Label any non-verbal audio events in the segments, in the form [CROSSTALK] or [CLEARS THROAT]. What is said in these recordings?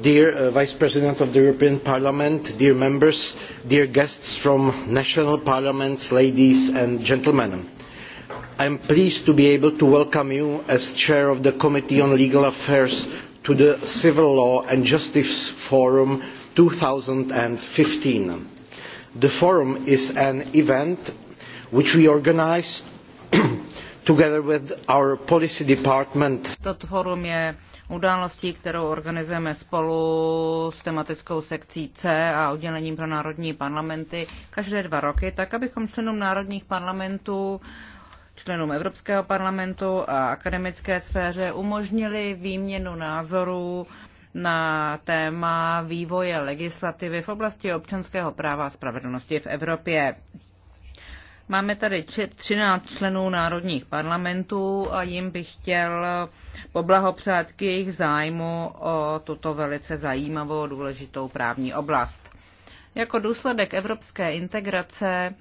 dear uh, vice president of the european parliament dear members dear guests from national parliaments ladies and gentlemen i am pleased to be able to welcome you as chair of the committee on legal affairs to the civil law and justice forum. two thousand and fifteen the forum is an event which we organise [CLEARS THROAT] together with our policy department událostí, kterou organizujeme spolu s tematickou sekcí C a oddělením pro národní parlamenty každé dva roky, tak abychom členům národních parlamentů členům Evropského parlamentu a akademické sféře umožnili výměnu názorů na téma vývoje legislativy v oblasti občanského práva a spravedlnosti v Evropě. Máme tady 13 členů národních parlamentů a jim bych chtěl poblahopřát k jejich zájmu o tuto velice zajímavou důležitou právní oblast. Jako důsledek evropské integrace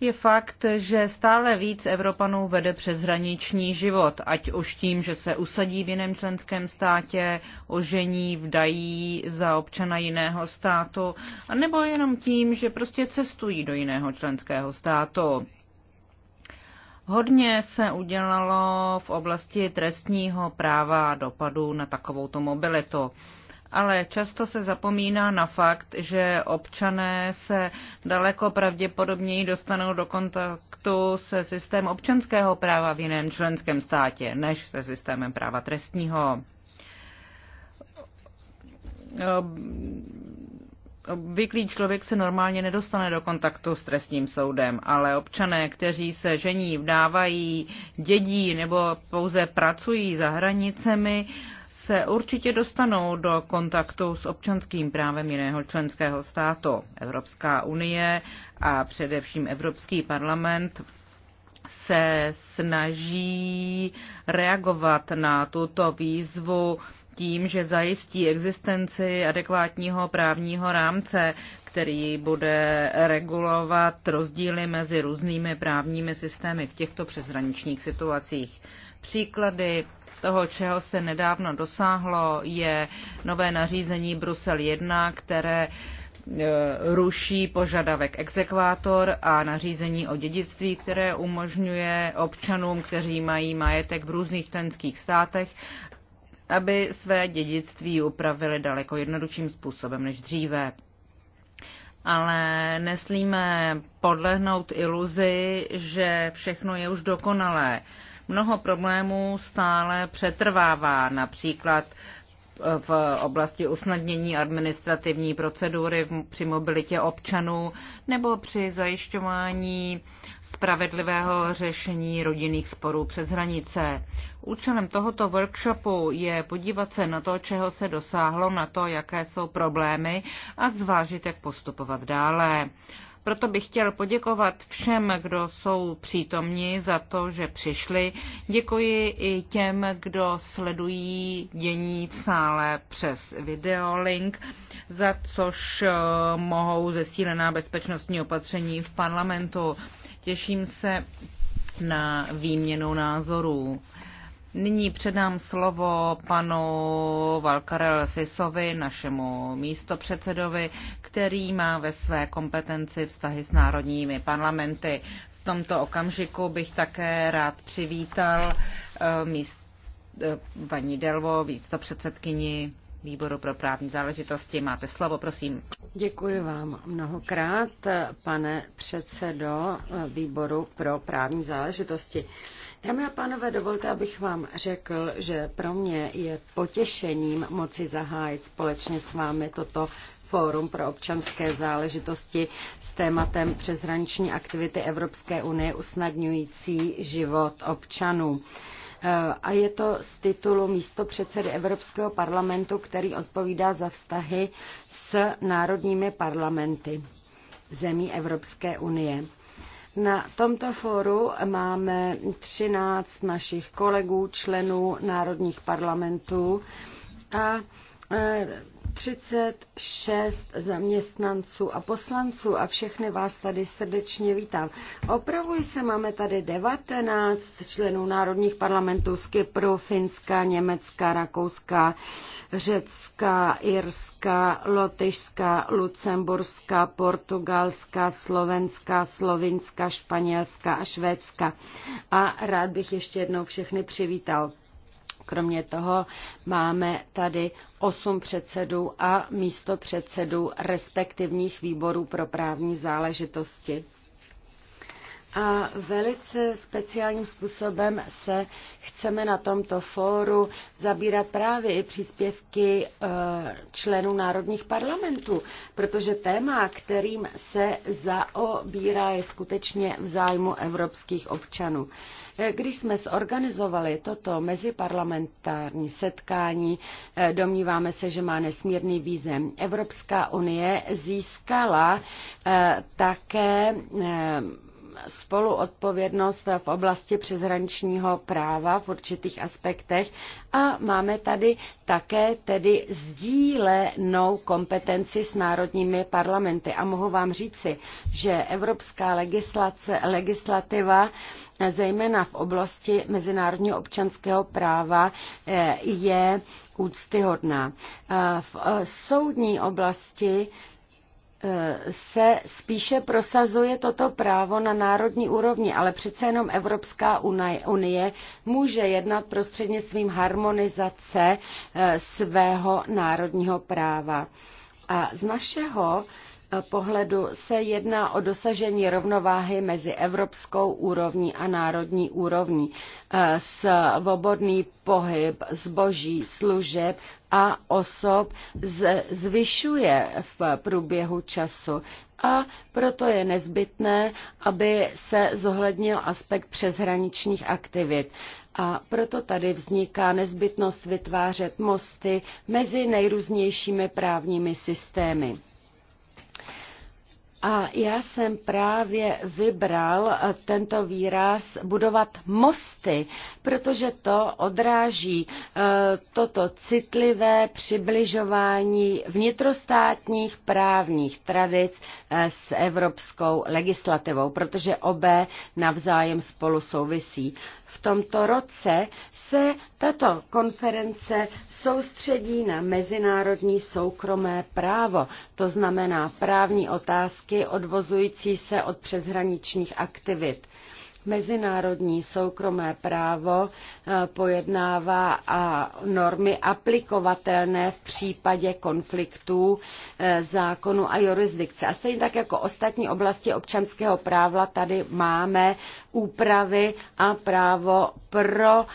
je fakt, že stále víc Evropanů vede přeshraniční život, ať už tím, že se usadí v jiném členském státě, ožení, vdají za občana jiného státu, nebo jenom tím, že prostě cestují do jiného členského státu. Hodně se udělalo v oblasti trestního práva dopadů na takovouto mobilitu ale často se zapomíná na fakt, že občané se daleko pravděpodobněji dostanou do kontaktu se systém občanského práva v jiném členském státě, než se systémem práva trestního. Obvyklý člověk se normálně nedostane do kontaktu s trestním soudem, ale občané, kteří se žení, vdávají, dědí nebo pouze pracují za hranicemi, se určitě dostanou do kontaktu s občanským právem jiného členského státu. Evropská unie a především Evropský parlament se snaží reagovat na tuto výzvu tím, že zajistí existenci adekvátního právního rámce, který bude regulovat rozdíly mezi různými právními systémy v těchto přeshraničních situacích. Příklady toho, čeho se nedávno dosáhlo, je nové nařízení Brusel 1, které e, ruší požadavek exekvátor a nařízení o dědictví, které umožňuje občanům, kteří mají majetek v různých členských státech, aby své dědictví upravili daleko jednodušším způsobem než dříve. Ale neslíme podlehnout iluzi, že všechno je už dokonalé. Mnoho problémů stále přetrvává, například e, v oblasti usnadnění administrativní procedury při mobilitě občanů nebo při zajišťování spravedlivého řešení rodinných sporů přes hranice. Účelem tohoto workshopu je podívat se na to, čeho se dosáhlo, na to, jaké jsou problémy a zvážit, jak postupovat dále. Proto bych chtěl poděkovat všem, kdo jsou přítomni za to, že přišli. Děkuji i těm, kdo sledují dění v sále přes videolink, za což eh, mohou zesílená bezpečnostní opatření v parlamentu. Těším se na výměnu názorů. Nyní předám slovo panu Valkarel Sisovi, našemu místopředsedovi, který má ve své kompetenci vztahy s národními parlamenty. V tomto okamžiku bych také rád přivítal eh, míst, eh, paní Delvo, místopředsedkyni výboru pro právní záležitosti. Máte slovo, prosím. Děkuji vám mnohokrát, pane předsedo eh, výboru pro právní záležitosti. Dámy a pánové, dovolte, abych vám řekl, že pro mě je potěšením moci zahájit společně s vámi toto Fórum pro občanské záležitosti s tématem přeshraniční aktivity Evropské unie usnadňující život občanů eh, a je to z titulu místo předsedy Evropského parlamentu, který odpovídá za vztahy s národními parlamenty zemí Evropské unie. Na tomto fóru máme 13 našich kolegů, členů národních parlamentů a 36 zaměstnanců a poslanců a všechny vás tady srdečně vítám. Opravuji se, máme tady 19 členů národních parlamentů z Kypru, Finska, Německa, Rakouska, Řecka, Irska, Lotyšska, Lucemburska, Portugalska, Slovenska, Slovinska, Španělska a Švédska. A rád bych ještě jednou všechny přivítal. Kromě toho máme tady osm předsedů a místo předsedů respektivních výborů pro právní záležitosti a velice speciálním způsobem se chceme na tomto fóru zabírat právě i příspěvky e, členů národních parlamentů, protože téma, kterým se zaobírá, je skutečně v zájmu evropských občanů. E, když jsme zorganizovali toto meziparlamentární setkání, e, domníváme se, že má nesmírný význam. Evropská unie získala také spoluodpovědnost v oblasti přeshraničního práva v určitých aspektech a máme tady také tedy sdílenou kompetenci s národními parlamenty. A mohu vám říci, že evropská legislace, legislativa zejména v oblasti mezinárodního občanského práva eh, je úctyhodná. Eh, v eh, soudní oblasti Eh, se spíše prosazuje toto právo na národní úrovni, ale přece jenom Evropská unie může jednat prostřednictvím harmonizace eh, svého národního práva. A z našeho pohledu se jedná o dosažení rovnováhy mezi evropskou úrovní a národní úrovní. Eh, svobodný pohyb zboží, služeb a osob zvyšuje v průběhu času a proto je nezbytné, aby se zohlednil aspekt přeshraničních aktivit. A proto tady vzniká nezbytnost vytvářet mosty mezi nejrůznějšími právními systémy. A já jsem právě vybral eh, tento výraz budovat mosty, protože to odráží eh, toto citlivé přibližování vnitrostátních právních tradic eh, s evropskou legislativou, protože obé navzájem spolu souvisí v tomto roce se tato konference soustředí na mezinárodní soukromé právo, to znamená právní otázky odvozující se od přeshraničních aktivit mezinárodní soukromé právo eh, pojednává a normy aplikovatelné v případě konfliktů eh, zákonu a jurisdikce. A stejně tak jako ostatní oblasti občanského práva tady máme úpravy a právo pro eh,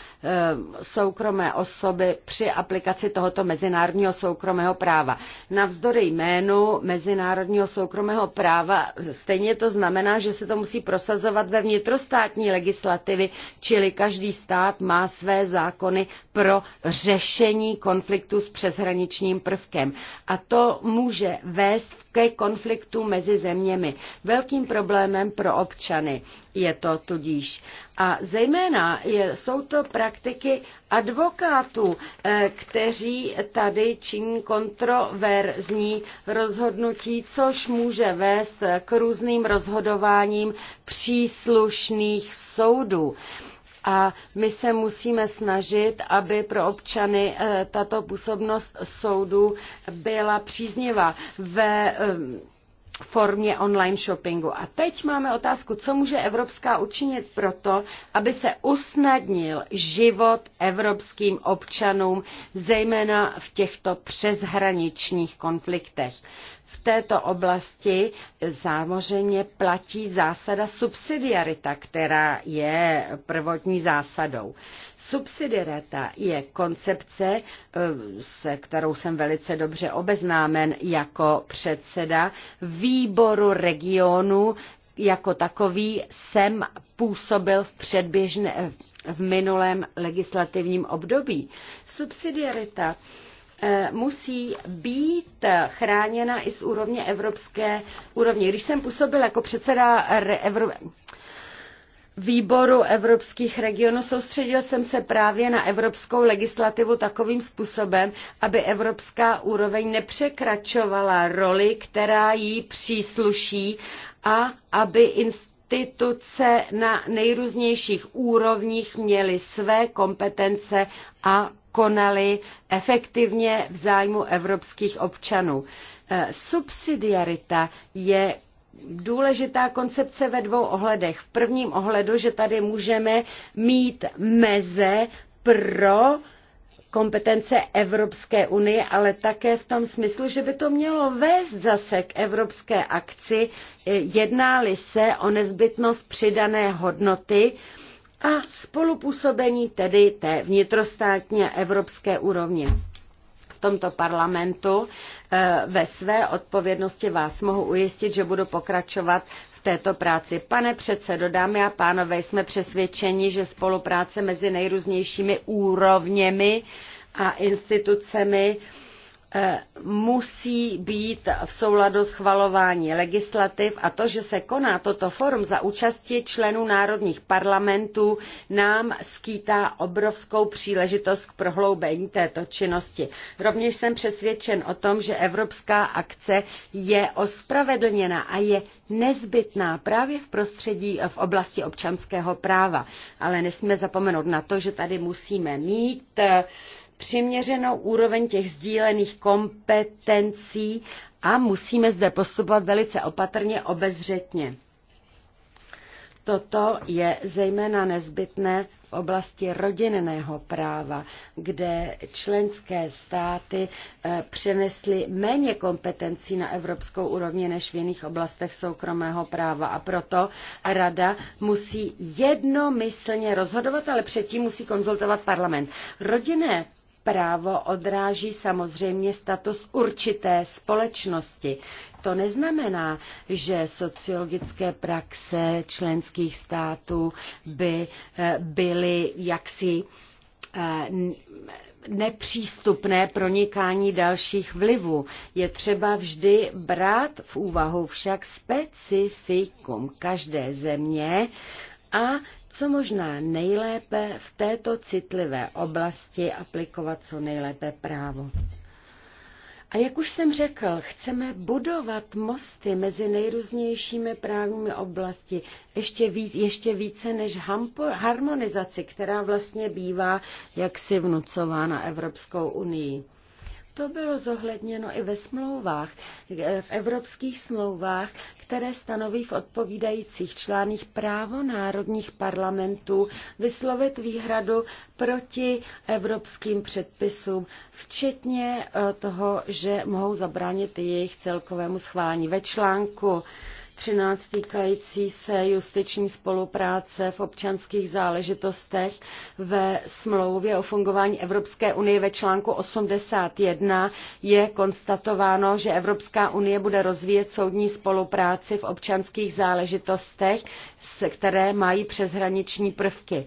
soukromé osoby při aplikaci tohoto mezinárodního soukromého práva. Navzdory jménu mezinárodního soukromého práva stejně to znamená, že se to musí prosazovat ve vnitrostátní legislativy, čili každý stát má své zákony pro řešení konfliktu s přeshraničním prvkem. A to může vést ke konfliktu mezi zeměmi. Velkým problémem pro občany je to tudíž. A zejména je, jsou to praktiky advokátů, eh, kteří tady činí kontroverzní rozhodnutí, což může vést k různým rozhodováním příslušných soudů a my se musíme snažit, aby pro občany eh, tato působnost soudu byla příznivá. Ve eh, formě online shoppingu. A teď máme otázku, co může Evropská učinit proto, aby se usnadnil život evropským občanům, zejména v těchto přeshraničních konfliktech v této oblasti samozřejmě platí zásada subsidiarita, která je prvotní zásadou. Subsidiarita je koncepce, eh, se kterou jsem velice dobře obeznámen jako předseda výboru regionu jako takový jsem působil v, předběžné, v minulém legislativním období. Subsidiarita Eh, musí být chráněna i z úrovně evropské úrovně. Když jsem působil jako předseda Evro... výboru evropských regionů, soustředil jsem se právě na evropskou legislativu takovým způsobem, aby evropská úroveň nepřekračovala roli, která jí přísluší a aby inst- instituce na nejrůznějších úrovních měly své kompetence a konali efektivně v zájmu evropských občanů. E, subsidiarita je důležitá koncepce ve dvou ohledech. V prvním ohledu, že tady můžeme mít meze pro kompetence Evropské unie, ale také v tom smyslu, že by to mělo vést zase k evropské akci, e, jedná-li se o nezbytnost přidané hodnoty, a spolupůsobení tedy té vnitrostátní a evropské úrovně. V tomto parlamentu eh, ve své odpovědnosti vás mohu ujistit, že budu pokračovat této práci. Pane předsedo, dámy a pánové, jsme přesvědčeni, že spolupráce mezi nejrůznějšími úrovněmi a institucemi musí být v souladu schvalování legislativ a to, že se koná toto forum za účasti členů národních parlamentů, nám skýtá obrovskou příležitost k prohloubení této činnosti. Rovněž jsem přesvědčen o tom, že evropská akce je ospravedlněna a je nezbytná právě v prostředí v oblasti občanského práva. Ale nesmíme zapomenout na to, že tady musíme mít uh, přiměřenou úroveň těch sdílených kompetencí a musíme zde postupovat velice opatrně, obezřetně. Toto je zejména nezbytné v oblasti rodinného práva, kde členské státy eh, přenesly méně kompetencí na evropskou úrovni než v jiných oblastech soukromého práva. A proto Rada musí jednomyslně rozhodovat, ale předtím musí konzultovat parlament. Rodinné právo odráží samozřejmě status určité společnosti. To neznamená, že sociologické praxe členských států by eh, byly jaksi eh, nepřístupné pronikání dalších vlivů. Je třeba vždy brát v úvahu však specifikum každé země a co možná nejlépe v této citlivé oblasti aplikovat co nejlépe právo. A jak už jsem řekl, chceme budovat mosty mezi nejrůznějšími právními oblasti, ještě, víc, ještě více než harmonizaci, která vlastně bývá jaksi vnucována Evropskou unii. To bylo zohledněno i ve smlouvách, v evropských smlouvách, které stanoví v odpovídajících článích právo národních parlamentů vyslovit výhradu proti evropským předpisům, včetně eh, toho, že mohou zabránit jejich celkovému schválení. Ve článku 13 týkající se justiční spolupráce v občanských záležitostech ve smlouvě o fungování Evropské unie ve článku 81 je konstatováno, že Evropská unie bude rozvíjet soudní spolupráci v občanských záležitostech, které mají přeshraniční prvky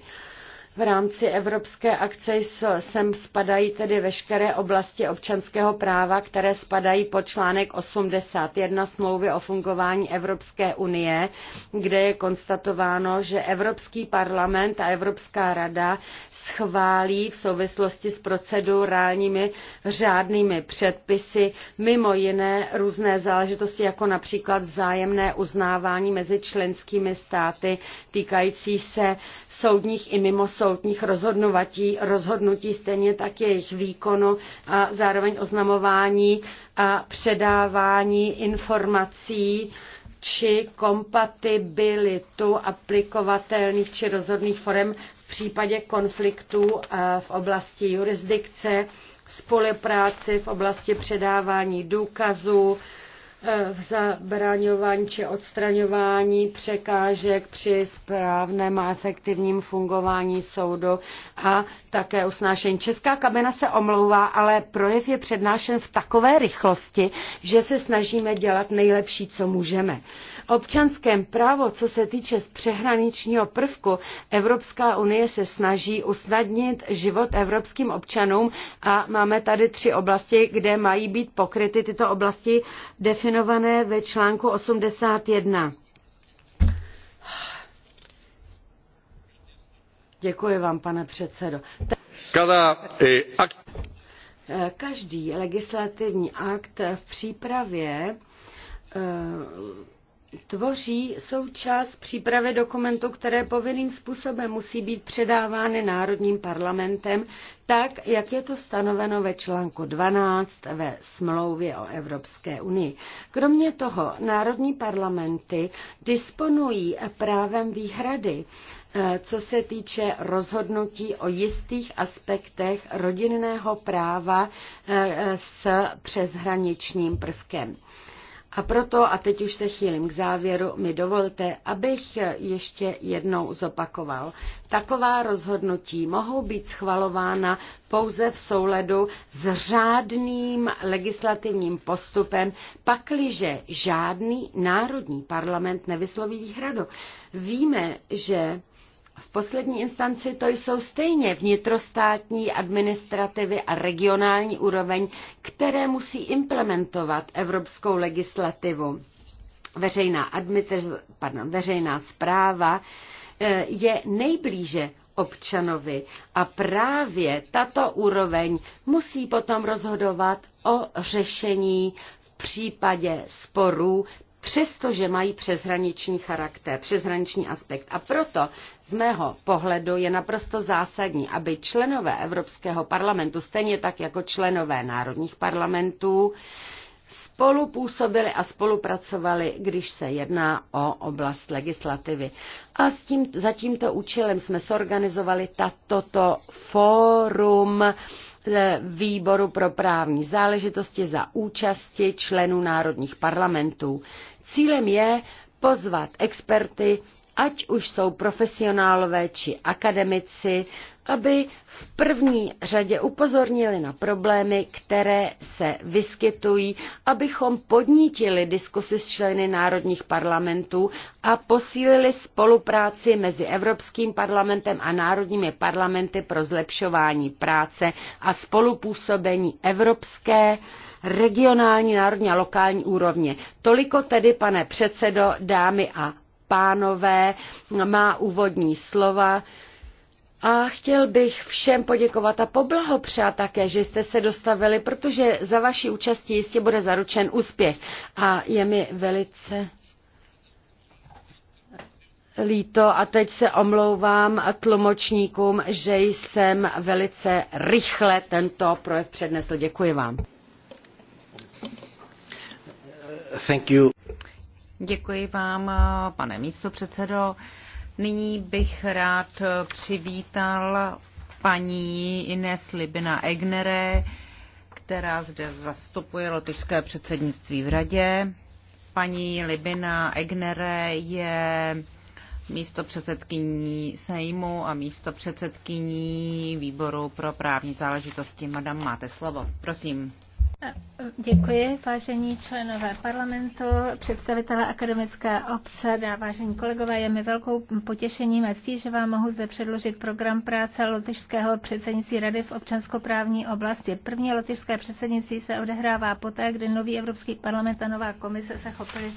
v rámci Evropské akce sem spadají tedy veškeré oblasti občanského práva, které spadají pod článek 81 smlouvy o fungování Evropské unie, kde je konstatováno, že Evropský parlament a Evropská rada schválí v souvislosti s procedurálními řádnými předpisy mimo jiné různé záležitosti, jako například vzájemné uznávání mezi členskými státy týkající se soudních i mimo soudních soudních rozhodnutí, rozhodnutí stejně tak jejich výkonu a zároveň oznamování a předávání informací či kompatibilitu aplikovatelných či rozhodných forem v případě konfliktů eh, v oblasti jurisdikce, spolupráci v oblasti předávání důkazů, v eh, zabraňování či odstraňování překážek při správném a efektivním fungování soudu a také usnášení. Česká kabina se omlouvá, ale projev je přednášen v takové rychlosti, že se snažíme dělat nejlepší, co můžeme občanském právo, co se týče přehraničního prvku, Evropská unie se snaží usnadnit život evropským občanům a máme tady tři oblasti, kde mají být pokryty tyto oblasti definované ve článku 81. Děkuji vám, pane předsedo. Eh, Každý legislativní akt v přípravě eh, tvoří součást přípravy dokumentu, které povinným způsobem musí být předávány Národním parlamentem, tak, jak je to stanoveno ve článku 12 ve smlouvě o Evropské unii. Kromě toho, Národní parlamenty disponují právem výhrady, eh, co se týče rozhodnutí o jistých aspektech rodinného práva eh, eh, s přeshraničním prvkem. A proto, a teď už se chýlím k závěru, mi dovolte, abych ještě jednou zopakoval. Taková rozhodnutí mohou být schvalována pouze v souledu s řádným legislativním postupem, pakliže žádný národní parlament nevysloví výhradu. Víme, že v poslední instanci to jsou stejně vnitrostátní administrativy a regionální úroveň, které musí implementovat evropskou legislativu. Veřejná, admitis, pardon, veřejná zpráva eh, je nejblíže občanovi a právě tato úroveň musí potom rozhodovat o řešení v případě sporů přestože mají přeshraniční charakter, přeshraniční aspekt. A proto z mého pohledu je naprosto zásadní, aby členové Evropského parlamentu, stejně tak jako členové národních parlamentů, spolupůsobili a spolupracovali, když se jedná o oblast legislativy. A s tím, za tímto účelem jsme sorganizovali tato fórum výboru pro právní záležitosti za účasti členů národních parlamentů. Cílem je pozvat experty, ať už jsou profesionálové či akademici, aby v první řadě upozornili na problémy, které se vyskytují, abychom podnítili diskusy s členy národních parlamentů a posílili spolupráci mezi Evropským parlamentem a národními parlamenty pro zlepšování práce a spolupůsobení evropské regionální, národní a lokální úrovně. Toliko tedy, pane předsedo, dámy a pánové, má úvodní slova. A chtěl bych všem poděkovat a poblahopřát také, že jste se dostavili, protože za vaší účastí jistě bude zaručen úspěch. A je mi velice líto a teď se omlouvám tlumočníkům, že jsem velice rychle tento projekt přednesl. Děkuji vám. Thank you. Děkuji vám, pane místo předsedo. Nyní bych rád přivítal paní Ines Libina Egnere, která zde zastupuje lotyšské předsednictví v radě. Paní Libina Egnere je místo předsedkyní Sejmu a místo předsedkyní výboru pro právní záležitosti. Madam, máte slovo. Prosím. Děkuji, vážení členové parlamentu, představitelé akademické obce, vážení kolegové. Je mi velkou potěšením a ctí, že vám mohu zde předložit program práce lotyšského předsednictví Rady v občanskoprávní oblasti. První lotyšské předsednictví se odehrává poté, kdy nový Evropský parlament a nová komise se chopili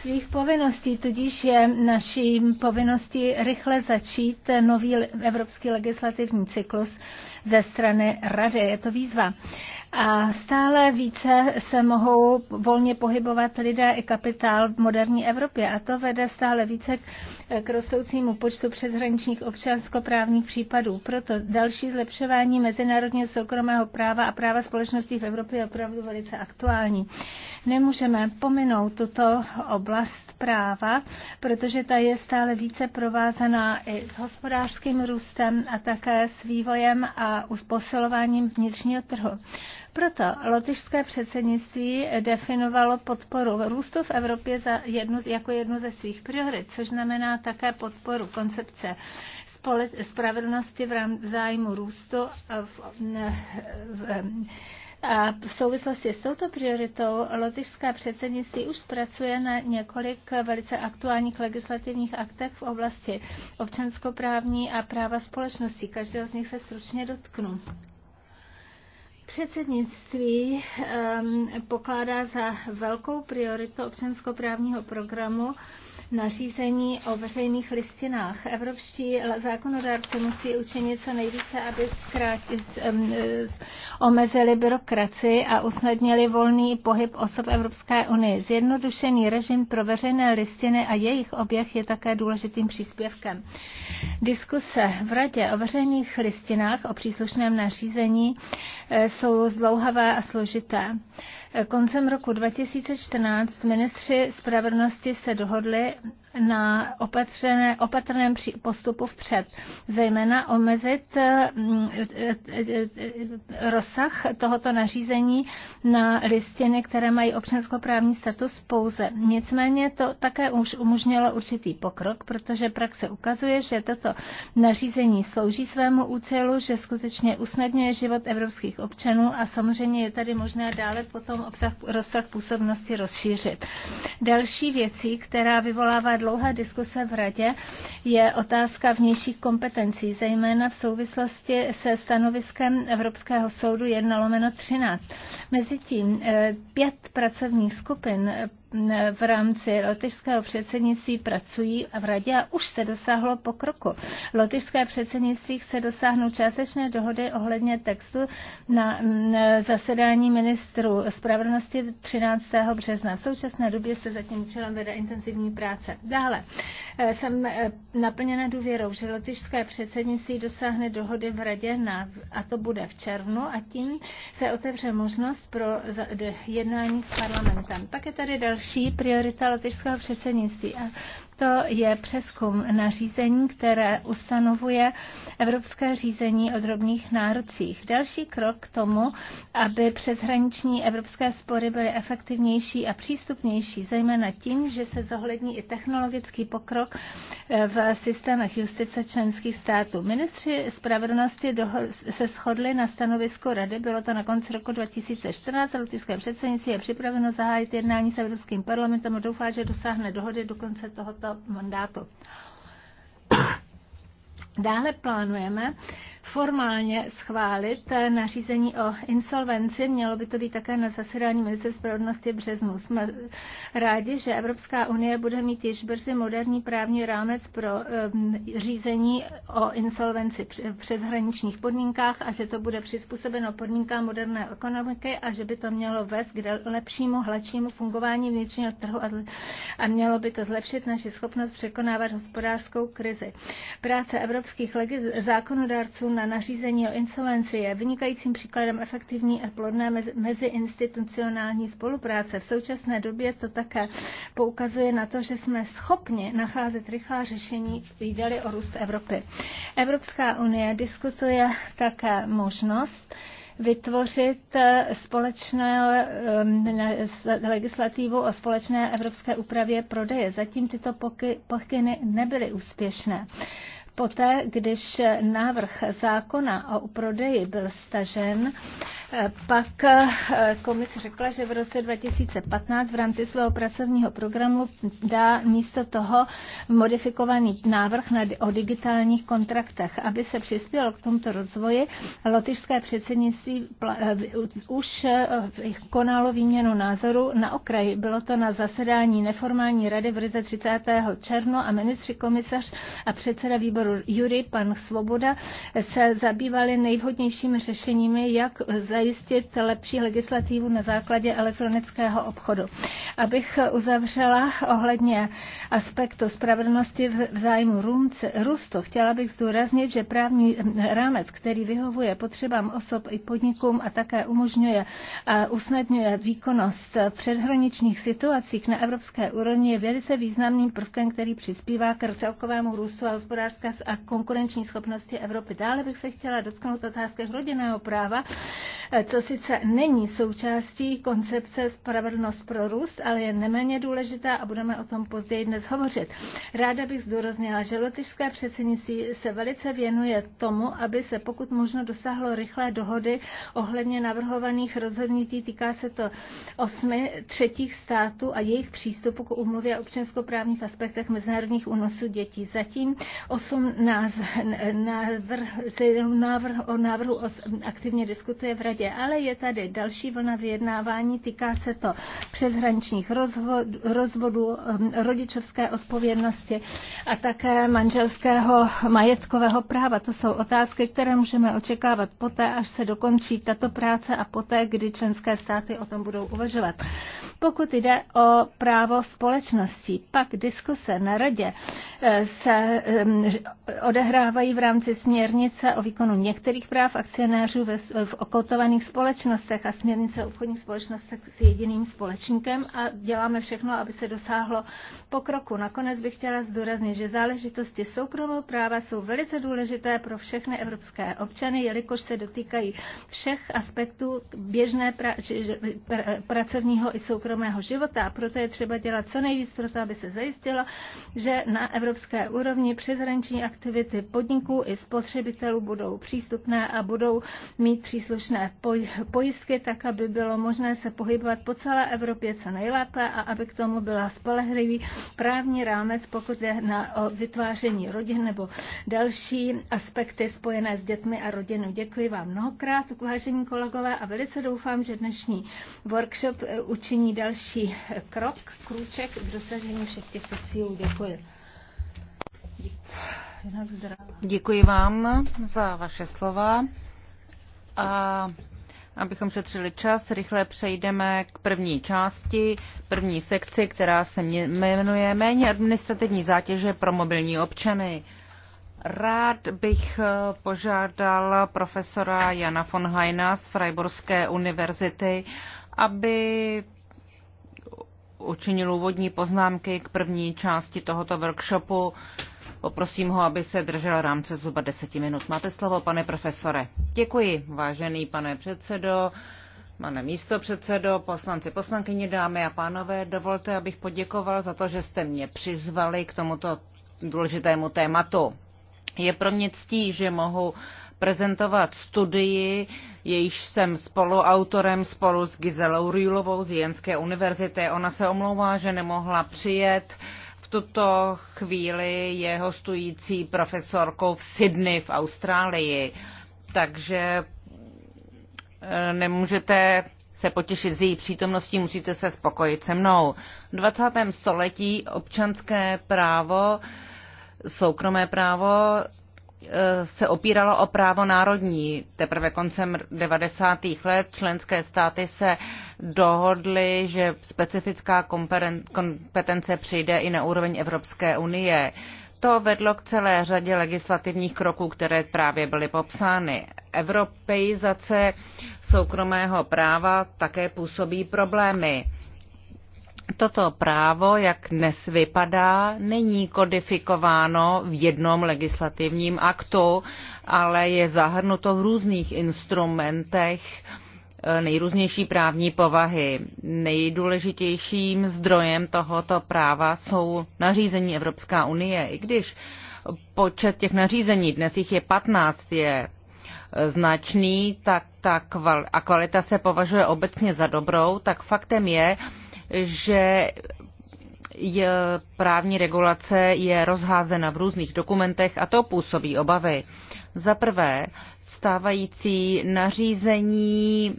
svých povinností, tudíž je naší povinností rychle začít nový evropský legislativní cyklus ze strany Rady. Je to výzva. A stále více se mohou volně pohybovat lidé i kapitál v moderní Evropě a to vede stále více k rostoucímu počtu přeshraničních občanskoprávních případů. Proto další zlepšování mezinárodního soukromého práva a práva společností v Evropě je opravdu velice aktuální. Nemůžeme pominout tuto oblast práva, protože ta je stále více provázaná i s hospodářským růstem a také s vývojem a posilováním vnitřního trhu. Proto lotyšské předsednictví definovalo podporu růstu v Evropě za jednu, jako jednu ze svých priorit, což znamená také podporu koncepce spravedlnosti v, rám, zájmu růstu v, v, v, a v souvislosti s touto prioritou lotyšská předsednictví už pracuje na několik velice aktuálních legislativních aktech v oblasti občanskoprávní a práva společnosti. Každého z nich se stručně dotknu. Předsednictví um, pokládá za velkou prioritu občanskoprávního programu nařízení o veřejných listinách. Evropští zákonodárci musí učinit co nejvíce, aby zkráti, omezili byrokracii a usnadnili volný pohyb osob Evropské unie. Zjednodušený režim pro veřejné listiny a jejich oběh je také důležitým příspěvkem. Diskuse v Radě o veřejných listinách o příslušném nařízení e, jsou zdlouhavé a složité. Koncem roku 2014 ministři spravedlnosti se dohodli na opatřené, opatrném postupu vpřed, zejména omezit eh, eh, rozsah tohoto nařízení na listiny, které mají občanskoprávní status pouze. Nicméně to také už umožnilo určitý pokrok, protože praxe ukazuje, že toto nařízení slouží svému účelu, že skutečně usnadňuje život evropských občanů a samozřejmě je tady možné dále potom obsah, rozsah působnosti rozšířit. Další věcí, která vyvolává dlouhé diskuse v Radě je otázka vnějších kompetencí, zejména v souvislosti se stanoviskem Evropského soudu 1 lomeno 13. Mezitím eh, pět pracovních skupin v rámci lotyšského předsednictví pracují v radě a už se dosáhlo pokroku. Lotyšské předsednictví chce dosáhnout částečné dohody ohledně textu na zasedání ministru spravedlnosti 13. března. V současné době se zatím tím účelem vede intenzivní práce. Dále eh, jsem eh, naplněna důvěrou, že lotyšské předsednictví dosáhne dohody v radě na, a to bude v červnu a tím se otevře možnost pro jednání s parlamentem. Pak je tady další další priorita lotyšského předsednictví. A to je přeskum nařízení, které ustanovuje Evropské řízení o drobných nárocích. Další krok k tomu, aby přeshraniční evropské spory byly efektivnější a přístupnější, zejména tím, že se zohlední i technologický pokrok eh, v systémech justice členských států. Ministři spravedlnosti se shodli na stanovisku Rady, bylo to na konci roku 2014, a Lutyšské předsednictví je připraveno zahájit jednání s Evropským parlamentem a doufá, že dosáhne dohody do konce tohoto mandátu. Dále plánujeme formálně schválit nařízení o insolvenci. Mělo by to být také na zasedání ministra spravedlnosti v březnu. Jsme rádi, že Evropská unie bude mít již brzy moderní právní rámec pro ehm, řízení o insolvenci v přeshraničních podmínkách a že to bude přizpůsobeno podmínkám moderné ekonomiky a že by to mělo vést k lepšímu, hladšímu fungování vnitřního trhu a mělo by to zlepšit naši schopnost překonávat hospodářskou krizi. Práce evropských zákonodárců na nařízení o insolvenci je vynikajícím příkladem efektivní a plodné meziinstitucionální spolupráce. V současné době to také poukazuje na to, že jsme schopni nacházet rychlá řešení výdaly o růst Evropy. Evropská unie diskutuje také možnost, vytvořit eh, společné ehm, legislativu o společné evropské úpravě prodeje. Zatím tyto pokyny nebyly úspěšné. Poté, když návrh zákona o prodeji byl stažen, pak eh, komise řekla, že v roce 2015 v rámci svého pracovního programu dá místo toho modifikovaný návrh na, o digitálních kontraktech. Aby se přispělo k tomuto rozvoji, lotyšské předsednictví eh, už eh, konalo výměnu názoru na okraji. Bylo to na zasedání neformální rady v roce 30. června a ministři komisař a předseda výboru Jury, pan Svoboda, se zabývali nejvhodnějšími řešeními, jak z zajistit lepší legislativu na základě elektronického obchodu. Abych uzavřela ohledně aspektu spravedlnosti v zájmu růstu, chtěla bych zdůraznit, že právní rámec, který vyhovuje potřebám osob i podnikům a také umožňuje a usnadňuje výkonnost předhraničních situacích na evropské úrovni, je velice významným prvkem, který přispívá k celkovému růstu a hospodářské a konkurenční schopnosti Evropy. Dále bych se chtěla dotknout otázky rodinného práva, co sice není součástí koncepce Spravedlnost pro růst, ale je neméně důležitá a budeme o tom později dnes hovořit. Ráda bych zdůraznila, že lotyšské předsednictví se velice věnuje tomu, aby se pokud možno dosáhlo rychlé dohody ohledně navrhovaných rozhodnutí. Týká se to osmi třetích států a jejich přístupu k úmluvě o občanskoprávních aspektech mezinárodních únosů dětí. Zatím osm nás návrh, návrh, o návrhu os, aktivně diskutuje v radě místě, ale je tady další vlna vyjednávání, týká se to přeshraničních rozvodů, um, rodičovské odpovědnosti a také manželského majetkového práva. To jsou otázky, které můžeme očekávat poté, až se dokončí tato práce a poté, kdy členské státy o tom budou uvažovat. Pokud jde o právo společností, pak diskuse na radě eh, se eh, odehrávají v rámci směrnice o výkonu některých práv akcionářů v okotovaných společnostech a směrnice o obchodních společnostech s jediným společníkem a děláme všechno, aby se dosáhlo pokroku. Nakonec bych chtěla zdůraznit, že záležitosti soukromého práva jsou velice důležité pro všechny evropské občany, jelikož se dotýkají všech aspektů běžné pra- pracovního i soukromého soukromého života a proto je třeba dělat co nejvíc pro to, aby se zajistilo, že na evropské úrovni přeshraniční aktivity podniků i spotřebitelů budou přístupné a budou mít příslušné pojistky, tak aby bylo možné se pohybovat po celé Evropě co nejlépe a aby k tomu byla spolehlivý právní rámec, pokud je na vytváření rodin nebo další aspekty spojené s dětmi a rodinou. Děkuji vám mnohokrát, vážení kolegové, a velice doufám, že dnešní workshop eh, učiní další další krok, krůček k dosažení všech těchto cílů. Děkuji. Děkuji vám za vaše slova. A abychom šetřili čas, rychle přejdeme k první části, první sekci, která se jmenuje Méně administrativní zátěže pro mobilní občany. Rád bych eh, požádal profesora Jana von Heina z Freiburské univerzity, aby učinil úvodní poznámky k první části tohoto workshopu. Poprosím ho, aby se držel rámce zhruba deseti minut. Máte slovo, pane profesore. Děkuji, vážený pane předsedo, pane místo předsedo, poslanci, poslankyně, dámy a pánové. Dovolte, abych poděkoval za to, že jste mě přizvali k tomuto důležitému tématu. Je pro mě ctí, že mohu prezentovat studii, jejíž jsem spoluautorem spolu s Gizelou Rýlovou z Jenské univerzity. Ona se omlouvá, že nemohla přijet. V tuto chvíli je hostující profesorkou v Sydney v Austrálii. Takže eh, nemůžete se potěšit z její přítomností, musíte se spokojit se mnou. V 20. století občanské právo, soukromé právo Eh, se opíralo o právo národní. Teprve koncem 90. let členské státy se dohodly, že specifická kompetence přijde i na úroveň Evropské unie. To vedlo k celé řadě legislativních kroků, které právě byly popsány. Evropejizace soukromého práva také působí problémy. Toto právo, jak dnes vypadá, není kodifikováno v jednom legislativním aktu, ale je zahrnuto v různých instrumentech eh, nejrůznější právní povahy. Nejdůležitějším zdrojem tohoto práva jsou nařízení Evropská unie, i když počet těch nařízení, dnes jich je 15, je eh, značný tak ta kval- a kvalita se považuje obecně za dobrou, tak faktem je, že je, právní regulace je rozházena v různých dokumentech a to působí obavy. Za prvé, stávající nařízení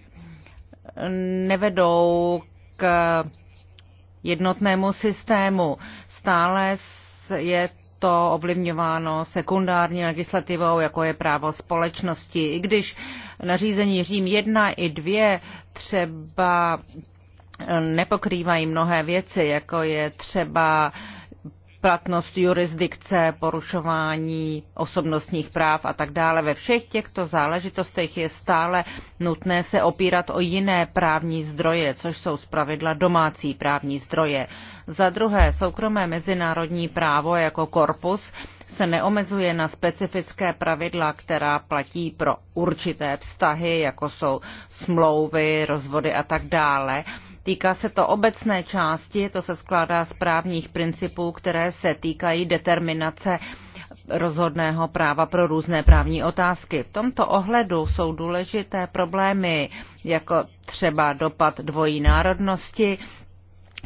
nevedou k jednotnému systému. Stále je to ovlivňováno sekundární legislativou, jako je právo společnosti. I když nařízení Řím 1 i 2 třeba nepokrývají mnohé věci, jako je třeba platnost jurisdikce, porušování osobnostních práv a tak dále. Ve všech těchto záležitostech je stále nutné se opírat o jiné právní zdroje, což jsou zpravidla domácí právní zdroje. Za druhé, soukromé mezinárodní právo jako korpus se neomezuje na specifické pravidla, která platí pro určité vztahy, jako jsou smlouvy, rozvody a tak dále Týká se to obecné části, to se skládá z právních principů, které se týkají determinace rozhodného práva pro různé právní otázky. V tomto ohledu jsou důležité problémy jako třeba dopad dvojí národnosti,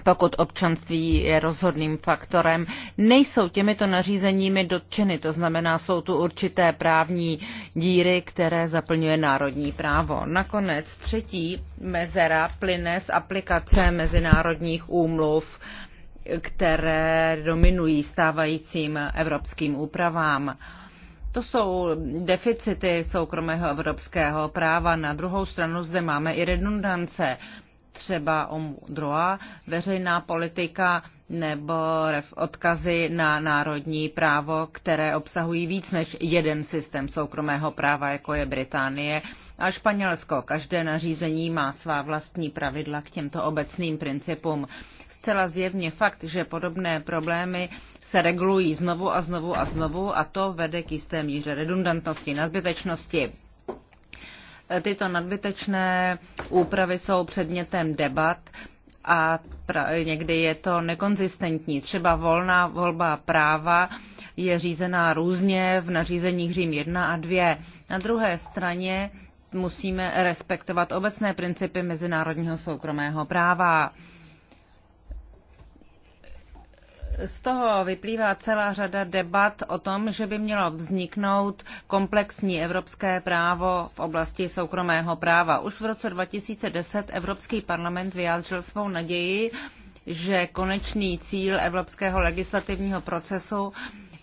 pokud občanství je rozhodným faktorem, nejsou těmito nařízeními dotčeny. To znamená, jsou tu určité právní díry, které zaplňuje národní právo. Nakonec třetí mezera plyne z aplikace mezinárodních úmluv, které dominují stávajícím evropským úpravám. To jsou deficity soukromého evropského práva. Na druhou stranu zde máme i redundance třeba o druhá veřejná politika nebo odkazy na národní právo, které obsahují víc než jeden systém soukromého práva, jako je Británie a Španělsko. Každé nařízení má svá vlastní pravidla k těmto obecným principům. Zcela zjevně fakt, že podobné problémy se regulují znovu a znovu a znovu a to vede k jisté míře redundantnosti, nadbytečnosti. Tyto nadbytečné úpravy jsou předmětem debat a někdy je to nekonzistentní. Třeba volná volba práva je řízená různě v nařízeních Řím 1 a 2. Na druhé straně musíme respektovat obecné principy mezinárodního soukromého práva. Z toho vyplývá celá řada debat o tom, že by mělo vzniknout komplexní evropské právo v oblasti soukromého práva. Už v roce 2010 Evropský parlament vyjádřil svou naději, že konečný cíl evropského legislativního procesu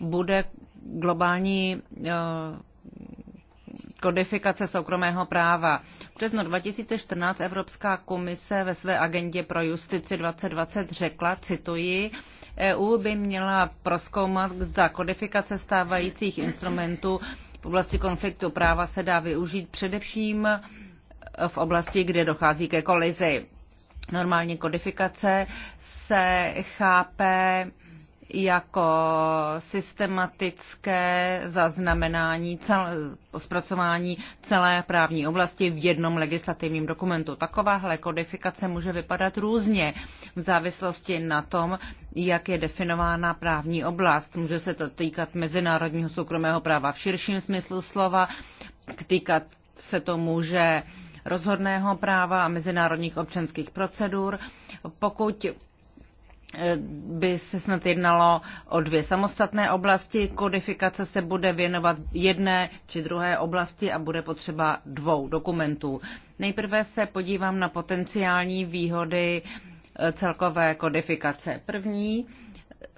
bude globální eh, kodifikace soukromého práva. V březnu 2014 Evropská komise ve své agendě pro justici 2020 řekla, cituji, EU by měla proskoumat, zda kodifikace stávajících instrumentů v oblasti konfliktu práva se dá využít především v oblasti, kde dochází ke kolizi. Normálně kodifikace se chápe jako systematické zaznamenání, cel, zpracování celé právní oblasti v jednom legislativním dokumentu. Takováhle kodifikace může vypadat různě v závislosti na tom, jak je definována právní oblast. Může se to týkat mezinárodního soukromého práva v širším smyslu slova, týkat se to může rozhodného práva a mezinárodních občanských procedur. Pokud Eh, by se snad jednalo o dvě samostatné oblasti. Kodifikace se bude věnovat jedné či druhé oblasti a bude potřeba dvou dokumentů. Nejprve se podívám na potenciální výhody eh, celkové kodifikace. První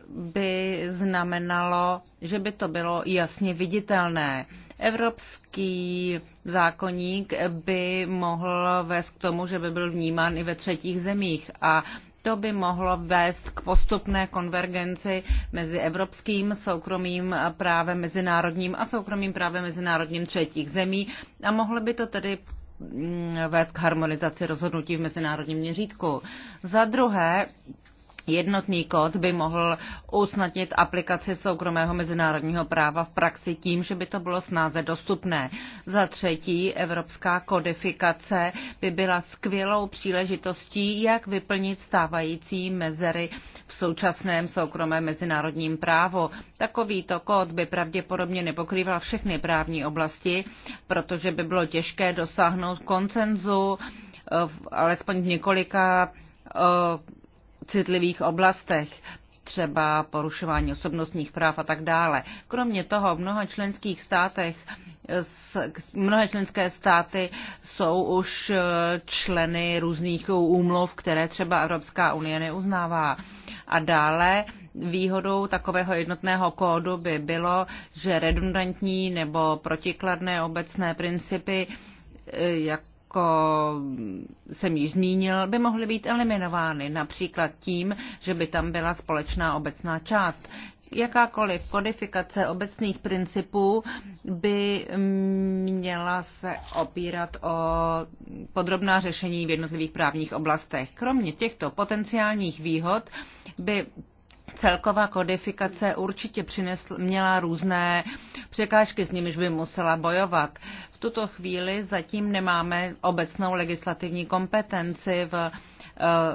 by znamenalo, že by to bylo jasně viditelné. Evropský zákoník by mohl vést k tomu, že by byl vnímán i ve třetích zemích a to by mohlo vést k postupné konvergenci mezi evropským soukromým právem mezinárodním a soukromým právem mezinárodním třetích zemí a mohlo by to tedy mm, vést k harmonizaci rozhodnutí v mezinárodním měřítku. Za druhé, Jednotný kód by mohl usnadnit aplikaci soukromého mezinárodního práva v praxi tím, že by to bylo snáze dostupné. Za třetí, evropská kodifikace by byla skvělou příležitostí, jak vyplnit stávající mezery v současném soukromém mezinárodním právu. Takovýto kód by pravděpodobně nepokrýval všechny právní oblasti, protože by bylo těžké dosáhnout koncenzu eh, alespoň v několika eh, citlivých oblastech třeba porušování osobnostních práv a tak dále. Kromě toho v mnoha členských státech, mnohé členské státy jsou už eh, členy různých úmluv, které třeba Evropská unie neuznává. A dále výhodou takového jednotného kódu by bylo, že redundantní nebo protikladné obecné principy, eh, jak jako jsem již zmínil, by mohly být eliminovány, například tím, že by tam byla společná obecná část. Jakákoliv kodifikace obecných principů by měla se opírat o podrobná řešení v jednotlivých právních oblastech. Kromě těchto potenciálních výhod by celková kodifikace určitě přinesl, měla různé překážky, s nimiž by musela bojovat. V tuto chvíli zatím nemáme obecnou legislativní kompetenci v eh,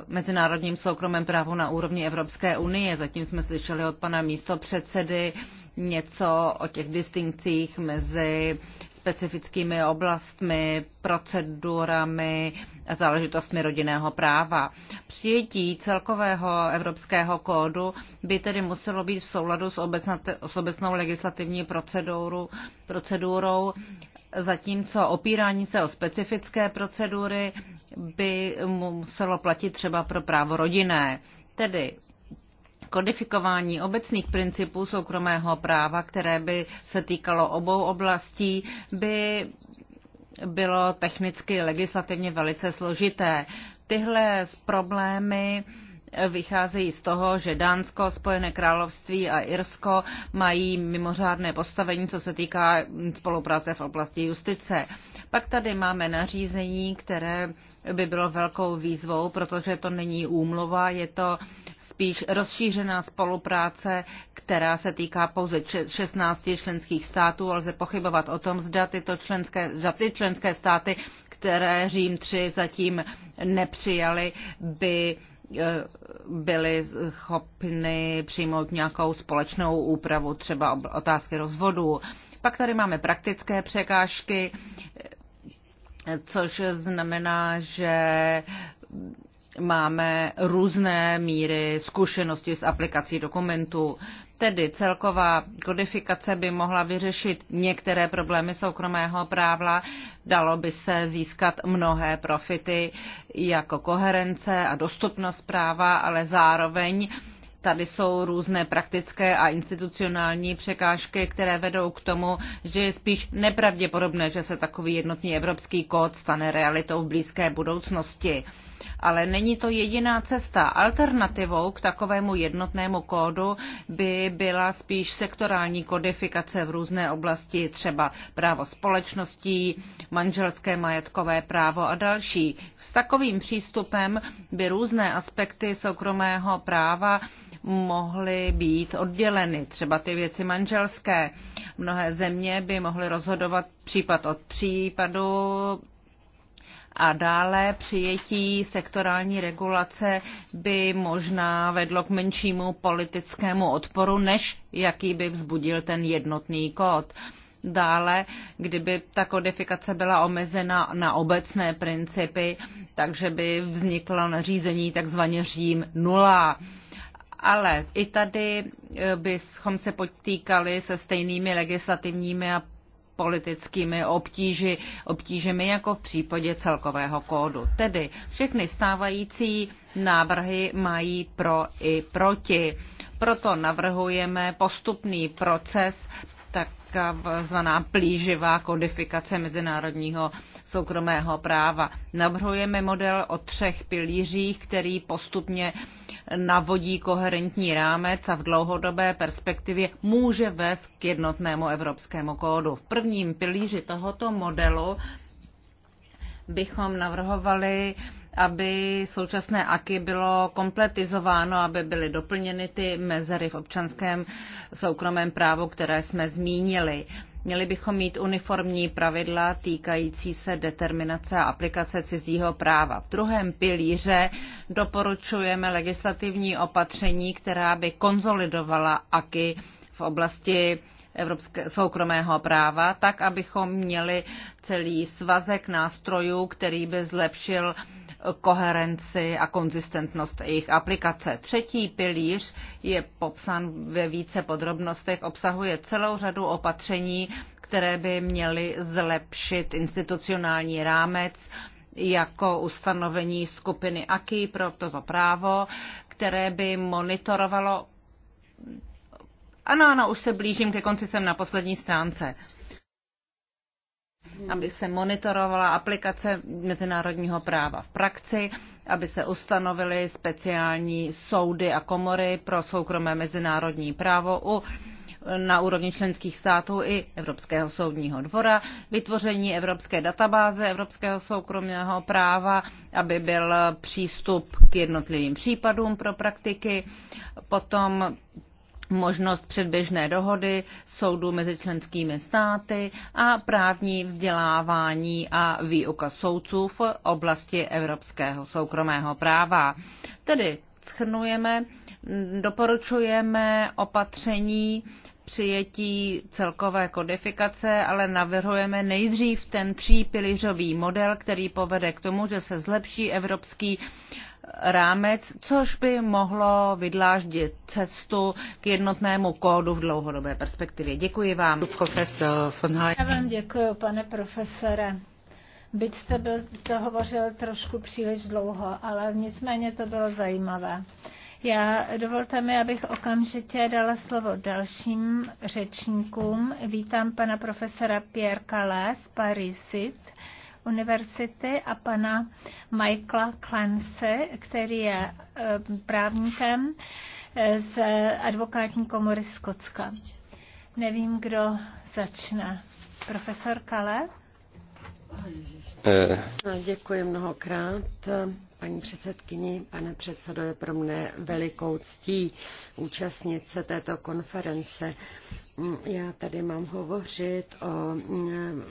mezinárodním soukromém právu na úrovni Evropské unie. Zatím jsme slyšeli od pana místo předsedy něco o těch distinkcích mezi specifickými oblastmi, procedurami a záležitostmi rodinného práva. Přijetí celkového evropského kódu by tedy muselo být v souladu s, obecna, s obecnou legislativní proceduru, procedurou, zatímco opírání se o specifické procedury by muselo platit třeba pro právo rodinné. Tedy kodifikování obecných principů soukromého práva, které by se týkalo obou oblastí, by bylo technicky legislativně velice složité. Tyhle problémy vycházejí z toho, že Dánsko, Spojené království a Irsko mají mimořádné postavení, co se týká spolupráce v oblasti justice. Pak tady máme nařízení, které by bylo velkou výzvou, protože to není úmluva, je to uh, spíš rozšířená spolupráce, která se týká pouze 16 členských států, ale lze pochybovat o tom, zda tyto členské, za ty členské státy, které Řím 3 zatím nepřijali, by eh, byly schopny přijmout nějakou společnou úpravu, třeba otázky rozvodů. Pak tady máme praktické překážky, což znamená, že máme různé míry zkušenosti s aplikací dokumentů. Tedy celková kodifikace by mohla vyřešit některé problémy soukromého práva, dalo by se získat mnohé profity jako koherence a dostupnost práva, ale zároveň tady jsou různé praktické a institucionální překážky, které vedou k tomu, že je spíš nepravděpodobné, že se takový jednotný evropský kód stane realitou v blízké budoucnosti ale není to jediná cesta. Alternativou k takovému jednotnému kódu by byla spíš sektorální kodifikace v různé oblasti, třeba právo společností, manželské majetkové právo a další. S takovým přístupem by různé aspekty soukromého práva mohly být odděleny, třeba ty věci manželské. Mnohé země by mohly rozhodovat případ od případu a dále přijetí sektorální regulace by možná vedlo k menšímu politickému odporu, než jaký by vzbudil ten jednotný kód. Dále, kdyby ta kodifikace byla omezena na obecné principy, takže by vzniklo nařízení tzv. řím nula. Ale i tady eh, bychom se potýkali se stejnými legislativními a politickými obtíži, obtížemi jako v případě celkového kódu. Tedy všechny stávající návrhy mají pro i proti. Proto navrhujeme postupný proces takzvaná plíživá kodifikace mezinárodního soukromého práva. Navrhujeme model o třech pilířích, který postupně navodí koherentní rámec a v dlouhodobé perspektivě může vést k jednotnému evropskému kódu. V prvním pilíři tohoto modelu bychom navrhovali uh, aby současné AKY bylo kompletizováno, aby byly doplněny ty mezery v občanském soukromém právu, které jsme zmínili. Měli bychom mít uniformní pravidla týkající se determinace a aplikace cizího práva. V druhém pilíře doporučujeme legislativní opatření, která by konzolidovala AKY v oblasti evropské soukromého práva, tak abychom měli celý svazek nástrojů, který by zlepšil uh, koherenci a konzistentnost jejich aplikace. Třetí pilíř je popsán ve více podrobnostech, obsahuje celou řadu opatření, které by měly zlepšit institucionální rámec, jako ustanovení skupiny AKI pro toto právo, které by monitorovalo. Ano, ano, už se blížím ke konci, jsem na poslední stránce aby se monitorovala aplikace mezinárodního práva v praxi, aby se ustanovily speciální soudy a komory pro soukromé mezinárodní právo u na úrovni členských států i Evropského soudního dvora, vytvoření Evropské databáze Evropského soukromého práva, aby byl přístup k jednotlivým případům pro praktiky, potom možnost předběžné dohody soudu mezi členskými státy a právní vzdělávání a výuka soudců v oblasti evropského soukromého práva. Tedy schrnujeme, doporučujeme opatření přijetí celkové kodifikace, ale navrhujeme nejdřív ten třípilířový model, který povede k tomu, že se zlepší evropský rámec, což by mohlo vydláždit cestu k jednotnému kódu v dlouhodobé perspektivě. Děkuji vám. Profesor von Heim. Já vám děkuji, pane profesore. Byť jste byl, to hovořil trošku příliš dlouho, ale nicméně to bylo zajímavé. Já dovolte mi, abych okamžitě dala slovo dalším řečníkům. Vítám pana profesora Pierre Calais z Parisit univerzity a pana Michaela Clancy, který je eh, právníkem eh, z advokátní komory Skocka. Nevím, kdo začne. Profesor Kale? Eh. No, děkuji mnohokrát. Paní předsedkyni, pane předsedo, je pro mne velikou ctí účastnit se této konference. Já tady mám hovořit o mm,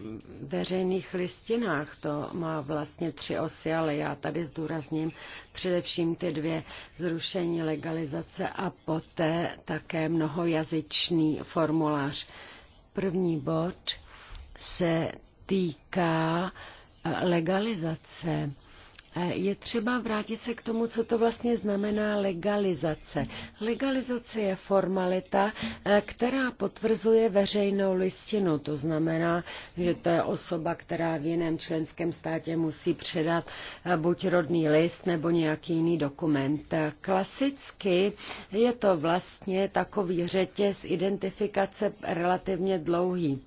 veřejných listinách. To má vlastně tři osy, ale já tady zdůrazním především ty dvě zrušení legalizace a poté také mnohojazyčný formulář. První bod se týká eh, legalizace Eh, je třeba vrátit se k tomu, co to vlastně znamená legalizace. Legalizace je formalita, eh, která potvrzuje veřejnou listinu. To znamená, že to je osoba, která v jiném členském státě musí předat eh, buď rodný list nebo nějaký jiný dokument. Klasicky je to vlastně takový řetěz identifikace relativně dlouhý.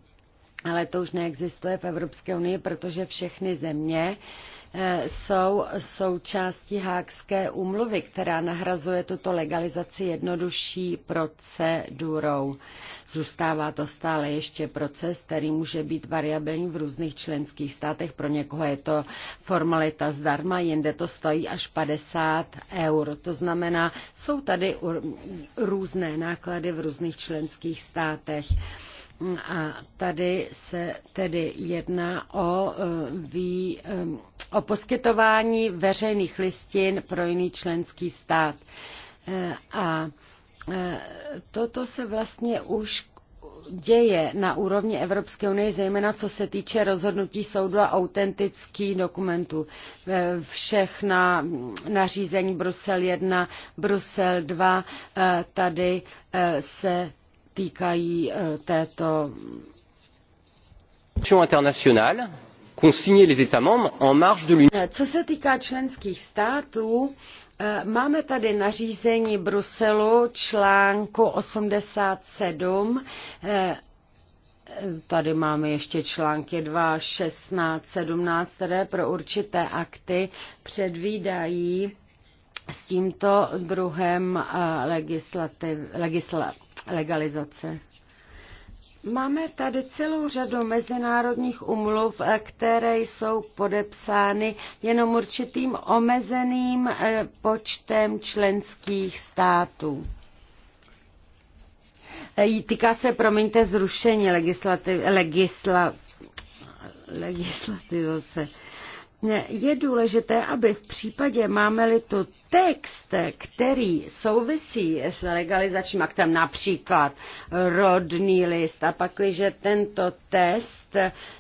Ale to už neexistuje v Evropské unii, protože všechny země jsou součástí Hákské úmluvy, která nahrazuje tuto legalizaci jednodušší procedurou. Zůstává to stále ještě proces, který může být variabilní v různých členských státech. Pro někoho je to formalita zdarma, jinde to stojí až 50 eur. To znamená, jsou tady různé náklady v různých členských státech. A tady se tedy jedná o eh, vý, eh, o poskytování veřejných listin pro jiný členský stát. Eh, a eh, toto se vlastně už děje na úrovni Evropské unie, zejména co se týče rozhodnutí soudu a autentických dokumentů. Eh, Všechna nařízení Brusel 1, Brusel 2 tady se týkají této qu'ont signé les États membres en marge de l'Union. Eh, co se týká členských států, eh, Máme tady nařízení Bruselu článku 87. Eh, tady máme ještě články 2, 16, 17, které pro určité akty předvídají s tímto druhem legislativ, legisla, legalizace. Máme tady celou řadu mezinárodních umluv, eh, které jsou podepsány jenom určitým omezeným eh, počtem členských států. Eh, týká se, promiňte, zrušení legislativ, legisla, legislativace. Je důležité, aby v případě máme-li tu text, který souvisí s legalizačním aktem, například rodný list, a pakliže tento test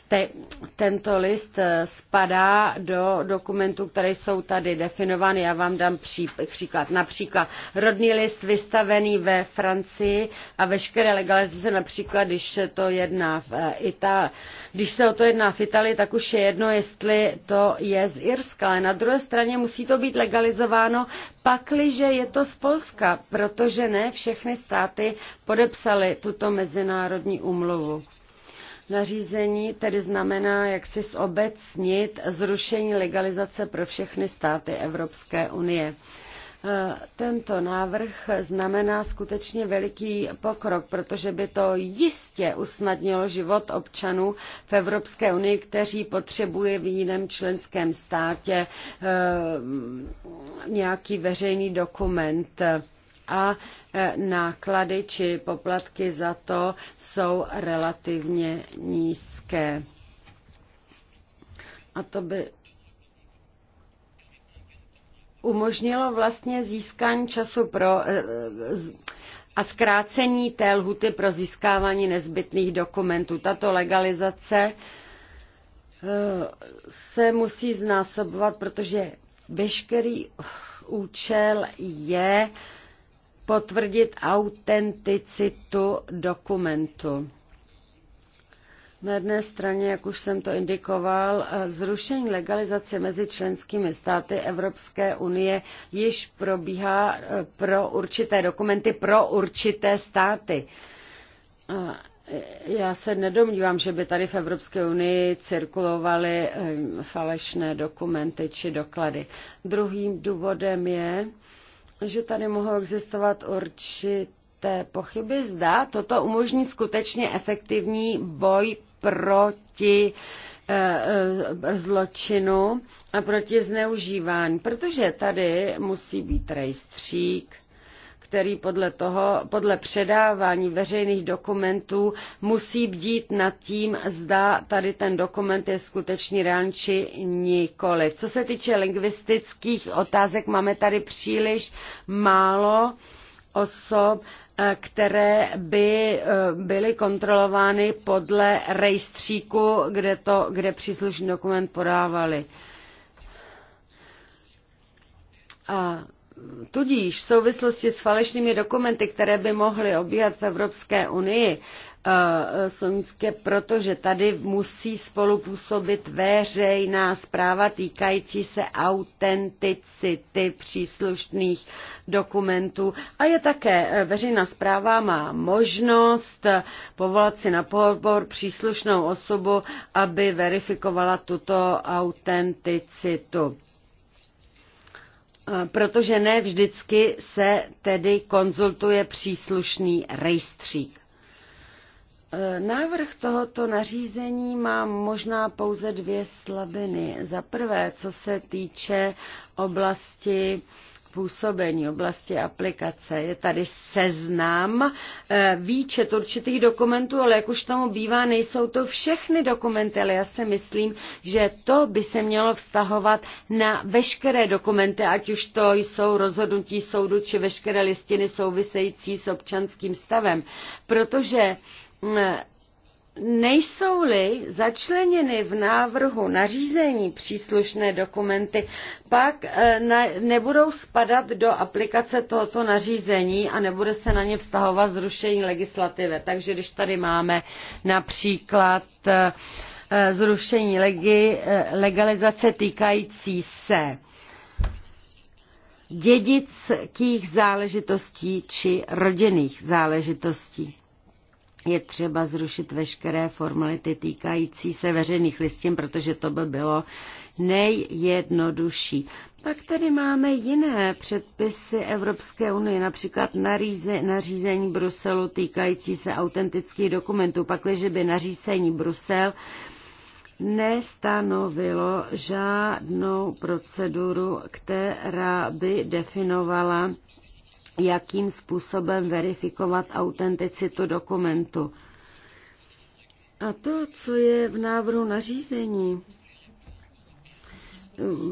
te, tento list eh, spadá do dokumentů, které jsou tady definovány. Já vám dám pří, příklad. Například rodný list vystavený ve Francii a veškeré legalizace, například když se to jedná v eh, Itálii. Když se o to jedná v Itálii, tak už je jedno, jestli to je z Irska. Ale na druhé straně musí to být legalizováno, pakliže je to z Polska, protože ne všechny státy podepsaly tuto mezinárodní úmluvu. Nařízení tedy znamená, jak si zobecnit zrušení legalizace pro všechny státy Evropské unie. E, tento návrh znamená skutečně veliký pokrok, protože by to jistě usnadnilo život občanů v Evropské unii, kteří potřebují v jiném členském státě e, nějaký veřejný dokument a e, náklady či poplatky za to jsou relativně nízké. A to by umožnilo vlastně získání času pro e, e, a zkrácení té lhuty pro získávání nezbytných dokumentů. Tato legalizace se musí znásobovat, protože veškerý účel je uh, potvrdit autenticitu dokumentu. Na jedné straně, jak už jsem to indikoval, eh, zrušení legalizace mezi členskými státy Evropské unie již probíhá eh, pro určité dokumenty, pro určité státy. Eh, já se nedomnívám, že by tady v Evropské unii cirkulovaly falešné dokumenty či doklady. Druhým důvodem je, že tady mohou existovat určité pochyby. Zda toto umožní skutečně efektivní boj proti eh, eh, zločinu a proti zneužívání, protože tady musí být rejstřík který podle, toho, podle předávání veřejných dokumentů musí bdít nad tím, zda tady ten dokument je skutečný reálný či nikoliv. Co se týče lingvistických otázek, máme tady příliš málo osob, eh, které by eh, byly kontrolovány podle rejstříku, kde, to, kde příslušný dokument podávali. A Tudíž v souvislosti s falešnými dokumenty, které by mohly obíhat v Evropské unii, jsou eh, nízké, protože tady musí spolupůsobit veřejná zpráva týkající se autenticity příslušných dokumentů. A je také, eh, veřejná zpráva má možnost eh, povolat si na pohovor příslušnou osobu, aby verifikovala tuto autenticitu protože ne vždycky se tedy konzultuje příslušný rejstřík. E, návrh tohoto nařízení má možná pouze dvě slabiny. Za prvé, co se týče oblasti působení, oblasti aplikace. Je tady seznam, eh, výčet určitých dokumentů, ale jak už tomu bývá, nejsou to všechny dokumenty, ale já si myslím, že to by se mělo vztahovat na veškeré dokumenty, ať už to jsou rozhodnutí soudu či veškeré listiny související s občanským stavem. Protože mm, Nejsou-li začleněny v návrhu nařízení příslušné dokumenty, pak eh, nebudou spadat do aplikace tohoto nařízení a nebude se na ně vztahovat zrušení legislativy. Takže když tady máme například eh, eh, zrušení legalizace týkající se dědických záležitostí či rodinných záležitostí je třeba zrušit veškeré formality týkající se veřejných listin, protože to by bylo nejjednodušší. Pak tady máme jiné předpisy Evropské unie, například naříze, nařízení Bruselu týkající se autentických dokumentů, pakliže by nařízení Brusel nestanovilo žádnou proceduru, která by definovala jakým způsobem verifikovat autenticitu dokumentu. A to, co je v návrhu nařízení,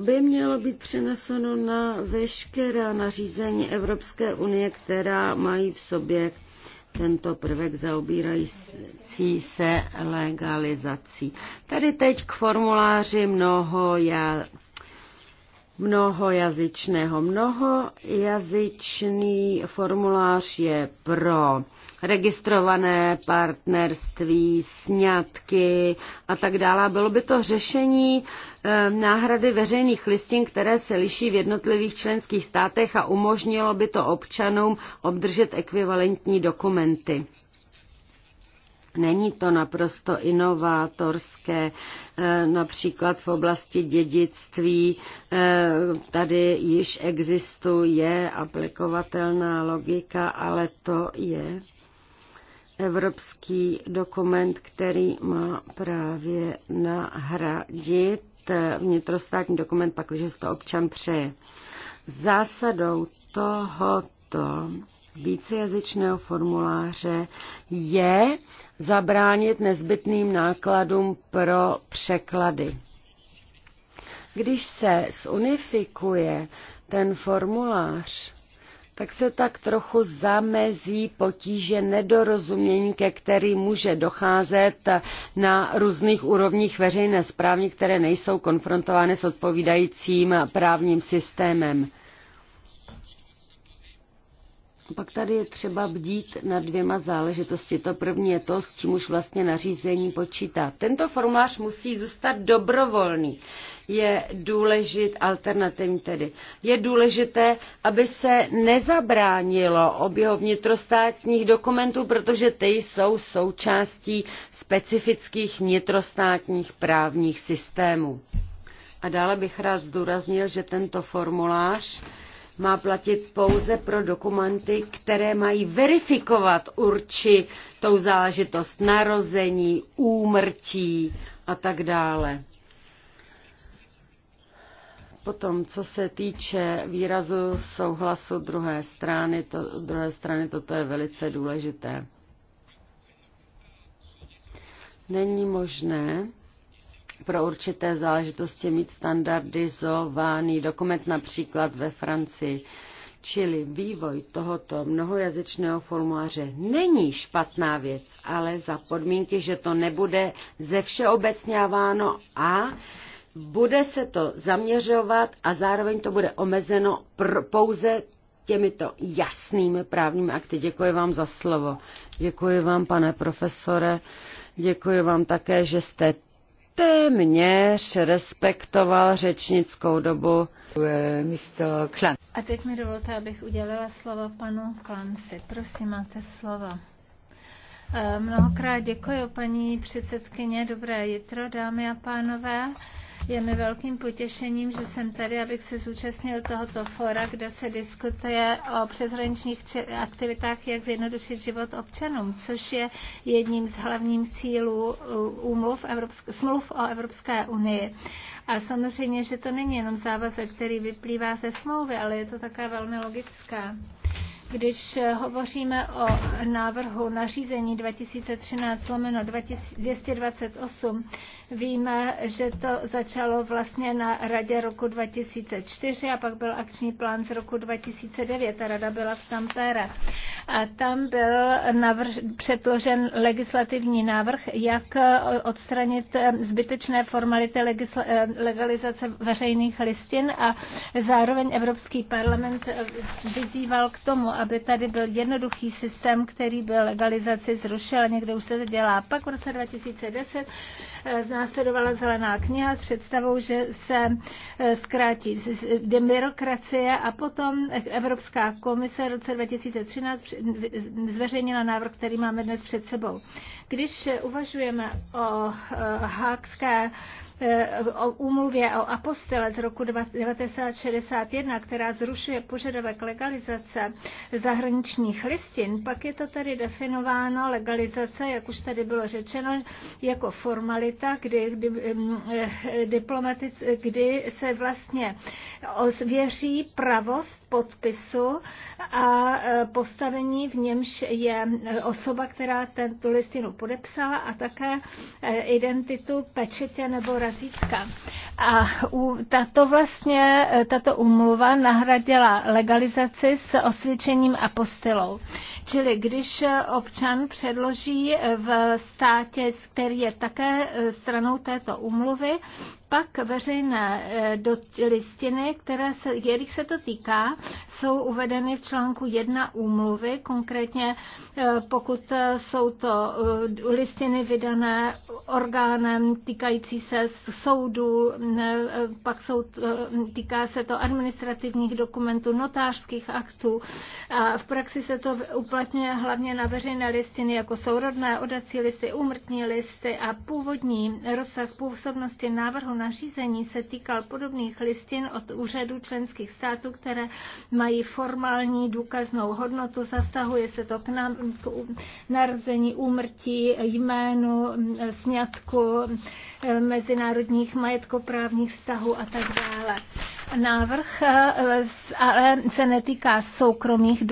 by mělo být přeneseno na veškerá nařízení Evropské unie, která mají v sobě tento prvek zaobírající se legalizací. Tady teď k formuláři mnoho já mnohojazyčného. Mnohojazyčný formulář je pro registrované partnerství, sňatky a tak dále. Bylo by to řešení eh, náhrady veřejných listin, které se liší v jednotlivých členských státech a umožnilo by to občanům obdržet ekvivalentní dokumenty. Není to naprosto inovátorské, eh, například v oblasti dědictví. Eh, tady již existuje aplikovatelná logika, ale to je evropský dokument, který má právě nahradit eh, vnitrostátní dokument, pakliže si to občan přeje. Zásadou tohoto vícejazyčného formuláře je zabránit nezbytným nákladům pro překlady. Když se zunifikuje ten formulář, tak se tak trochu zamezí potíže nedorozumění, ke kterým může docházet na různých úrovních veřejné správy, které nejsou konfrontovány s odpovídajícím právním systémem. Pak tady je třeba bdít na dvěma záležitosti. To první je to, s čím už vlastně nařízení počítá. Tento formulář musí zůstat dobrovolný. Je důležit, alternativní tedy, je důležité, aby se nezabránilo oběho vnitrostátních dokumentů, protože ty jsou součástí specifických vnitrostátních právních systémů. A dále bych rád zdůraznil, že tento formulář má platit pouze pro dokumenty, které mají verifikovat určitou záležitost narození, úmrtí a tak dále. Potom, co se týče výrazu souhlasu druhé strany, to, druhé strany toto je velice důležité. Není možné, pro určité záležitosti mít standardizovaný dokument například ve Francii. Čili vývoj tohoto mnohojazyčného formuláře není špatná věc, ale za podmínky, že to nebude ze všeobecňáváno a bude se to zaměřovat a zároveň to bude omezeno pr- pouze těmito jasnými právními akty. Děkuji vám za slovo. Děkuji vám, pane profesore. Děkuji vám také, že jste téměř respektoval řečnickou dobu. Eh, a teď mi dovolte, abych udělala slovo panu Klanci. Prosím, máte slovo. Eh, mnohokrát děkuji, paní předsedkyně. Dobré jitro, dámy a pánové. Je mi velkým potěšením, že jsem tady, abych se zúčastnil tohoto fora, kde se diskutuje o přeshraničních aktivitách, jak zjednodušit život občanům, což je jedním z hlavních cílů úmluv Evropsk- smluv o Evropské unii. A samozřejmě, že to není jenom závazek, který vyplývá ze smlouvy, ale je to také velmi logická. Když eh, hovoříme o návrhu nařízení 2013 lomeno 228, víme, že to začalo vlastně na radě roku 2004 a pak byl akční plán z roku 2009. Ta rada byla v Tampere. A tam byl navrž- předložen legislativní návrh, jak eh, odstranit eh, zbytečné formality legalizace veřejných listin a zároveň Evropský parlament vyzýval k tomu, aby tady byl jednoduchý systém, který by legalizaci zrušil a někde už se to dělá. Pak v roce 2010 znásledovala eh, zelená kniha s představou, že se eh, zkrátí byrokracie a potom Evropská komise v roce 2013 zveřejnila návrh, který máme dnes před sebou. Když uvažujeme o eh, hákské Eh, o úmluvě o apostele z roku 1961, která zrušuje požadavek legalizace zahraničních listin, pak je to tady definováno legalizace, jak už tady bylo řečeno, jako formalita, kdy, kdy, mm, eh, diplomatic, kdy se vlastně věří pravost podpisu a eh, postavení, v němž je osoba, která tento listinu podepsala a také identitu pečetě nebo razítka. A tato vlastně, tato umluva nahradila legalizaci s osvědčením apostilou. Čili když občan předloží v státě, který je také stranou této umluvy, pak veřejné eh, listiny, které se, kterých se to týká, jsou uvedeny v článku 1 úmluvy, konkrétně eh, pokud eh, jsou to listiny vydané orgánem týkající se soudu, pak jsou, týká se to administrativních dokumentů, notářských aktů. A v praxi se to uplatňuje hlavně na veřejné listiny, jako jsou rodné, odací listy, úmrtní listy a původní rozsah působnosti návrhu nařízení se týkal podobných listin od úřadů členských států, které mají formální důkaznou hodnotu. Zastahuje se to k, k narození, úmrtí, jménu, sňatku, e, mezinárodních majetkoprávních vztahů a tak dále návrh eh, ale se netýká soukromých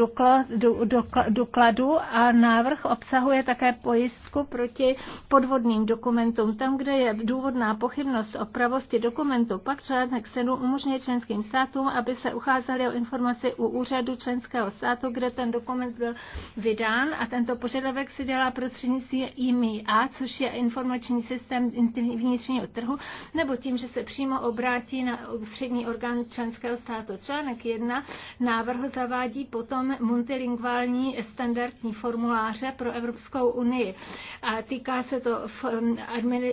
dokladů a návrh obsahuje také pojistku proti podvodným dokumentům. Tam, kde je důvodná pochybnost o pravosti dokumentu, pak článek 7 umožňuje členským státům, aby se ucházeli o informaci u úřadu členského státu, kde ten dokument byl vydán a tento požadavek si dělá prostřednictvím IMIA, což je informační systém vnitřního trhu, nebo tím, že se přímo obrátí na střední orgán strany členského státu. Článek 1 návrhu zavádí potom multilingvální standardní formuláře pro Evropskou unii. A týká se to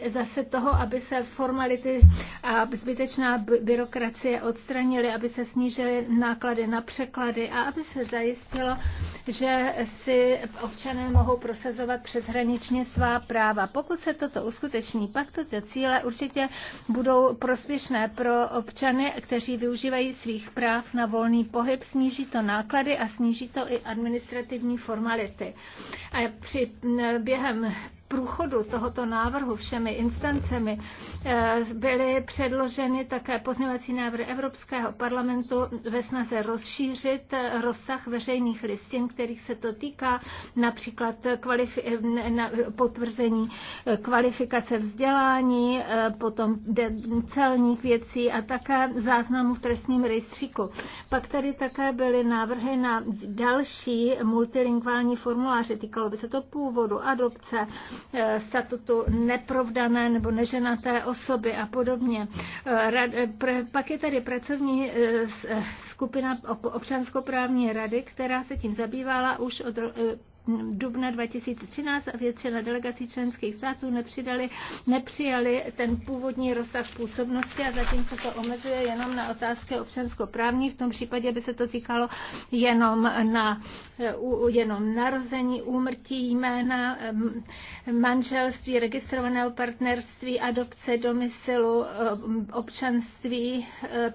zase toho, aby se formality a zbytečná byrokracie odstranily, aby se snížily náklady na překlady a aby se zajistilo, že si občané mohou prosazovat přeshraničně svá práva. Pokud se toto uskuteční, pak tyto cíle určitě budou prospěšné pro občany, kteří kteří využívají svých práv na volný pohyb, sníží to náklady a sníží to i administrativní formality. A při, během průchodu tohoto návrhu všemi instancemi eh, byly předloženy také pozměňovací návrhy Evropského parlamentu ve snaze rozšířit eh, rozsah veřejných listin, kterých se to týká, například kvalifi- eh, na potvrzení kvalifikace vzdělání, potom celních věcí a také záznamů v trestním rejstříku. Pak tady také byly návrhy na další multilingvální formuláře, týkalo by se to původu, adopce, Eh, statutu neprovdané nebo neženaté osoby a podobně. Eh, eh, pak je tady pracovní skupina občanskoprávní rady, která se tím zabývala už od dubna 2013 a většina delegací členských států nepřidali, nepřijali ten původní rozsah působnosti a zatím se to omezuje jenom na otázky občanskoprávní. V tom případě by se to týkalo jenom na jenom narození, úmrtí, jména, manželství, registrovaného partnerství, adopce, domysilu, občanství, eh,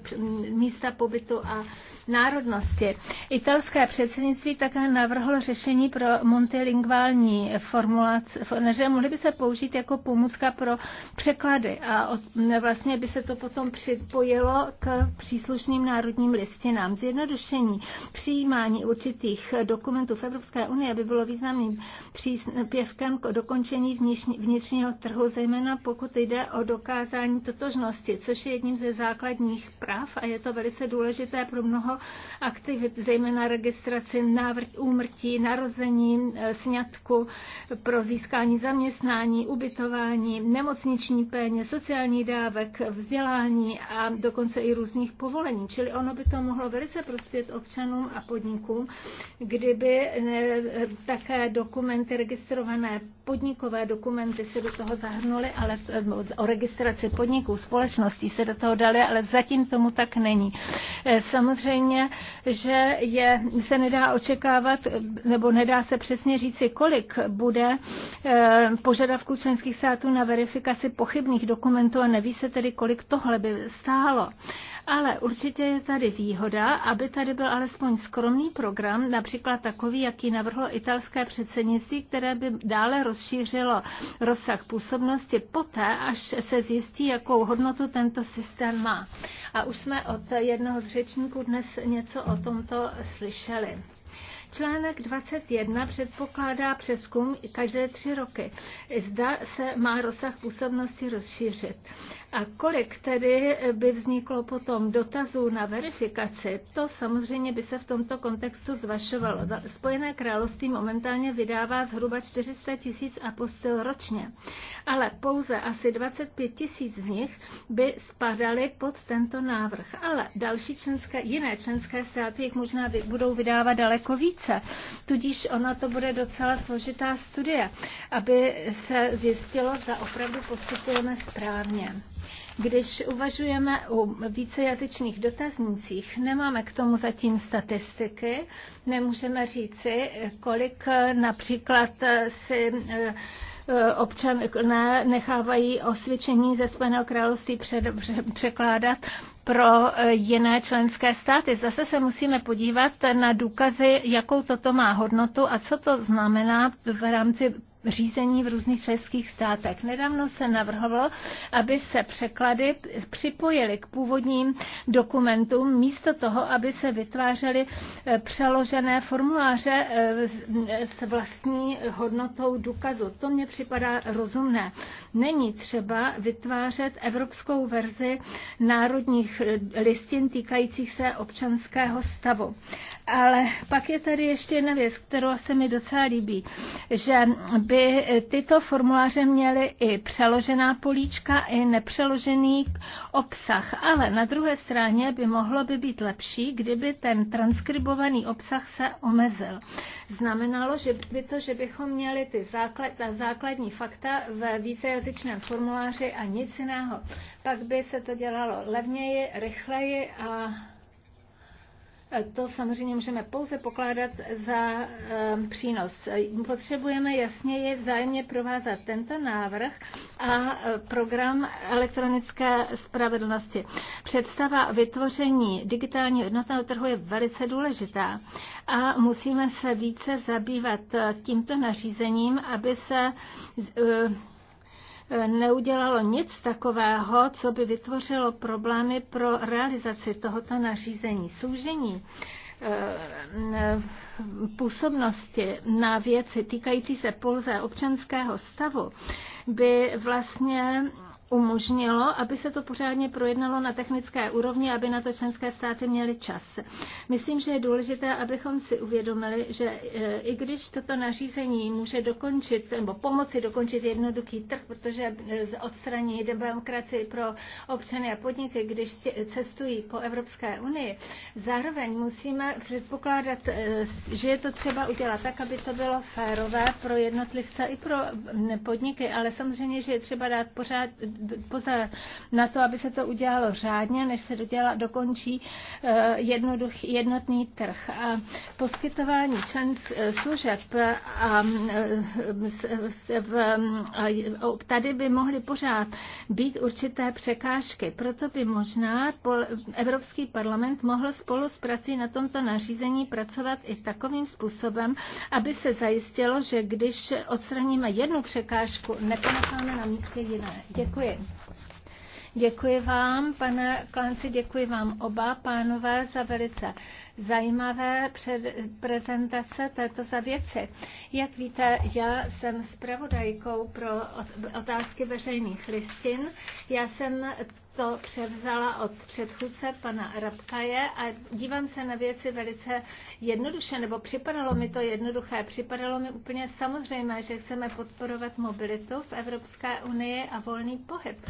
místa pobytu a národnosti. Italské předsednictví také navrhlo řešení pro multilingvální formulace, že mohly by se použít jako pomůcka pro překlady a od, vlastně by se to potom připojilo k příslušným národním listinám. Zjednodušení přijímání určitých dokumentů v Evropské unii by bylo významným příspěvkem k dokončení vnitřního trhu, zejména pokud jde o dokázání totožnosti, což je jedním ze základních práv a je to velice důležité pro mnoho mnoho aktivit, zejména registraci návrh úmrtí, narození, eh, sňatku pro získání zaměstnání, ubytování, nemocniční péně, sociální dávek, vzdělání a dokonce i různých povolení. Čili ono by to mohlo velice prospět občanům a podnikům, kdyby eh, také dokumenty registrované, podnikové dokumenty se do toho zahrnuly, ale eh, o registraci podniků, společností se do toho dali, ale zatím tomu tak není. Samozřejmě samozřejmě, že je, se nedá očekávat, nebo nedá se přesně říci, kolik bude eh, požadavků členských států na verifikaci pochybných dokumentů a neví se tedy, kolik tohle by stálo. Ale určitě je tady výhoda, aby tady byl alespoň skromný program, například takový, jaký navrhlo italské předsednictví, které by dále rozšířilo rozsah působnosti poté, až se zjistí, jakou hodnotu tento systém má. A už jsme od jednoho z řečníků dnes něco o tomto slyšeli. Článek 21 předpokládá přeskum každé tři roky. Zda se má rozsah působnosti rozšířit. A kolik tedy by vzniklo potom dotazů na verifikaci, to samozřejmě by se v tomto kontextu zvažovalo. Spojené království momentálně vydává zhruba 400 tisíc apostil ročně, ale pouze asi 25 tisíc z nich by spadaly pod tento návrh. Ale další členské, jiné členské státy jich možná budou vydávat daleko víc více. Tudíž ona to bude docela složitá studie, aby se zjistilo, zda opravdu postupujeme správně. Když uvažujeme o vícejazyčných dotaznících, nemáme k tomu zatím statistiky, nemůžeme říci, kolik například si eh, občané nechávají osvědčení ze Spojeného království před, překládat pro eh, jiné členské státy. Zase se musíme podívat na důkazy, jakou toto má hodnotu a co to znamená v rámci řízení v různých českých státech. Nedávno se navrhovalo, aby se překlady připojily k původním dokumentům, místo toho, aby se vytvářely eh, přeložené formuláře eh, eh, s vlastní hodnotou důkazu. To mně připadá rozumné. Není třeba vytvářet evropskou verzi národních listin týkajících se občanského stavu. Ale pak je tady ještě jedna věc, kterou se mi docela líbí, že by tyto formuláře měly i přeložená políčka, i nepřeložený obsah. Ale na druhé straně by mohlo by být lepší, kdyby ten transkribovaný obsah se omezil. Znamenalo že by to, že bychom měli ty základ, ta základní fakta ve vícejazyčném formuláři a nic jiného. Pak by se to dělalo levněji, rychleji a to samozřejmě můžeme pouze pokládat za eh, přínos. Potřebujeme jasněji vzájemně provázat tento návrh a eh, program elektronické spravedlnosti. Představa vytvoření digitálního jednotného trhu je velice důležitá a musíme se více zabývat eh, tímto nařízením, aby se neudělalo nic takového, co by vytvořilo problémy pro realizaci tohoto nařízení. Soužení eh, působnosti na věci týkající se pouze občanského stavu by vlastně umožnilo, aby se to pořádně projednalo na technické úrovni, aby na to členské státy měly čas. Myslím, že je důležité, abychom si uvědomili, že eh, i když toto nařízení může dokončit nebo pomoci dokončit jednoduchý trh, protože eh, odstraní demokracii pro občany a podniky, když cestují po Evropské unii, zároveň musíme předpokládat, eh, že je to třeba udělat tak, aby to bylo férové pro jednotlivce i pro podniky, ale samozřejmě, že je třeba dát pořád pozor na to, aby se to udělalo řádně, než se doděla, dokončí eh, jednoduch, jednotný trh. A poskytování člens, eh, služeb eh, a, tady by mohly pořád být určité překážky. Proto by možná Evropský parlament mohl spolu s prací na tomto nařízení pracovat i takovým způsobem, aby se zajistilo, že když odstraníme jednu překážku, neponecháme na místě jiné. Děkuji. Děkuji. Děkuji vám, pane Klanci, děkuji vám oba, pánové, za velice zajímavé před, prezentace této za věci. Jak víte, já jsem zpravodajkou pro otázky veřejných listin. Já jsem to převzala od předchůdce pana Rabkaje a dívám se na věci velice jednoduše, nebo připadalo mi to jednoduché, připadalo mi úplně samozřejmé, že chceme podporovat mobilitu v Evropské unii a volný pohyb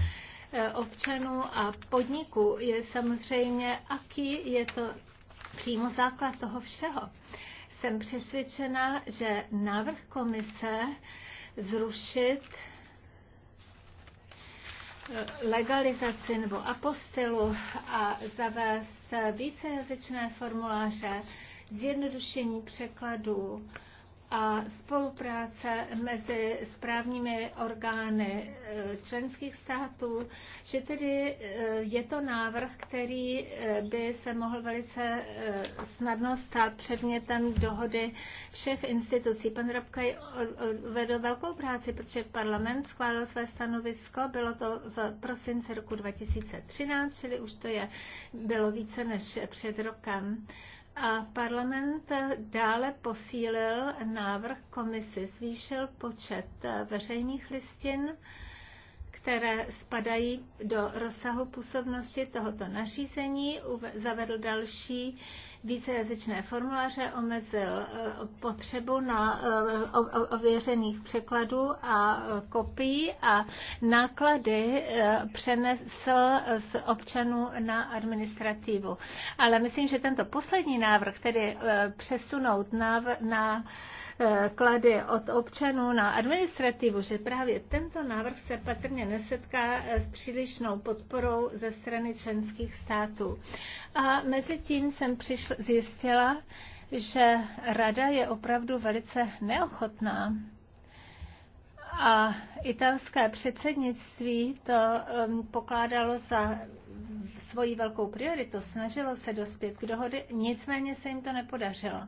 eh, občanů a podniků je samozřejmě, aký je to přímo základ toho všeho. Jsem přesvědčena, že návrh komise zrušit legalizaci nebo apostelu a zavést vícejazyčné formuláře, zjednodušení překladů, a spolupráce mezi správními orgány e, členských států, že tedy e, je to návrh, který e, by se mohl velice snadno stát předmětem dohody všech institucí. Pan Rabkaj vedl velkou práci, protože parlament schválil své stanovisko, bylo to v prosinci roku 2013, čili už to je, bylo více než před rokem a parlament dále posílil návrh komisy, zvýšil počet veřejných listin, které spadají do rozsahu působnosti tohoto nařízení, zavedl další vícejazyčné formuláře, omezil eh, potřebu na eh, ověřených překladů a eh, kopií a náklady přenesl z občanů na administrativu. Ale myslím, že tento poslední návrh, tedy přesunout na, na Eh, klady od občanů na administrativu, že právě tento návrh se patrně nesetká eh, s přílišnou podporou ze strany členských států. A mezi tím jsem přišla, zjistila, že rada je opravdu velice neochotná a italské předsednictví to um, pokládalo za svoji velkou prioritu, snažilo se dospět k dohody, nicméně se jim to nepodařilo.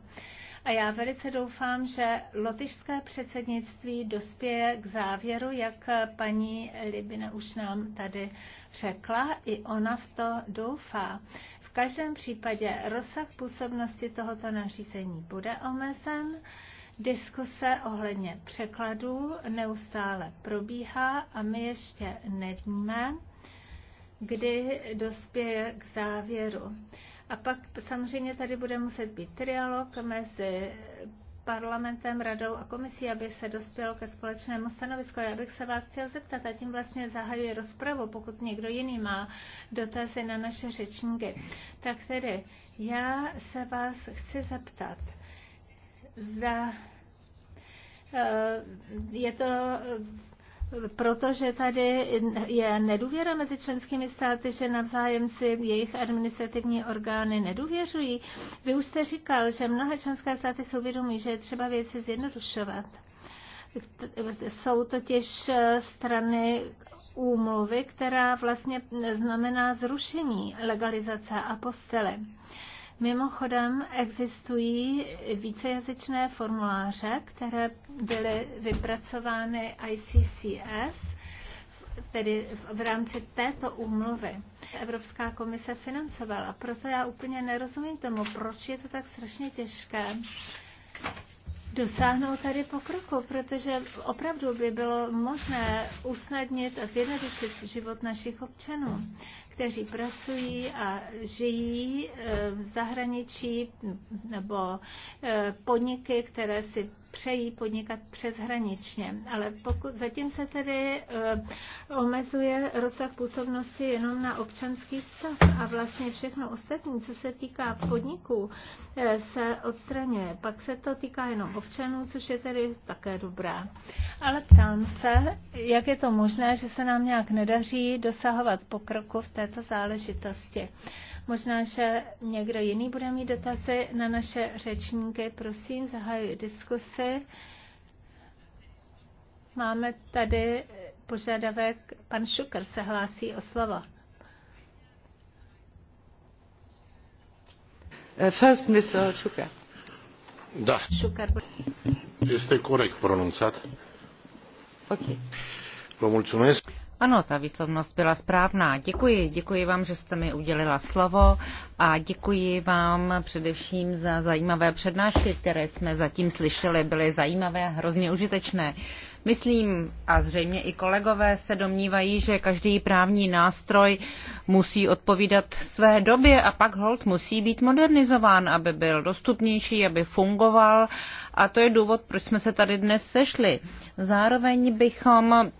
A já velice doufám, že lotyšské předsednictví dospěje k závěru, jak paní Libina už nám tady řekla. I ona v to doufá. V každém případě rozsah působnosti tohoto nařízení bude omezen. Diskuse ohledně překladů neustále probíhá a my ještě nevíme, kdy dospěje k závěru. A pak samozřejmě tady bude muset být trialog mezi parlamentem, radou a komisí, aby se dospělo ke společnému stanovisku. Já bych se vás chtěl zeptat, a tím vlastně zahajuji rozpravu, pokud někdo jiný má dotazy na naše řečníky. Tak tedy, já se vás chci zeptat, zda eh, je to protože tady je nedůvěra mezi členskými státy, že navzájem si jejich administrativní orgány nedůvěřují. Vy už jste říkal, že mnohé členské státy jsou vědomí, že je třeba věci zjednodušovat. Jsou totiž eh, strany úmluvy, která vlastně eh, znamená zrušení legalizace a postele. Mimochodem existují vícejazyčné formuláře, které byly vypracovány ICCS, tedy v rámci této úmluvy Evropská komise financovala. Proto já úplně nerozumím tomu, proč je to tak strašně těžké dosáhnout tady pokroku, protože opravdu by bylo možné usnadnit a zjednodušit život našich občanů kteří pracují a žijí eh, v zahraničí nebo eh, podniky, které si přejí podnikat přeshraničně. Ale pokud, zatím se tedy eh, omezuje rozsah působnosti jenom na občanský vztah a vlastně všechno ostatní, co se týká podniků, se odstraňuje. Pak se to týká jenom občanů, což je tedy také dobrá. Ale ptám se, jak je to možné, že se nám nějak nedaří dosahovat pokroku v té této záležitosti. Možná, že někdo jiný bude mít dotazy na naše řečníky. Prosím, zahajuji diskusy. Máme tady požadavek, pan Šukr se hlásí o slovo. Uh, first, Mr. Šukr. Da. Šukr. Jste korekt pronunțat. Ok. Vă mulțumesc ano, ta výslovnost byla správná. Děkuji, děkuji vám, že jste mi udělila slovo a děkuji vám především za zajímavé přednášky, které jsme zatím slyšeli, byly zajímavé a hrozně užitečné. Myslím, a zřejmě i kolegové se domnívají, že každý právní nástroj musí odpovídat své době a pak hold musí být modernizován, aby byl dostupnější, aby fungoval a to je důvod, proč jsme se tady dnes sešli. Zároveň bychom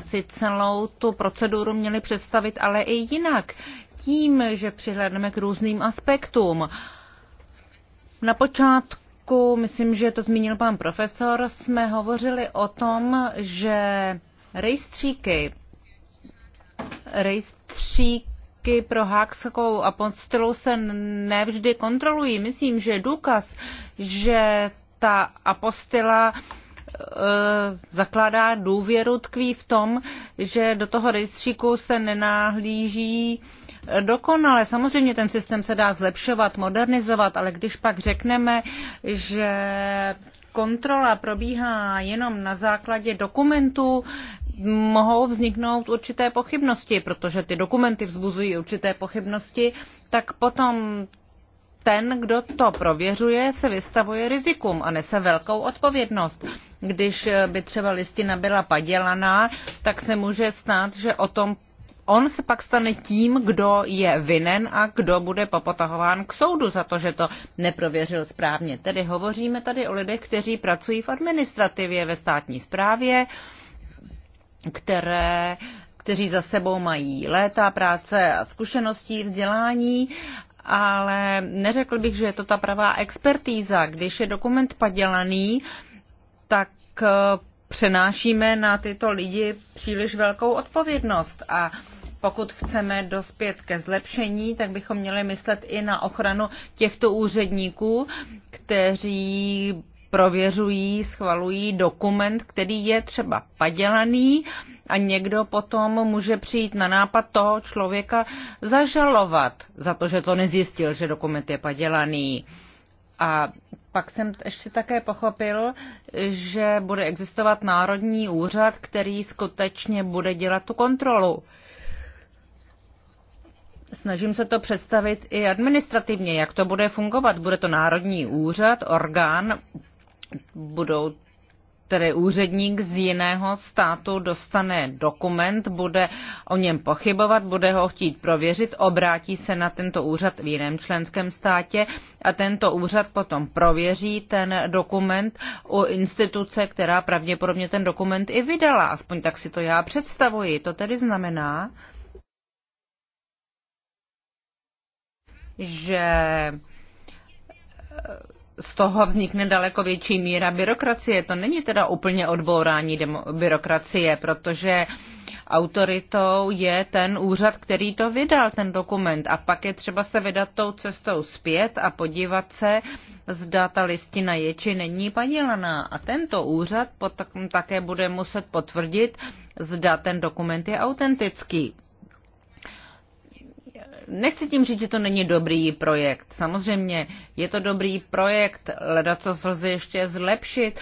si celou tu proceduru měli představit ale i jinak, tím, že přihledneme k různým aspektům. Na počátku, myslím, že to zmínil pan profesor, jsme hovořili o tom, že rejstříky, rejstříky pro hákskou apostilu se nevždy kontrolují. Myslím, že důkaz, že ta apostila Eh, zakládá důvěru, tkví v tom, že do toho rejstříku se nenáhlíží dokonale. Samozřejmě ten systém se dá zlepšovat, modernizovat, ale když pak řekneme, že kontrola probíhá jenom na základě dokumentů, mohou vzniknout určité pochybnosti, protože ty dokumenty vzbuzují určité pochybnosti, tak potom ten, kdo to prověřuje, se vystavuje rizikum a nese velkou odpovědnost. Když eh, by třeba listina byla padělaná, tak se může stát, že o tom on se pak stane tím, kdo je vinen a kdo bude popotahován k soudu za to, že to neprověřil správně. Tedy hovoříme tady o lidech, kteří pracují v administrativě, ve státní správě, které kteří za sebou mají léta práce a zkušeností, vzdělání ale neřekl bych, že je to ta pravá expertíza. Když je dokument padělaný, tak eh, přenášíme na tyto lidi příliš velkou odpovědnost a pokud chceme dospět ke zlepšení, tak bychom měli myslet i na ochranu těchto úředníků, kteří prověřují, schvalují dokument, který je třeba padělaný a někdo potom může přijít na nápad toho člověka zažalovat za to, že to nezjistil, že dokument je padělaný. A pak jsem ještě také pochopil, že bude existovat národní úřad, který skutečně bude dělat tu kontrolu. Snažím se to představit i administrativně, jak to bude fungovat. Bude to národní úřad, orgán, budou tedy úředník z jiného státu dostane dokument, bude o něm pochybovat, bude ho chtít prověřit, obrátí se na tento úřad v jiném členském státě a tento úřad potom prověří ten dokument u instituce, která pravděpodobně ten dokument i vydala. Aspoň tak si to já představuji. To tedy znamená, že z toho vznikne daleko větší míra byrokracie. To není teda úplně odbourání byrokracie, protože autoritou je ten úřad, který to vydal, ten dokument. A pak je třeba se vydat tou cestou zpět a podívat se, zda ta listina je či není padělaná. A tento úřad potom také bude muset potvrdit, zda ten dokument je autentický. Nechci tím říct, že to není dobrý projekt. Samozřejmě je to dobrý projekt, leda co lze ještě zlepšit,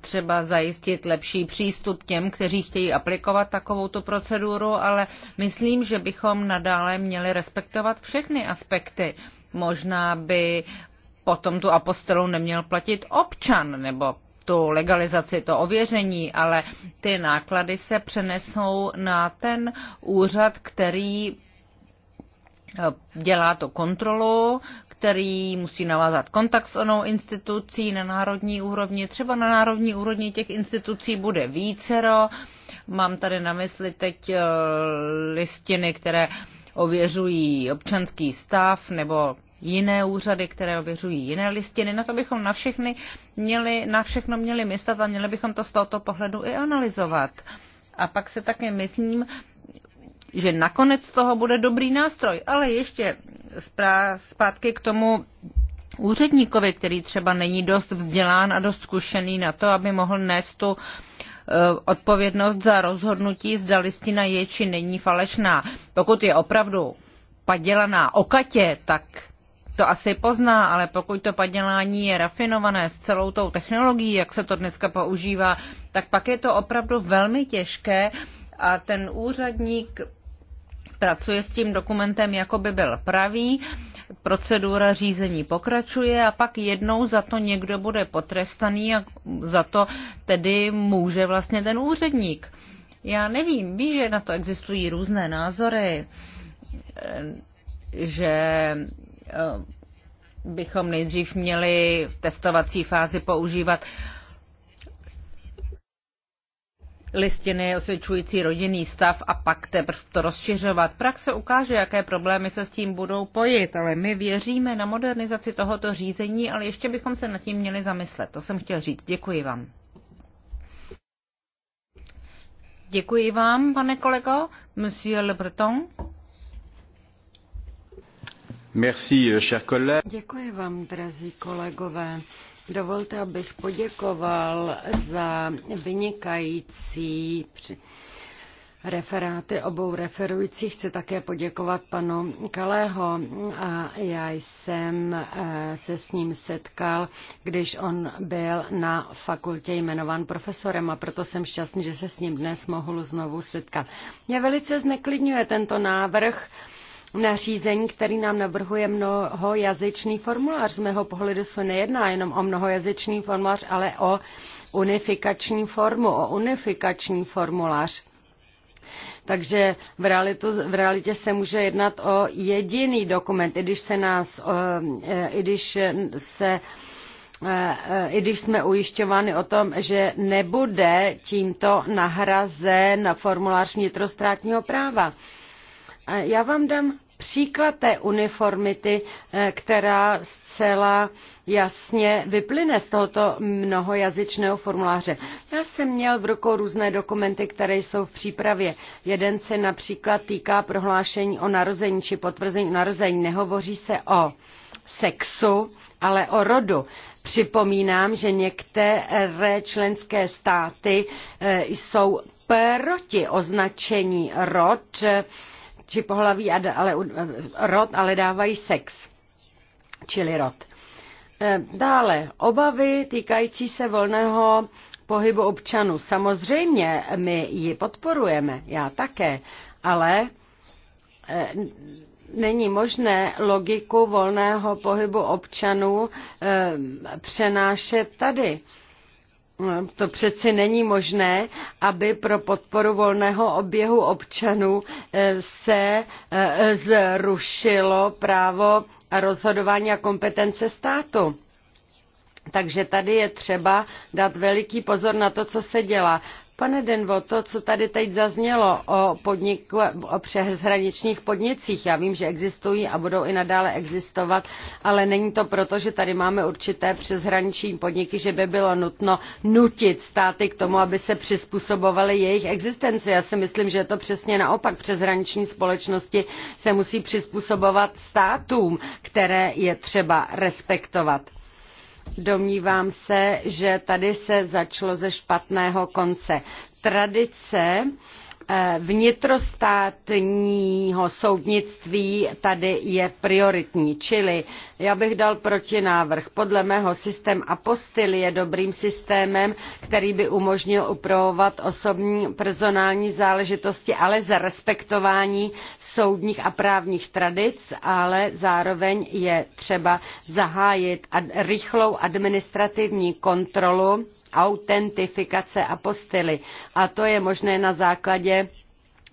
třeba zajistit lepší přístup těm, kteří chtějí aplikovat takovou tu proceduru, ale myslím, že bychom nadále měli respektovat všechny aspekty. Možná by potom tu apostelu neměl platit občan nebo tu legalizaci, to ověření, ale ty náklady se přenesou na ten úřad, který Eh, dělá to kontrolu, který musí navázat kontakt s onou institucí na národní úrovni. Třeba na národní úrovni těch institucí bude vícero. Mám tady na mysli teď eh, listiny, které ověřují občanský stav nebo jiné úřady, které ověřují jiné listiny. Na to bychom na, všechny měli, na všechno měli myslet a měli bychom to z tohoto pohledu i analyzovat. A pak se také myslím, že nakonec z toho bude dobrý nástroj. Ale ještě zpátky k tomu úředníkovi, který třeba není dost vzdělán a dost zkušený na to, aby mohl nést tu eh, odpovědnost za rozhodnutí, zda listina je či není falešná. Pokud je opravdu padělaná okatě, tak to asi pozná, ale pokud to padělání je rafinované s celou tou technologií, jak se to dneska používá, tak pak je to opravdu velmi těžké a ten úřadník pracuje s tím dokumentem, jako by byl pravý, procedura řízení pokračuje a pak jednou za to někdo bude potrestaný a za to tedy může vlastně ten úředník. Já nevím, víš, že na to existují různé názory, že eh, bychom nejdřív měli v testovací fázi používat listiny osvědčující rodinný stav a pak teprve to rozšiřovat. Praxe ukáže, jaké problémy se s tím budou pojit, ale my věříme na modernizaci tohoto řízení, ale ještě bychom se nad tím měli zamyslet. To jsem chtěl říct. Děkuji vám. Děkuji vám, pane kolego. Monsieur Le Breton. Merci, cher Děkuji vám, drazí kolegové. Dovolte, abych poděkoval za vynikající referáty obou referujících. Chci také poděkovat panu Kalého a já jsem eh, se s ním setkal, když on byl na fakultě jmenován profesorem a proto jsem šťastný, že se s ním dnes mohl znovu setkat. Mě velice zneklidňuje tento návrh, nařízení, který nám navrhuje mnohojazyčný formulář. Z mého pohledu se nejedná jenom o mnohojazyčný formulář, ale o unifikační formu, o unifikační formulář. Takže v, realitu, v realitě se může jednat o jediný dokument, i když se nás, e, i když se e, e, i když jsme ujišťováni o tom, že nebude tímto nahrazen formulář vnitrostátního práva. Já vám dám příklad té uniformity, eh, která zcela jasně vyplyne z tohoto mnohojazyčného formuláře. Já jsem měl v rukou různé dokumenty, které jsou v přípravě. Jeden se například týká prohlášení o narození či potvrzení narození. Nehovoří se o sexu, ale o rodu. Připomínám, že některé členské státy eh, jsou proti označení rod či pohlaví, ale, rod, ale dávají sex, čili rod. E, dále, obavy týkající se volného pohybu občanů. Samozřejmě my ji podporujeme, já také, ale e, není možné logiku volného pohybu občanů e, přenášet tady. To přeci není možné, aby pro podporu volného oběhu občanů eh, se eh, zrušilo právo rozhodování a kompetence státu. Takže tady je třeba dát veliký pozor na to, co se dělá. Pane Denvo, to, co tady teď zaznělo o, podniku, o přeshraničních podnicích, já vím, že existují a budou i nadále existovat, ale není to proto, že tady máme určité přeshraniční podniky, že by bylo nutno nutit státy k tomu, aby se přizpůsobovaly jejich existenci. Já si myslím, že je to přesně naopak. Přeshraniční společnosti se musí přizpůsobovat státům, které je třeba respektovat Domnívám se, že tady se začalo ze špatného konce. Tradice Eh, vnitrostátního soudnictví tady je prioritní. Čili já bych dal protinávrh. Podle mého systém apostil je dobrým systémem, který by umožnil upravovat osobní personální záležitosti, ale za respektování soudních a právních tradic, ale zároveň je třeba zahájit ad- rychlou administrativní kontrolu autentifikace apostily. A to je možné na základě řadě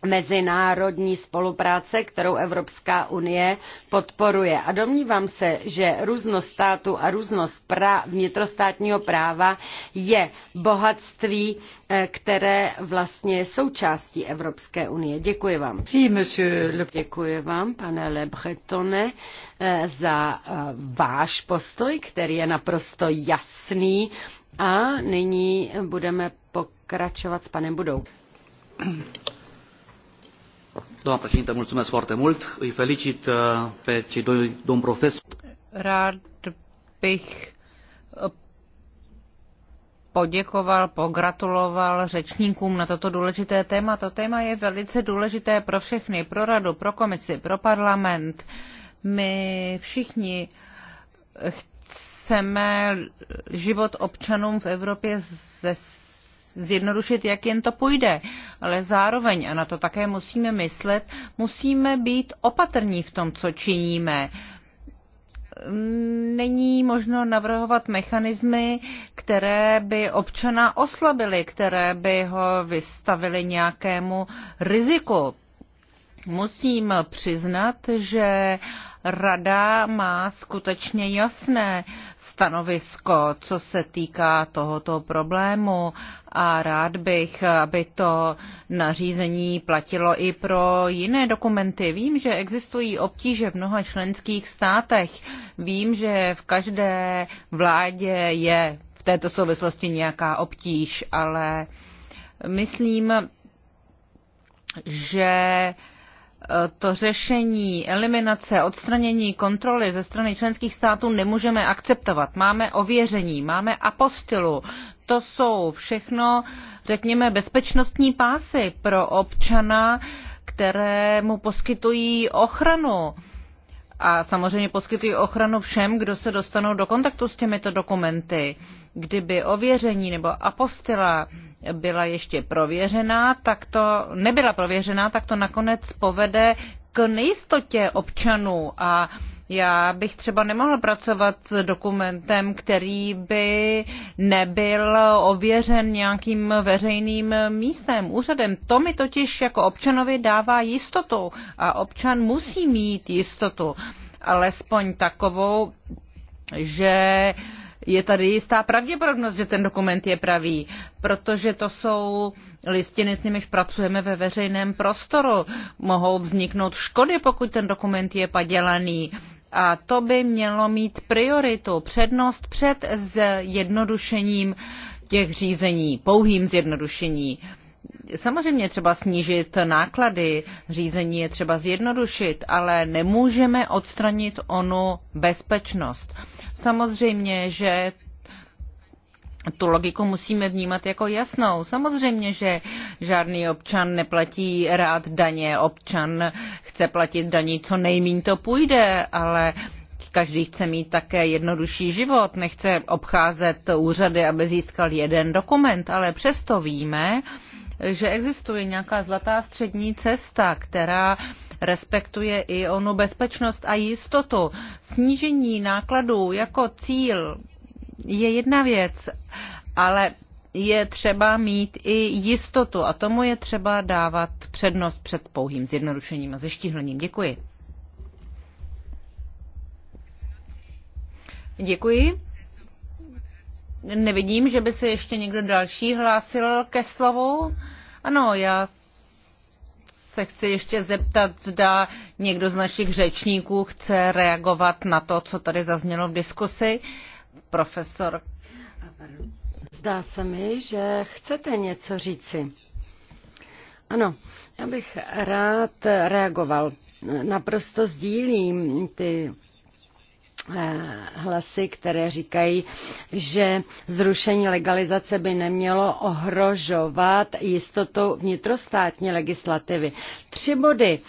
mezinárodní spolupráce, kterou Evropská unie podporuje. A domnívám se, že různost států a různost vnitrostátního práva je bohatství, eh, které vlastně je součástí Evropské unie. Děkuji vám. Děkuji vám, pane Le Bretone, eh, za eh, váš postoj, který je naprosto jasný. A nyní budeme pokračovat s panem Budou doamnă președintă, mulțumesc foarte mult. Îi felicit uh, pe cei doi domni profesori. Uh, poděkoval, pogratuloval řečníkům na toto důležité téma. To téma je velice důležité pro všechny, pro radu, pro komisi, pro parlament. My všichni chceme život občanům v Evropě zes zjednodušit, jak jen to půjde. Ale zároveň, a na to také musíme myslet, musíme být opatrní v tom, co činíme. Není možno navrhovat mechanismy, které by občana oslabily, které by ho vystavily nějakému riziku. Musím přiznat, že Rada má skutečně jasné stanovisko, co se týká tohoto problému a rád bych, aby to nařízení platilo i pro jiné dokumenty. Vím, že existují obtíže v mnoha členských státech. Vím, že v každé vládě je v této souvislosti nějaká obtíž, ale myslím, že to řešení eliminace, odstranění kontroly ze strany členských států nemůžeme akceptovat. Máme ověření, máme apostilu. To jsou všechno, řekněme, bezpečnostní pásy pro občana, které mu poskytují ochranu. A samozřejmě poskytují ochranu všem, kdo se dostanou do kontaktu s těmito dokumenty. Kdyby ověření nebo apostila byla ještě prověřená, tak to nebyla prověřená, tak to nakonec povede k nejistotě občanů a já bych třeba nemohla pracovat s dokumentem, který by nebyl ověřen nějakým veřejným místem, úřadem. To mi totiž jako občanovi dává jistotu a občan musí mít jistotu, alespoň takovou, že uh, je tady jistá pravděpodobnost, že ten dokument je pravý, protože to jsou listiny, s nimiž pracujeme ve veřejném prostoru. Mohou vzniknout škody, pokud ten dokument je padělaný. A to by mělo mít prioritu, přednost před zjednodušením těch řízení, pouhým zjednodušením. Samozřejmě třeba snížit náklady, řízení je třeba zjednodušit, ale nemůžeme odstranit onu bezpečnost. Samozřejmě, že tu logiku musíme vnímat jako jasnou. Samozřejmě, že žádný občan neplatí rád daně. Občan chce platit daní, co nejmín to půjde, ale každý chce mít také jednodušší život, nechce obcházet úřady, aby získal jeden dokument, ale přesto víme, že existuje nějaká zlatá střední cesta, která respektuje i onu bezpečnost a jistotu. Snížení nákladů jako cíl je jedna věc, ale je třeba mít i jistotu a tomu je třeba dávat přednost před pouhým zjednodušením a zeštíhlením. Děkuji. Děkuji. Nevidím, že by se ještě někdo další hlásil ke slovu. Ano, já se chci ještě zeptat, zda někdo z našich řečníků chce reagovat na to, co tady zaznělo v diskusi. Profesor. Zdá se mi, že chcete něco říci. Ano, já bych rád reagoval. Naprosto sdílím ty Eh, hlasy, které říkají, že zrušení legalizace by nemělo ohrožovat jistotu vnitrostátní legislativy. Tři body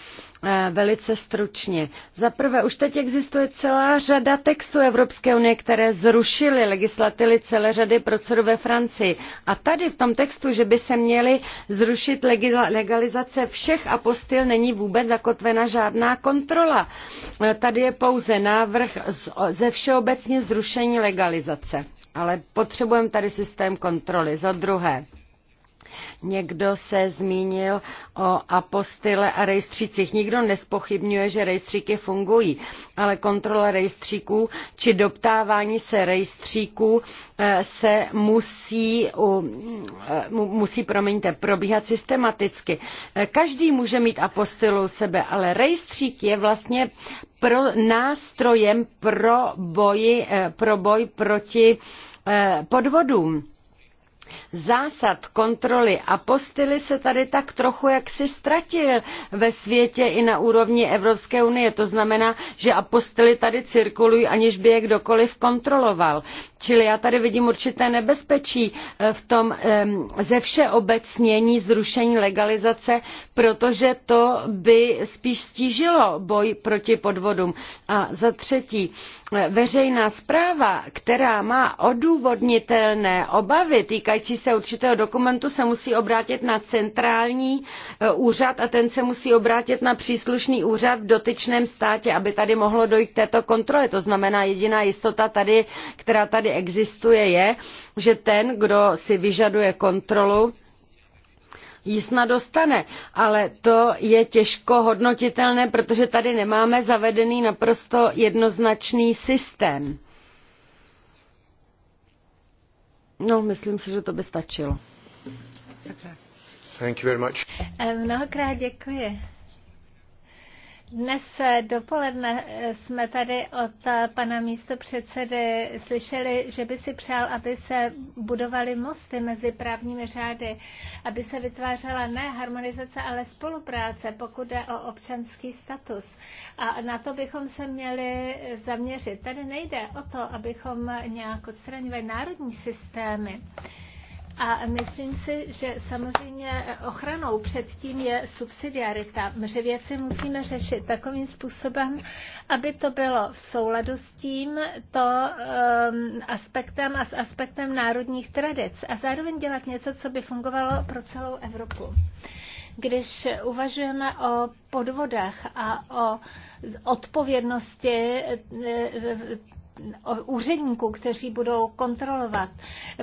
Eh, velice stručně. Za prvé, už teď existuje celá řada textů Evropské unie, které zrušily legislativy celé řady procedur ve Francii. A tady v tom textu, že by se měly zrušit legalizace všech apostil, není vůbec zakotvena žádná kontrola. Eh, tady je pouze návrh ze všeobecně zrušení legalizace. Ale potřebujeme tady systém kontroly. Za druhé, Někdo se zmínil o apostyle a rejstřících. Nikdo nespochybňuje, že rejstříky fungují, ale kontrola rejstříků či doptávání se rejstříků eh, se musí, eh, musí promiňte, probíhat systematicky. Eh, každý může mít apostylu sebe, ale rejstřík je vlastně pro, nástrojem pro, boji, pro boj proti podvodům zásad kontroly a postily se tady tak trochu jaksi ztratil ve světě i na úrovni Evropské unie. To znamená, že apostily tady cirkulují, aniž by je kdokoliv kontroloval. Čili já tady vidím určité nebezpečí eh, v tom ze všeobecnění zrušení legalizace, protože to by spíš stížilo boj proti podvodům. A za třetí, eh, veřejná zpráva, která má odůvodnitelné obavy týkající se určitého dokumentu, se musí obrátit na centrální eh, úřad a ten se musí obrátit na příslušný úřad v dotyčném státě, aby tady mohlo dojít k této kontrole. To znamená jediná jistota tady, která tady tady existuje, je, že ten, kdo si vyžaduje kontrolu, ji snad dostane, ale to je těžko hodnotitelné, protože tady nemáme zavedený naprosto jednoznačný systém. No, myslím si, že to by stačilo. Thank you very much. Eh, mnohokrát děkuji. Dnes eh, dopoledne eh, jsme tady od eh, pana místopředsedy slyšeli, že by si přál, aby se budovaly mosty mezi právními řády, aby se vytvářela ne harmonizace, ale spolupráce, pokud jde o občanský status. A na to bychom se měli zaměřit. Tady nejde o to, abychom nějak odstraňovali národní systémy. A myslím si, že samozřejmě ochranou předtím je subsidiarita. Že věci musíme řešit takovým způsobem, aby to bylo v souladu s tím to um, aspektem a s aspektem národních tradic. A zároveň dělat něco, co by fungovalo pro celou Evropu když uvažujeme o podvodech a o odpovědnosti e, e, úředníků, kteří budou kontrolovat.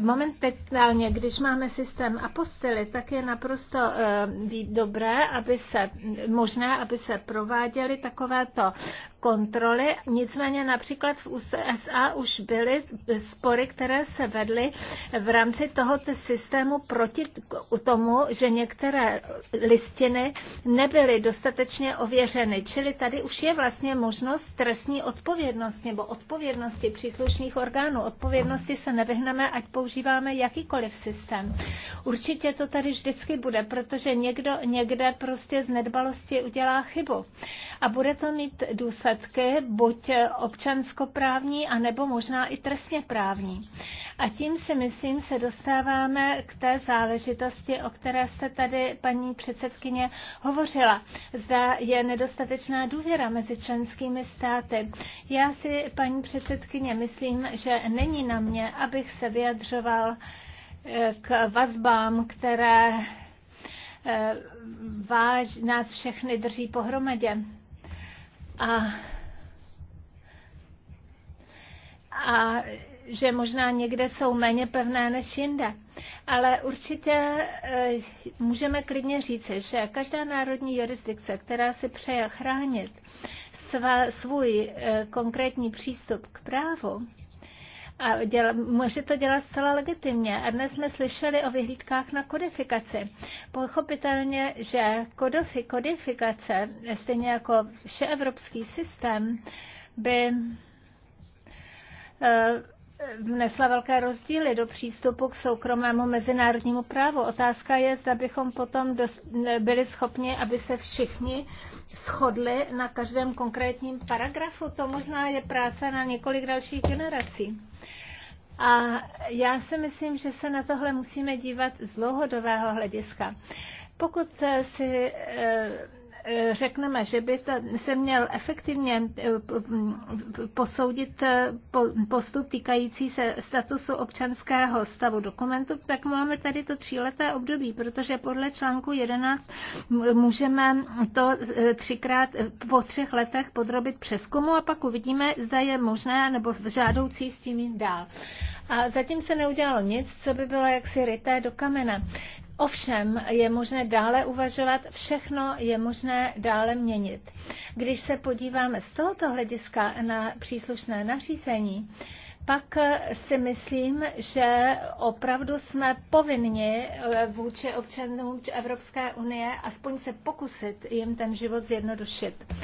Momentálně, když máme systém apostily, tak je naprosto eh, dobré, aby se, možné, aby se prováděly takovéto kontroly. Nicméně například v USA už byly spory, které se vedly v rámci tohoto systému proti tomu, že některé listiny nebyly dostatečně ověřeny. Čili tady už je vlastně možnost trestní odpovědnost nebo odpovědnosti příslušných orgánů. Odpovědnosti se nevyhneme, ať používáme jakýkoliv systém. Určitě to tady vždycky bude, protože někdo někde prostě z nedbalosti udělá chybu. A bude to mít důsledky důsledky, buď občanskoprávní, anebo možná i trestně právní. A tím si myslím, se dostáváme k té záležitosti, o které jste tady, paní předsedkyně, hovořila. Zda je nedostatečná důvěra mezi členskými státy. Já si, paní předsedkyně, myslím, že není na mě, abych se vyjadřoval eh, k vazbám, které eh, váž, nás všechny drží pohromadě a, a že možná někde jsou méně pevné než jinde. Ale určitě e, můžeme klidně říci, že každá národní jurisdikce, která si přeje chránit svá, svůj e, konkrétní přístup k právu, a děla, může to dělat zcela legitimně. A dnes jsme slyšeli o vyhlídkách na kodifikaci. Pochopitelně, že kodofi, kodifikace, stejně jako evropský systém, by eh, vnesla velké rozdíly do přístupu k soukromému mezinárodnímu právu. Otázka je, zda bychom potom byli schopni, aby se všichni shodli na každém konkrétním paragrafu. To možná je práce na několik dalších generací. A já si myslím, že se na tohle musíme dívat z dlouhodobého hlediska. Pokud si eh, řekneme, že by se měl efektivně eh, posoudit eh, postup týkající se statusu občanského stavu dokumentu, tak máme tady to tříleté období, protože podle článku 11 můžeme to eh, třikrát po třech letech podrobit přeskumu a pak uvidíme, zda je možné nebo žádoucí s tím jít dál. A zatím se neudělalo nic, co by bylo jaksi ryté do kamene. Ovšem je možné dále uvažovat, všechno je možné dále měnit. Když se podíváme z tohoto hlediska na příslušné nařízení, pak eh, si myslím, že opravdu jsme povinni eh, vůči občanům Evropské unie aspoň se pokusit jim ten život zjednodušit.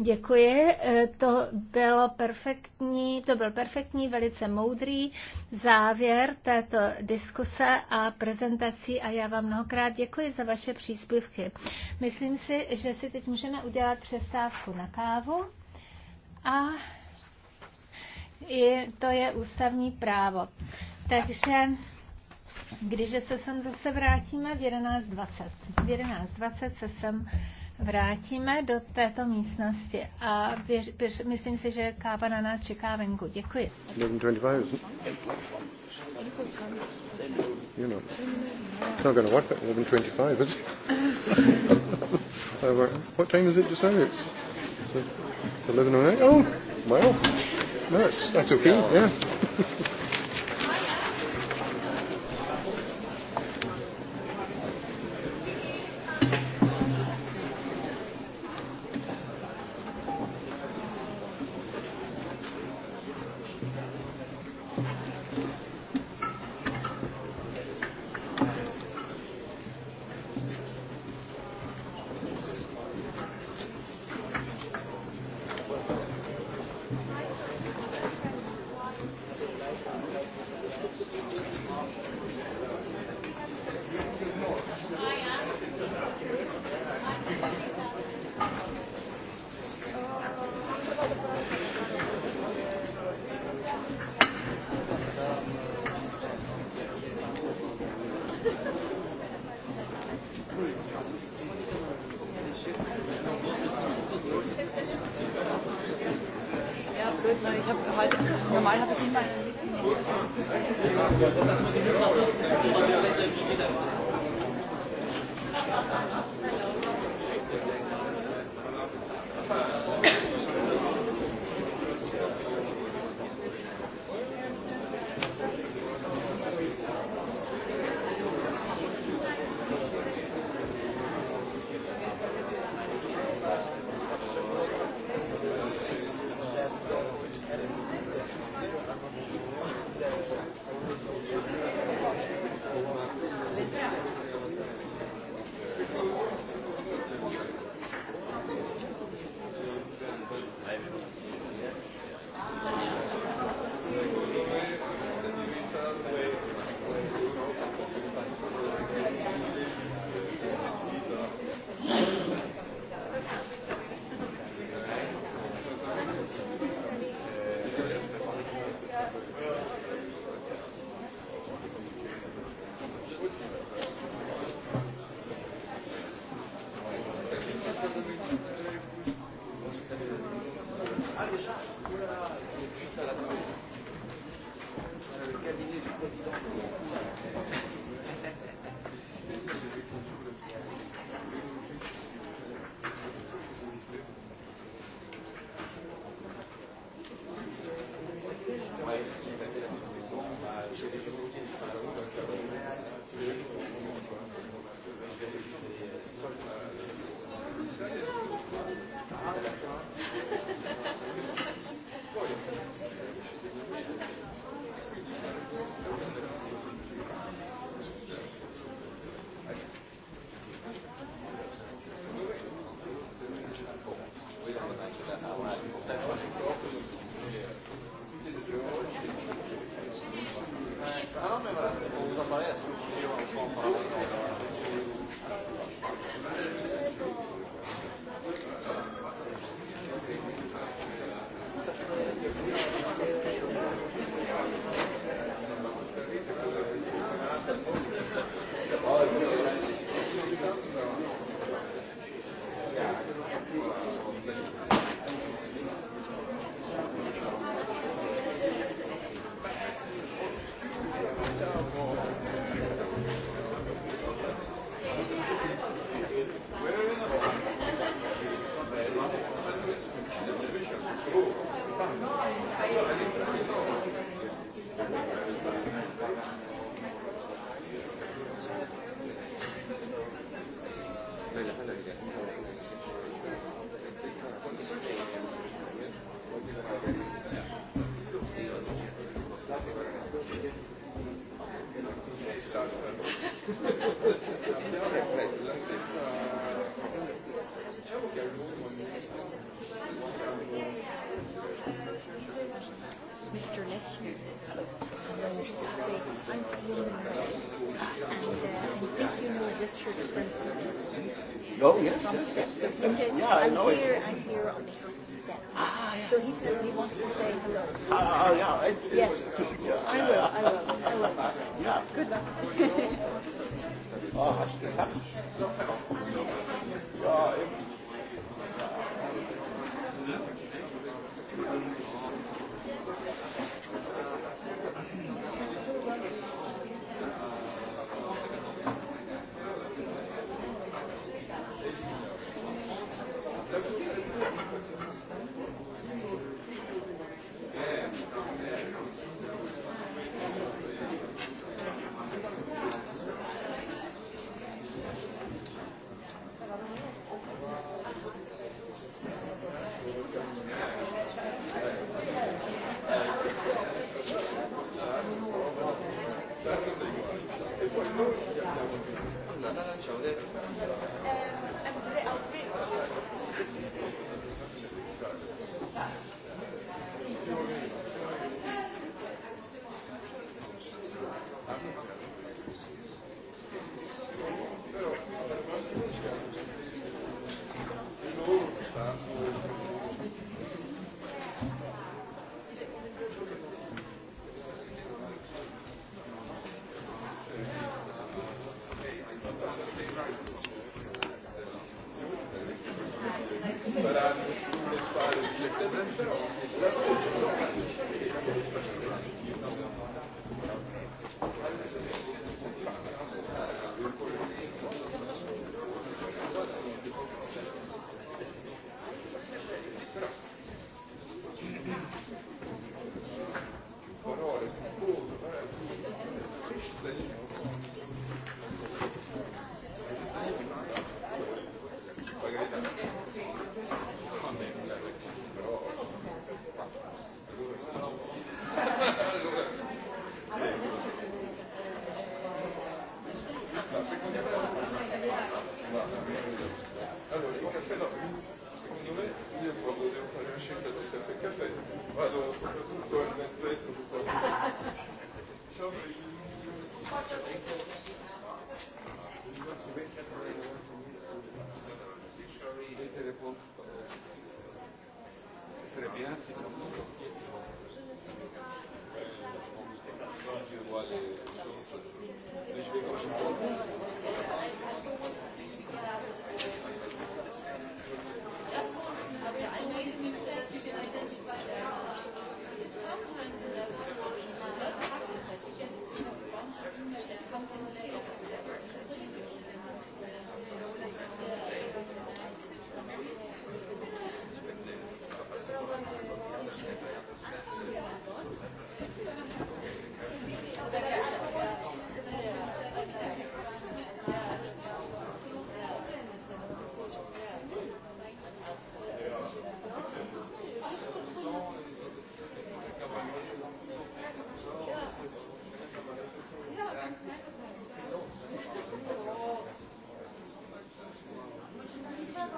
Děkuji, eh, to bylo perfektní, to byl perfektní, velice moudrý závěr této diskuse a prezentací a já vám mnohokrát děkuji za vaše příspěvky. Myslím si, že si teď můžeme udělat přestávku na kávu a i to je ústavní právo. Takže když se sem zase vrátíme v 11.20. V 11.20 se sem vrátíme do této místnosti a běž, běž, myslím si, že káva na nás čeká venku. Děkuji. 11.25, You know, it's not going to work at 11.25, is it? [LAUGHS] Uh, what time is it just now? It's 11.08? Oh, well. No, that's, that's okay, yeah. blöd, weil ich habe heute, normal habe ich immer einen Mitglied. Oh, yes, yes, yes. yes, yes. yes. Yeah, I know it.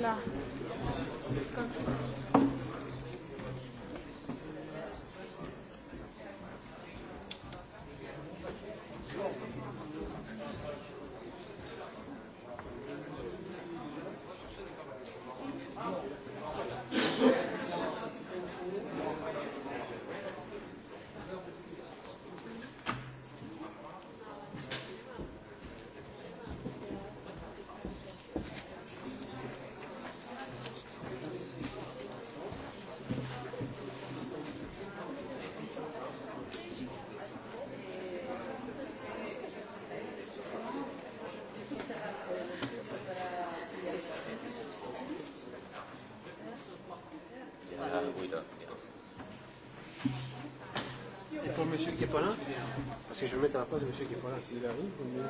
Hela. si je vais me mettre à la place de M. Guépola, s'il arrive, vous me...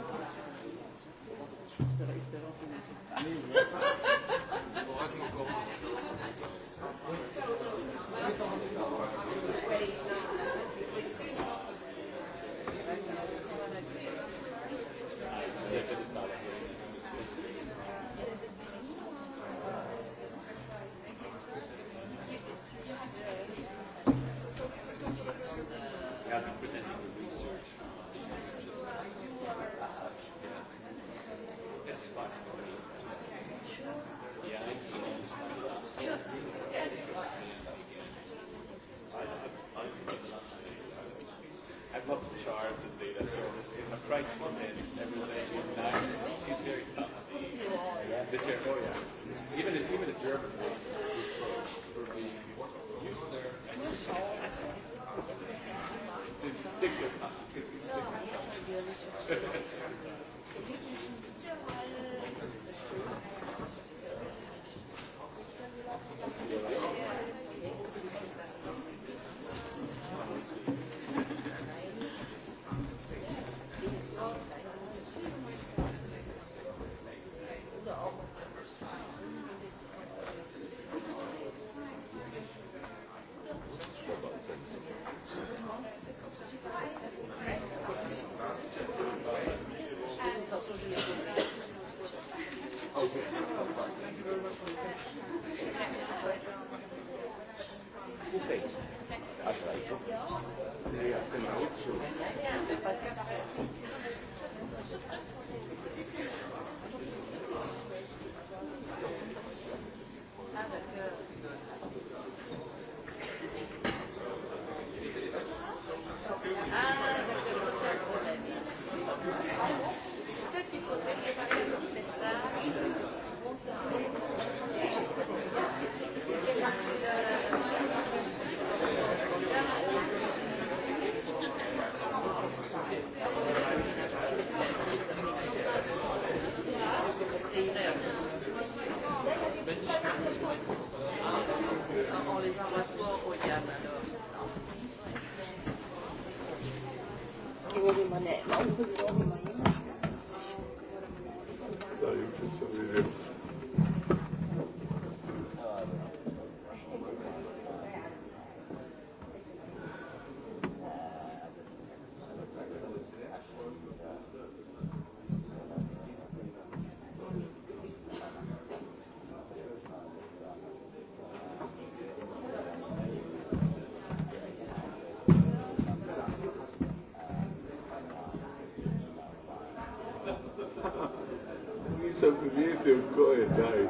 go ahead, Gary.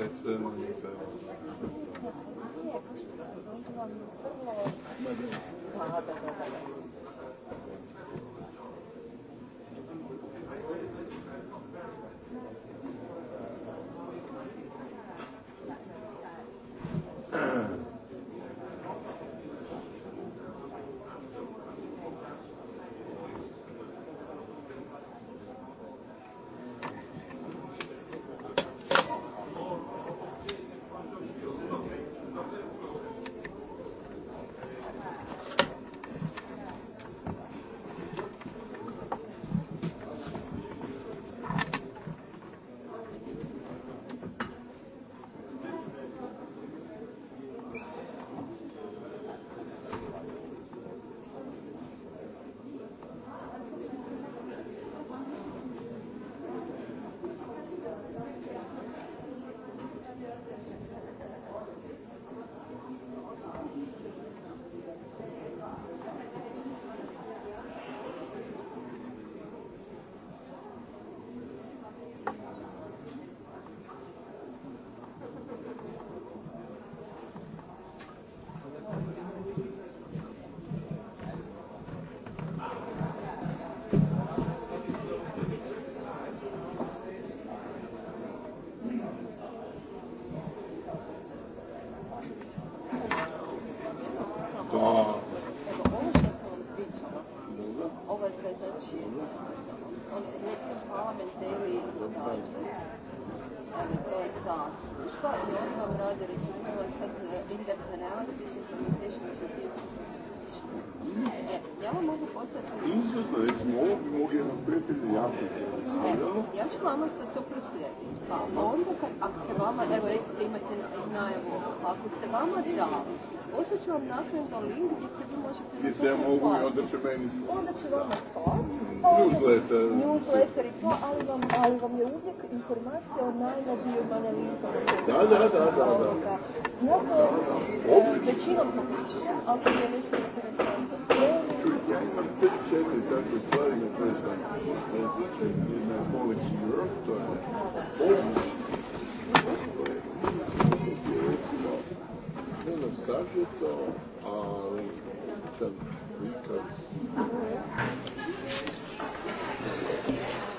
Thank you. vama dam, osjeću vam naknadno link gdje se vi možete... Gdje se ja mogu i onda će meni slati. Onda će vama slati. Mm, newsletter. Newsletter i to, ali vam, ali vam je uvijek informacija o najnovijim analizama. Da, da, da, da. da. Ja to e, većinom popišem, ako mi je nešto interesantno spremno. Ja imam tek četiri takve stvari na koje sam. E, Teacher in Policy Europe, to je odlično target or are can we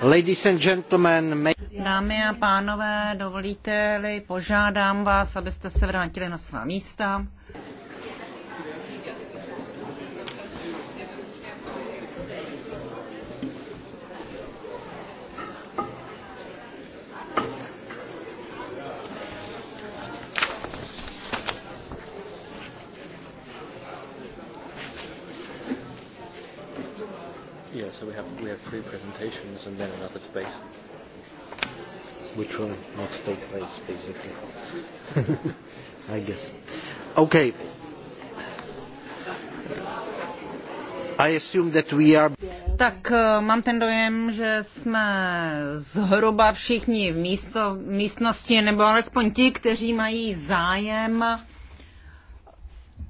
Ladies and gentlemen, may... Dámy a pánové, dovolíte-li, požádám vás, abyste se vrátili na svá místa. so we have we have three presentations and then another debate, which will not take place basically. [LAUGHS] [LAUGHS] I guess. Okay. I assume that we are... Tak eh, mám ten dojem, že jsme zhruba všichni v místo, místnosti, nebo alespoň ti, kteří mají zájem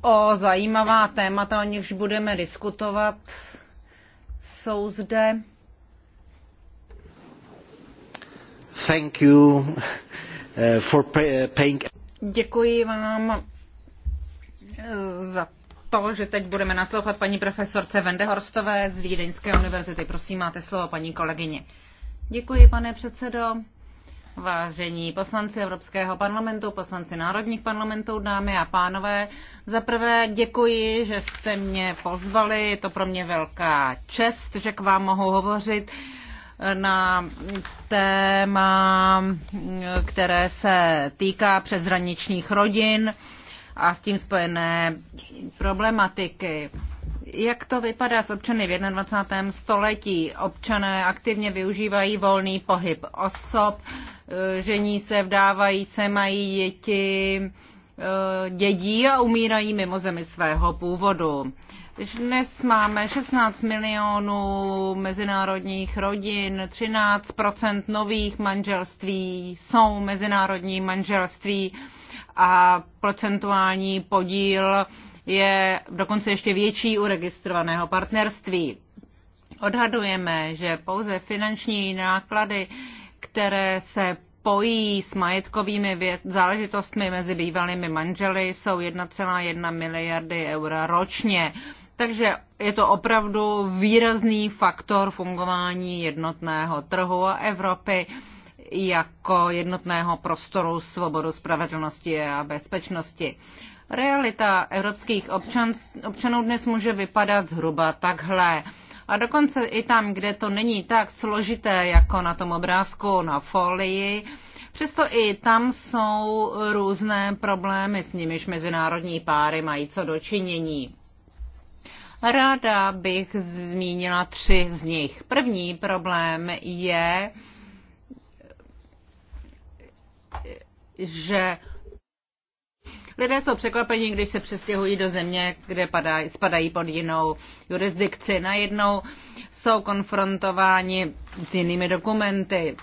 o zajímavá témata, o nichž budeme diskutovat jsou zde. Thank you eh, for eh, paying. Děkuji vám eh, za to, že teď budeme naslouchat paní profesorce Vendehorstové z Vídeňské univerzity. Prosím, máte slovo, paní kolegyně. Děkuji, pane předsedo. Vážení poslanci Evropského parlamentu, poslanci národních parlamentů, dámy a pánové, za prvé děkuji, že jste mě pozvali. Je to pro mě velká čest, že k vám mohu hovořit na téma, které se týká přeshraničních rodin a s tím spojené problematiky. Jak to vypadá s občany v 21. století? Občané aktivně využívají volný pohyb osob, eh, žení se, vdávají se, mají děti, eh, dědí a umírají mimo zemi svého původu. Dnes máme 16 milionů mezinárodních rodin, 13 nových manželství jsou mezinárodní manželství a procentuální podíl uh, je dokonce ještě větší u registrovaného partnerství. Odhadujeme, že pouze finanční náklady, které se pojí s majetkovými záležitostmi mezi bývalými manželi, jsou 1,1 miliardy eura ročně. Takže je to opravdu výrazný faktor fungování jednotného trhu a Evropy jako jednotného prostoru svobodu, spravedlnosti a bezpečnosti. Realita evropských občan, občanů dnes může vypadat zhruba takhle. A dokonce i tam, kde to není tak složité, jako na tom obrázku na folii, přesto i tam jsou různé problémy, s nimiž mezinárodní páry mají co dočinění. Ráda bych zmínila tři z nich. První problém je, že Lidé jsou překvapení, když se přestěhují do země, kde padaj, spadají pod jinou jurisdikci. Najednou jsou konfrontováni s jinými dokumenty.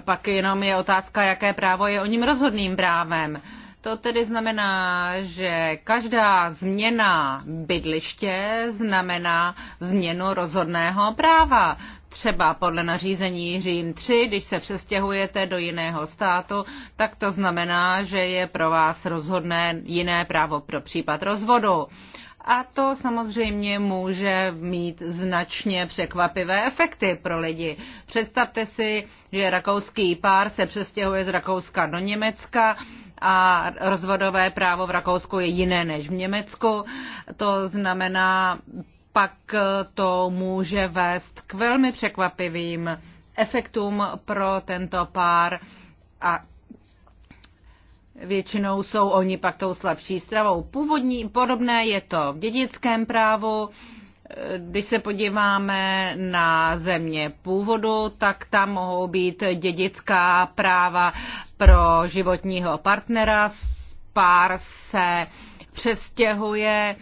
Pak jenom je otázka, jaké právo je o ním rozhodným právem. To tedy znamená, že každá změna bydliště znamená změnu rozhodného práva třeba podle nařízení Řím 3, když se přestěhujete do jiného státu, tak to znamená, že je pro vás rozhodné jiné právo pro případ rozvodu. A to samozřejmě může mít značně překvapivé efekty pro lidi. Představte si, že rakouský pár se přestěhuje z Rakouska do Německa a rozvodové právo v Rakousku je jiné než v Německu. To znamená pak eh, to může vést k velmi překvapivým efektům pro tento pár a Většinou jsou oni pak tou slabší stravou. Původní, podobné je to v dědickém právu. Eh, když se podíváme na země původu, tak tam mohou být dědická práva pro životního partnera. Pár se přestěhuje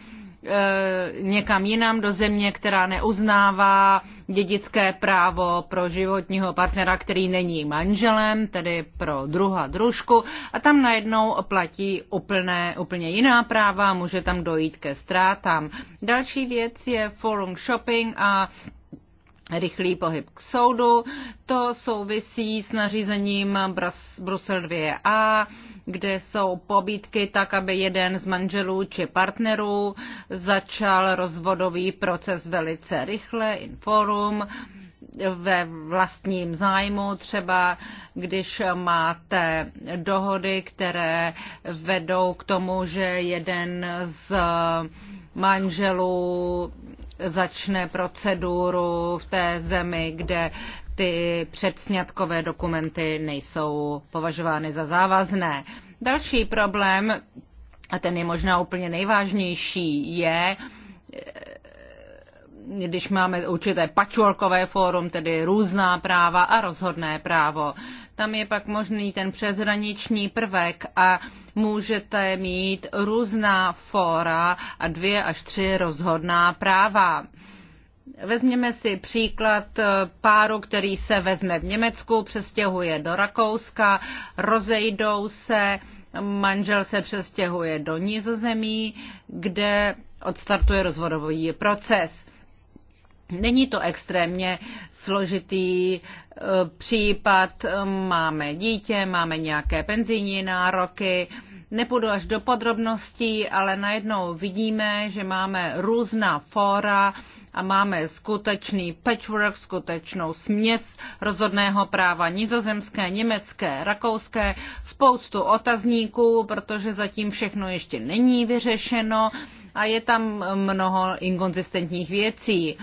Eh, někam jinam do země, která neuznává dědické právo pro životního partnera, který není manželem, tedy pro druha družku a tam najednou platí úplné, úplně jiná práva, může tam dojít ke ztrátám. Další věc je forum shopping a rychlý pohyb k soudu. To souvisí s nařízením Brusel 2a, kde jsou pobídky tak, aby jeden z manželů či partnerů začal rozvodový proces velice rychle, in forum, ve vlastním zájmu, třeba když máte dohody, které vedou k tomu, že jeden z manželů začne proceduru v té zemi, kde ty předsňatkové dokumenty nejsou považovány za závazné. Další problém, a ten je možná úplně nejvážnější, je, eh, když máme určité pačulkové fórum, tedy různá práva a rozhodné právo. Tam je pak možný ten přeshraniční prvek a můžete mít různá fóra a dvě až tři rozhodná práva. Vezměme si příklad eh, páru, který se vezme v Německu, přestěhuje do Rakouska, rozejdou se, manžel se přestěhuje do Nizozemí, kde odstartuje rozvodový proces. Není to extrémně složitý eh, případ. Máme dítě, máme nějaké penzijní nároky. Nepůjdu až do podrobností, ale najednou vidíme, že máme různá fóra a máme skutečný patchwork, skutečnou směs rozhodného práva nizozemské, německé, rakouské, spoustu otazníků, protože zatím všechno ještě není vyřešeno a je tam mnoho inkonzistentních věcí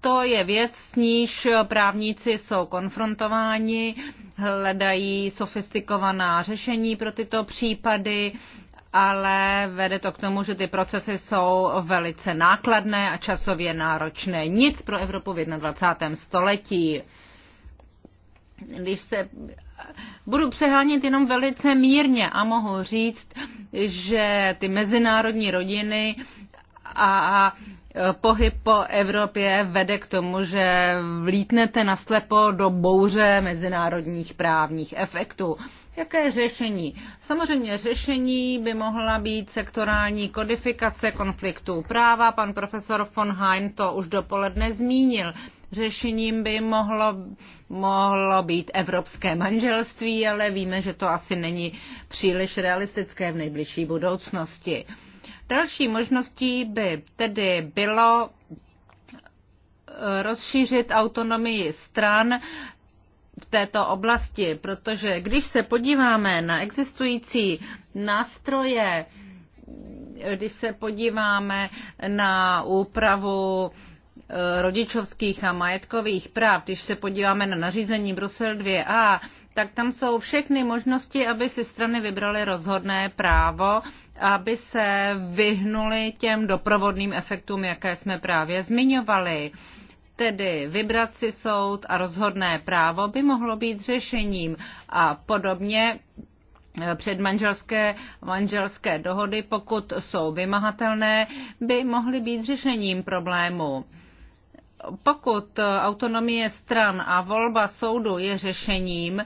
to je věc, s níž právníci jsou konfrontováni, hledají sofistikovaná řešení pro tyto případy, ale vede to k tomu, že ty procesy jsou velice nákladné a časově náročné. Nic pro Evropu v 21. století. Když se budu přehánět jenom velice mírně a mohu říct, že ty mezinárodní rodiny a pohyb po Evropě vede k tomu, že vlítnete naslepo do bouře mezinárodních právních efektů. Jaké řešení? Samozřejmě řešení by mohla být sektorální kodifikace konfliktů práva. Pan profesor von Heim to už dopoledne zmínil. Řešením by mohlo, mohlo být evropské manželství, ale víme, že to asi není příliš realistické v nejbližší budoucnosti. Uh, Další možností by tedy bylo eh, rozšířit autonomii stran v této oblasti, protože když se podíváme na existující nástroje, když se podíváme na úpravu eh, rodičovských a majetkových práv, když se podíváme na nařízení Brusel 2a, tak tam jsou všechny možnosti, aby si strany vybraly rozhodné právo, aby se vyhnuli těm doprovodným efektům, jaké jsme právě zmiňovali. Tedy vybrat si soud a rozhodné právo by mohlo být řešením a podobně eh, předmanželské manželské dohody, pokud jsou vymahatelné, by mohly být řešením problému. Pokud autonomie stran a volba soudu je řešením,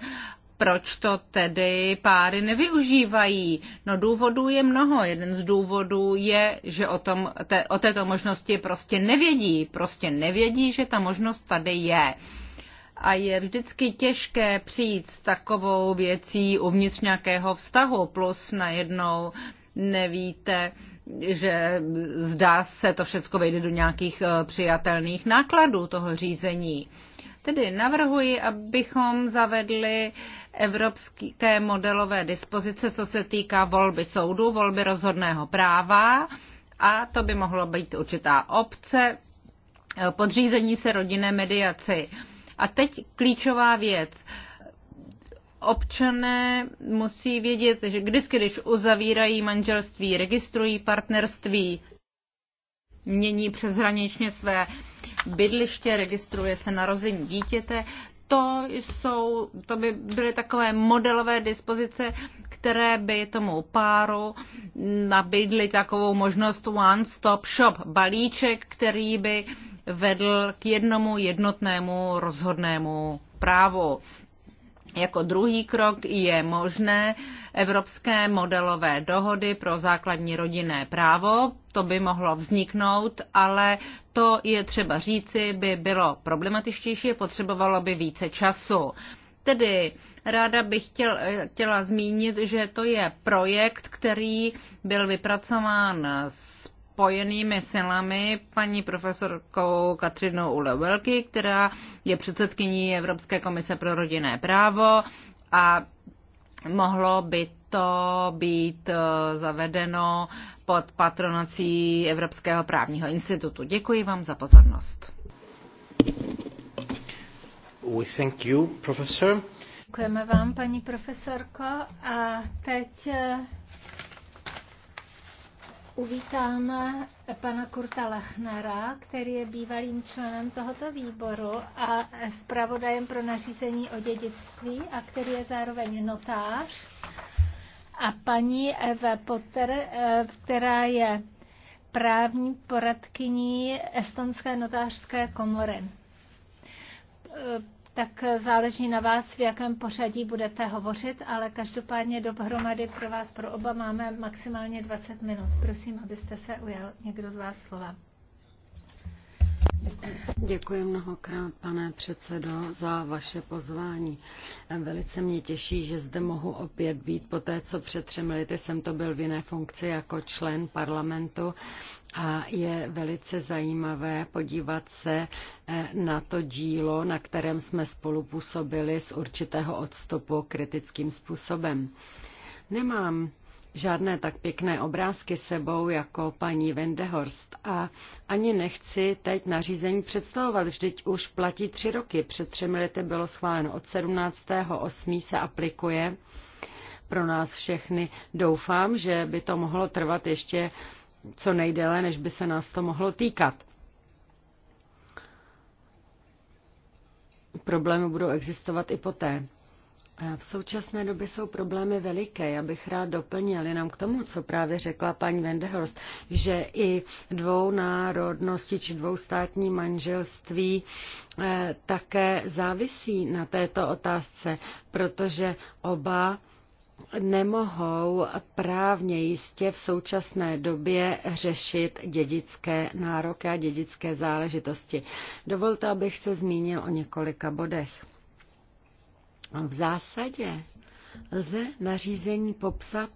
proč to tedy páry nevyužívají? No důvodů je mnoho. Jeden z důvodů je, že o, tom, te, o této možnosti prostě nevědí. Prostě nevědí, že ta možnost tady je. A je vždycky těžké přijít s takovou věcí uvnitř nějakého vztahu, plus najednou nevíte, že zdá se to všechno vejde do nějakých eh, přijatelných nákladů toho řízení. Tedy navrhuji, abychom zavedli uh, evropské modelové dispozice, co se týká volby soudu, volby rozhodného práva a to by mohlo být určitá obce, eh, podřízení se rodinné mediaci. A teď klíčová věc. Občané musí vědět, že vždycky, když uzavírají manželství, registrují partnerství, mění přeshraničně své bydliště, registruje se narození dítěte, to jsou, to by byly takové modelové dispozice, které by tomu páru nabídly takovou možnost one-stop shop, balíček, který by vedl k jednomu jednotnému rozhodnému právu. Jako druhý krok je možné evropské modelové dohody pro základní rodinné právo. To by mohlo vzniknout, ale to je třeba říci, by bylo problematičtější, potřebovalo by více času. Tedy ráda bych chtěl, chtěla zmínit, že to je projekt, který byl vypracován s spojenými silami paní profesorkou Katrinou Ulevelky, která je předsedkyní Evropské komise pro rodinné právo a mohlo by to být eh, zavedeno pod patronací Evropského právního institutu. Děkuji vám za pozornost. We thank you, professor. Děkujeme vám, paní profesorko. A teď eh, uvítám pana Kurta Lachnera, který je bývalým členem tohoto výboru a zpravodajem pro nařízení o dědictví a který je zároveň notář. A paní Eva Potter, eh, která je právní poradkyní Estonské notářské komory eh, tak záleží na vás, v jakém pořadí budete hovořit, ale každopádně dohromady pro vás, pro oba máme maximálně 20 minut. Prosím, abyste se ujal někdo z vás slova. Děkuji mnohokrát, pane předsedo, za vaše pozvání. Velice mě těší, že zde mohu opět být. Po té, co před třemi lety jsem to byl v jiné funkci jako člen parlamentu a je velice zajímavé podívat se eh, na to dílo, na kterém jsme spolupůsobili s určitého odstupu kritickým způsobem. Nemám žádné tak pěkné obrázky sebou jako paní Vendehorst a ani nechci teď nařízení představovat. Vždyť už platí tři roky. Před třemi lety bylo schváleno. Od 17.8. se aplikuje pro nás všechny. Doufám, že by to mohlo trvat ještě co nejdéle, než by se nás to mohlo týkat. Problémy budou existovat i poté. V současné době jsou problémy veliké. Já bych rád doplnil jenom k tomu, co právě řekla paní Wendehorst, že i dvou národnosti či dvoustátní manželství eh, také závisí na této otázce, protože oba nemohou právně jistě v současné době řešit dědické nároky a dědické záležitosti. Dovolte, abych se zmínil o několika bodech. V zásadě lze nařízení popsat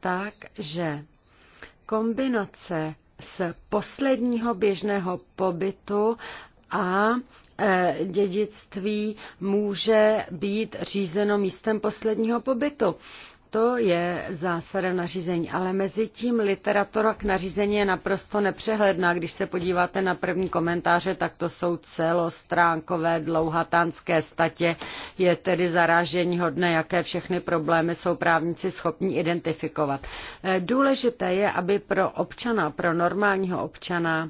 tak, že kombinace z posledního běžného pobytu a e, dědictví může být řízeno místem posledního pobytu to je zásada nařízení, ale mezi tím literatura k nařízení je naprosto nepřehledná. Když se podíváte na první komentáře, tak to jsou celostránkové dlouhatánské statě. Je tedy zarážení hodné, jaké všechny problémy jsou právníci schopni identifikovat. Eh, důležité je, aby pro občana, pro normálního občana,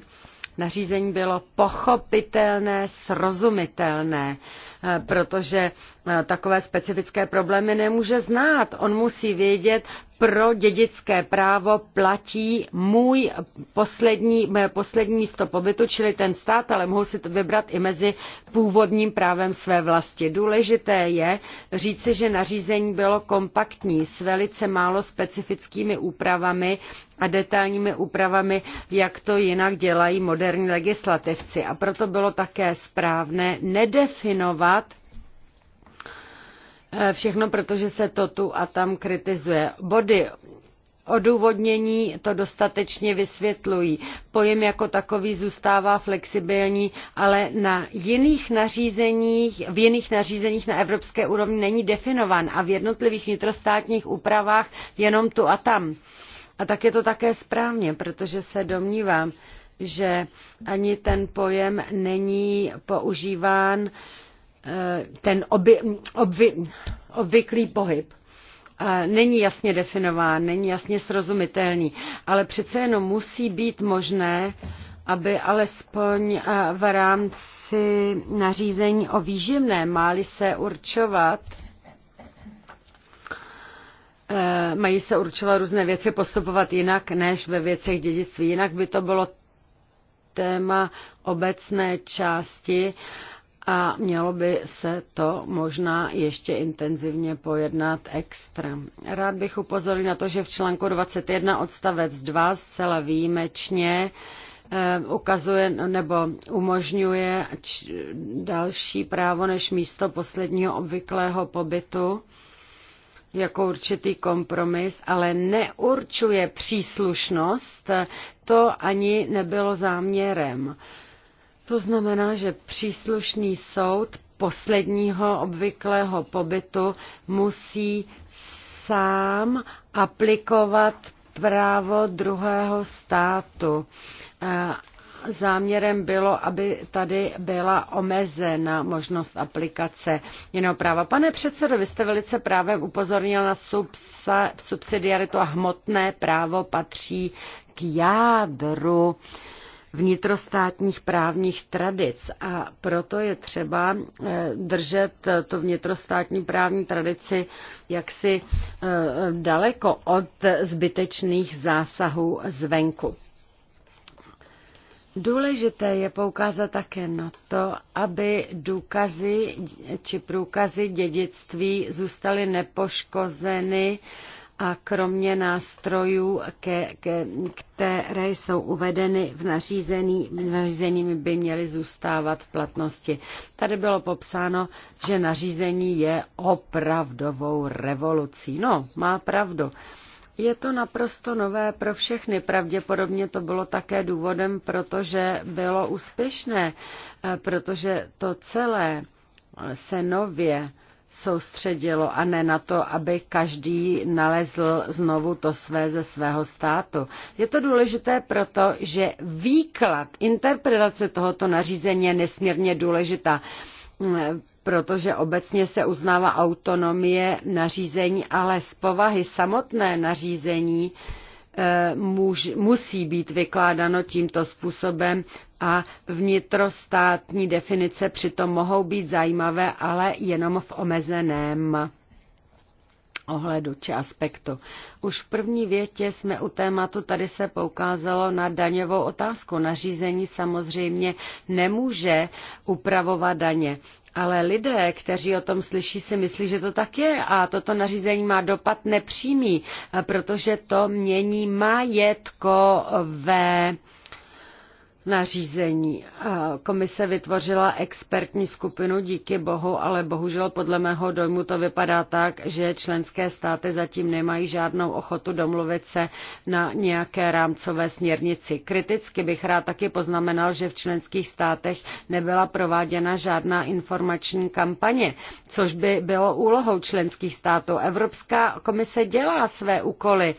nařízení bylo pochopitelné, srozumitelné Eh, protože eh, takové specifické problémy nemůže znát. On musí vědět, pro dědické právo platí můj poslední, moje poslední místo pobytu, čili ten stát, ale mohu si to vybrat i mezi původním právem své vlasti. Důležité je říci, že nařízení bylo kompaktní s velice málo specifickými úpravami a detailními úpravami, jak to jinak dělají moderní legislativci. A proto bylo také správné nedefinovat dělat eh, všechno, protože se to tu a tam kritizuje. Body odůvodnění to dostatečně vysvětlují. Pojem jako takový zůstává flexibilní, ale na jiných nařízeních, v jiných nařízeních na evropské úrovni není definován a v jednotlivých vnitrostátních úpravách jenom tu a tam. A tak je to také správně, protože se domnívám, že ani ten pojem není používán uh, Eh, ten oby, obvy, obvyklý pohyb eh, není jasně definován, není jasně srozumitelný, ale přece jenom musí být možné, aby alespoň eh, v rámci nařízení o výživné máli se určovat mají se určovat různé věci postupovat jinak než ve věcech dědictví. Jinak by to bylo téma obecné části a mělo by se to možná ještě intenzivně pojednat extra. Rád bych upozornil na to, že v článku 21 odstavec 2 zcela výjimečně eh, ukazuje nebo umožňuje další právo než místo posledního obvyklého pobytu jako určitý kompromis, ale neurčuje příslušnost, to ani nebylo záměrem. To znamená, že příslušný soud posledního obvyklého pobytu musí sám aplikovat právo druhého státu. E, záměrem bylo, aby tady byla omezena možnost aplikace jiného práva. Pane předsedo, vy jste velice právem upozornil na subsidiaritu a hmotné právo patří k jádru uh, vnitrostátních právních tradic a proto je třeba eh, držet tu vnitrostátní právní tradici jaksi eh, daleko od zbytečných zásahů zvenku. Důležité je poukázat také na to, aby důkazy či průkazy dědictví zůstaly nepoškozeny a kromě nástrojů, ke, ke, které jsou uvedeny v nařízení, v nařízení by měly zůstávat v platnosti. Tady bylo popsáno, že nařízení je opravdovou revolucí. No, má pravdu. Je to naprosto nové pro všechny. Pravděpodobně to bylo také důvodem, protože bylo úspěšné, eh, protože to celé se nově soustředilo a ne na to, aby každý nalezl znovu to své ze svého státu. Je to důležité proto, že výklad, interpretace tohoto nařízení je nesmírně důležitá protože obecně se uznává autonomie nařízení, ale z povahy samotné nařízení musí být vykládáno tímto způsobem a vnitrostátní definice přitom mohou být zajímavé, ale jenom v omezeném ohledu či aspektu. Už v první větě jsme u tématu, tady se poukázalo na daňovou otázku. Nařízení samozřejmě nemůže upravovat daně. Ale lidé, kteří o tom slyší, si myslí, že to tak je a toto nařízení má dopad nepřímý, protože to mění majetko ve nařízení. Komise vytvořila expertní skupinu, díky bohu, ale bohužel podle mého dojmu to vypadá tak, že členské státy zatím nemají žádnou ochotu domluvit se na nějaké rámcové směrnici. Kriticky bych rád taky poznamenal, že v členských státech nebyla prováděna žádná informační kampaně, což by bylo úlohou členských států. Evropská komise dělá své úkoly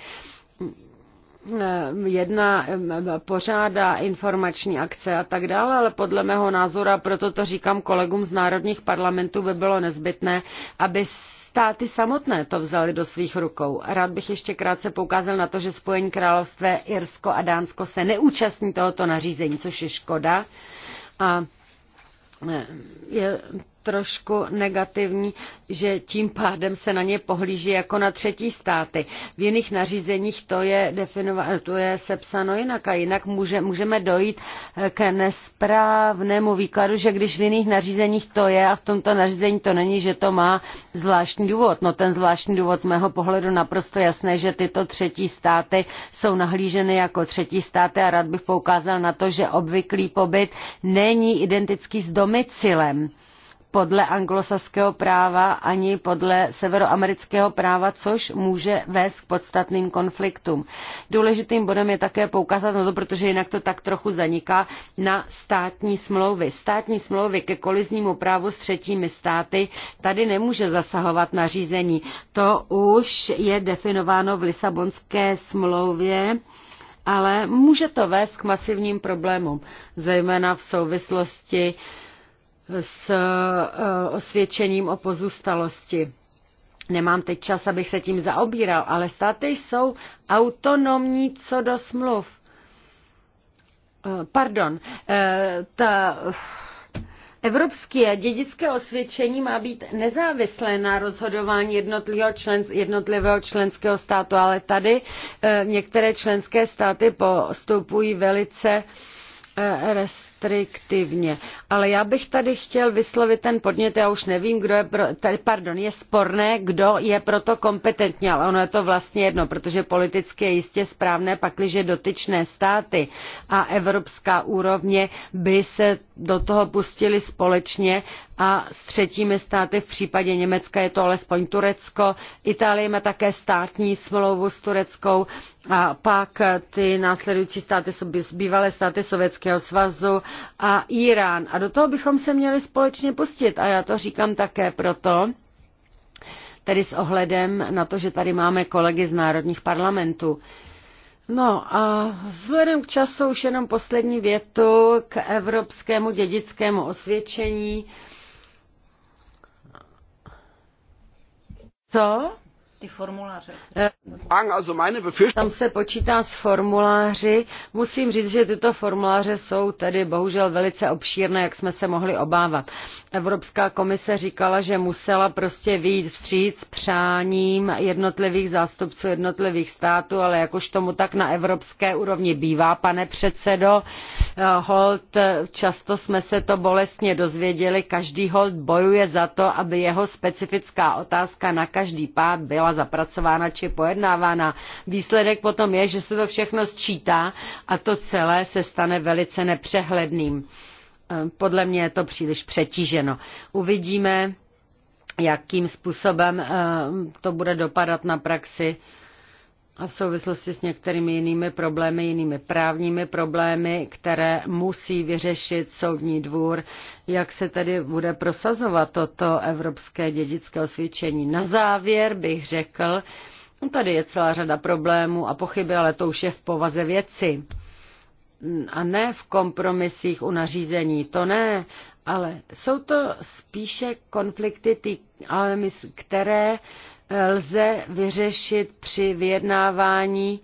jedna eh, pořádá informační akce a tak dále, ale podle mého názoru, a proto to říkám kolegům z národních parlamentů, by bylo nezbytné, aby státy samotné to vzali do svých rukou. Rád bych ještě krátce poukázal na to, že Spojení království, Irsko a Dánsko se neúčastní tohoto nařízení, což je škoda. A eh, je trošku negativní, že tím pádem se na ně pohlíží jako na třetí státy. V jiných nařízeních to je, definova- to je sepsáno jinak a jinak může, můžeme dojít eh, k nesprávnému výkladu, že když v jiných nařízeních to je a v tomto nařízení to není, že to má zvláštní důvod. No ten zvláštní důvod z mého pohledu naprosto jasné, že tyto třetí státy jsou nahlíženy jako třetí státy a rád bych poukázal na to, že obvyklý pobyt není identický s domicilem podle anglosaského práva ani podle severoamerického práva, což může vést k podstatným konfliktům. Důležitým bodem je také poukázat na to, protože jinak to tak trochu zaniká, na státní smlouvy. Státní smlouvy ke koliznímu právu s třetími státy tady nemůže zasahovat nařízení. To už je definováno v Lisabonské smlouvě ale může to vést k masivním problémům, zejména v souvislosti uh, s eh, osvědčením o pozůstalosti. Nemám teď čas, abych se tím zaobíral, ale státy jsou autonomní co do smluv. Eh, pardon, eh, ta Evropské dědické osvědčení má být nezávislé na rozhodování člen, jednotlivého členského státu, ale tady některé členské státy postupují velice rest restriktivně. Ale já bych tady chtěl vyslovit ten podnět, já už nevím, kdo je pro, tady, pardon, je sporné, kdo je proto kompetentní, ale ono je to vlastně jedno, protože politicky je jistě správné pakliže dotyčné státy a evropská úrovně by se do toho pustili společně a s třetími státy, v případě Německa je to alespoň Turecko, Itálie má také státní smlouvu s Tureckou a pak ty následující státy, bývalé státy Sovětského svazu, a Irán. A do toho bychom se měli společně pustit. A já to říkám také proto, tedy s ohledem na to, že tady máme kolegy z národních parlamentů. No a vzhledem k času už jenom poslední větu k evropskému dědickému osvědčení. Co? ty formuláře. Tam se počítá s formuláři. Musím říct, že tyto formuláře jsou tedy bohužel velice obšírné, jak jsme se mohli obávat. Evropská komise říkala, že musela prostě výjít vstříc přáním jednotlivých zástupců jednotlivých států, ale už tomu tak na evropské úrovni bývá, pane předsedo, eh, hold, často jsme se to bolestně dozvěděli, každý hold bojuje za to, aby jeho specifická otázka na každý pád byla byla zapracována či pojednávána. Výsledek potom je, že se to všechno sčítá a to celé se stane velice nepřehledným. Eh, podle mě je to příliš přetíženo. Uvidíme, jakým způsobem eh, to bude dopadat na praxi a v souvislosti s některými jinými problémy, jinými právními problémy, které musí vyřešit soudní dvůr, jak se tedy bude prosazovat toto evropské dědické osvědčení. Na závěr bych řekl, no tady je celá řada problémů a pochyby, ale to už je v povaze věci. A ne v kompromisích u nařízení, to ne, ale jsou to spíše konflikty, ale které lze vyřešit při vyjednávání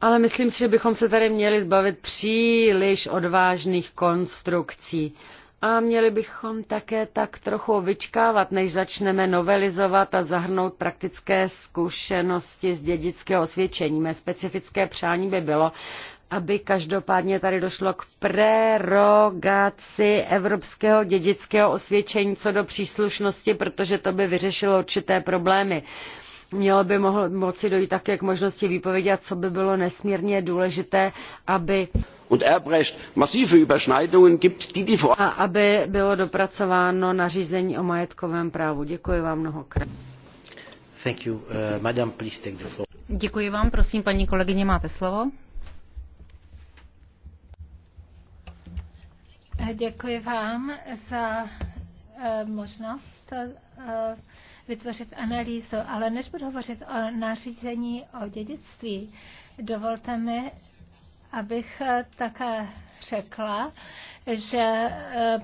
ale myslím si, že bychom se tady měli zbavit příliš odvážných konstrukcí a měli bychom také tak trochu vyčkávat, než začneme novelizovat a zahrnout praktické zkušenosti z dědického osvědčení. Mé specifické přání by bylo, aby každopádně tady došlo k prerogaci evropského dědického osvědčení co do příslušnosti, protože to by vyřešilo určité problémy. Mělo by mohlo, moci dojít také k možnosti výpovědi a co by bylo nesmírně důležité, aby und Erbrecht massive Überschneidungen gibt, die die A bylo dopracováno nařízení o majetkovém právu. Děkuji vám Thank you. Uh, madam, please take the floor. Děkuji vám, prosím, paní slovo. Děkuji vám za eh, možnost eh, vytvořit analýzu, ale než budu hovořit o nařízení o dědictví, dovolte mi, abych eh, také řekla, že eh,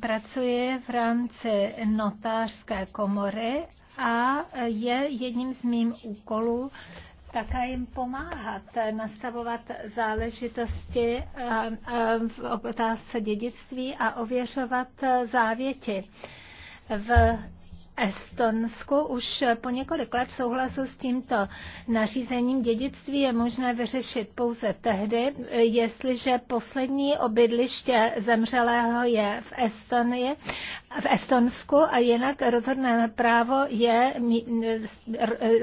pracuji v rámci notářské komory a je jedním z mým úkolů také jim pomáhat, nastavovat záležitosti eh, v otázce dědictví a ověřovat závěti. V Estonsku už po několik let souhlasu s tímto nařízením dědictví je možné vyřešit pouze tehdy, jestliže poslední obydliště zemřelého je v Estonii, v Estonsku a jinak rozhodné právo je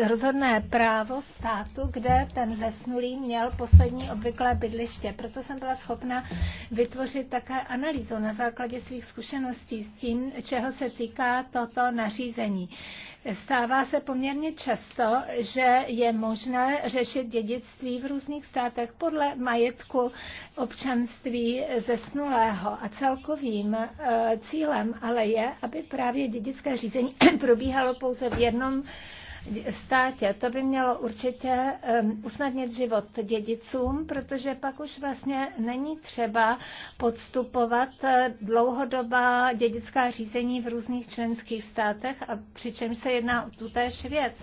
rozhodné právo státu, kde ten zesnulý měl poslední obvyklé bydliště. Proto jsem byla schopna vytvořit také analýzu na základě svých zkušeností s tím, čeho se týká toto nařízení řízení. Stává se poměrně často, že je možné řešit dědictví v různých státech podle majetku občanství zesnulého. A celkovým eh, cílem ale je, aby právě dědické řízení [CLEARS THROAT] probíhalo pouze v jednom státě. To by mělo určitě usnadnit život dědicům, protože pak už vlastně není třeba podstupovat eh, dlouhodobá dědická řízení v různých členských státech, a přičemž se jedná o tutéž věc.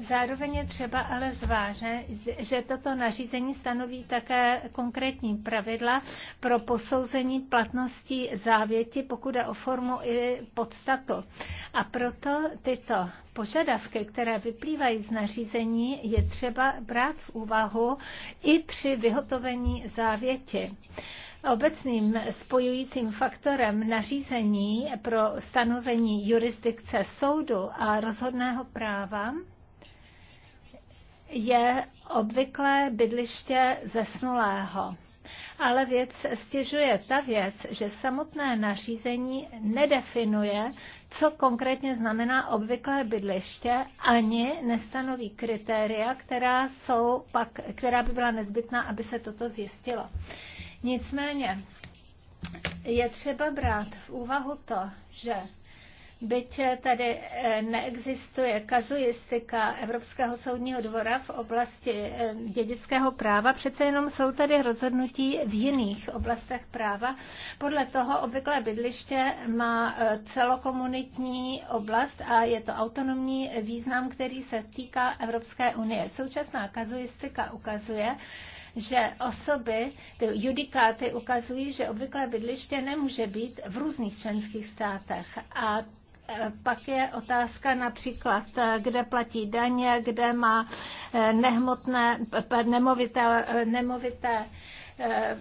Zároveň je třeba ale zvážit, že toto nařízení stanoví také konkrétní pravidla pro posouzení platnosti závěti, pokud je o formu i podstatu. A proto tyto požadavky, které vyplývají z nařízení, je třeba brát v úvahu i při vyhotovení závěti. Obecným spojujícím faktorem nařízení pro stanovení jurisdikce soudu a rozhodného práva je obvyklé bydliště zesnulého. Ale věc stěžuje ta věc, že samotné nařízení nedefinuje, co konkrétně znamená obvyklé bydliště, ani nestanoví kritéria, která, jsou pak, která by byla nezbytná, aby se toto zjistilo. Nicméně je třeba brát v úvahu to, že Byť tady eh, neexistuje kazuistika Evropského soudního dvora v oblasti eh, dědického práva, přece jenom jsou tady rozhodnutí v jiných oblastech práva. Podle toho obvyklé bydliště má eh, celokomunitní oblast a je to autonomní význam, který se týká Evropské unie. Současná kazuistika ukazuje, že osoby, ty judikáty ukazují, že obvyklé bydliště nemůže být v různých členských státech. A pak je otázka například, kde platí daně, kde má eh, nehmotné, nemovité, eh, nemovité eh,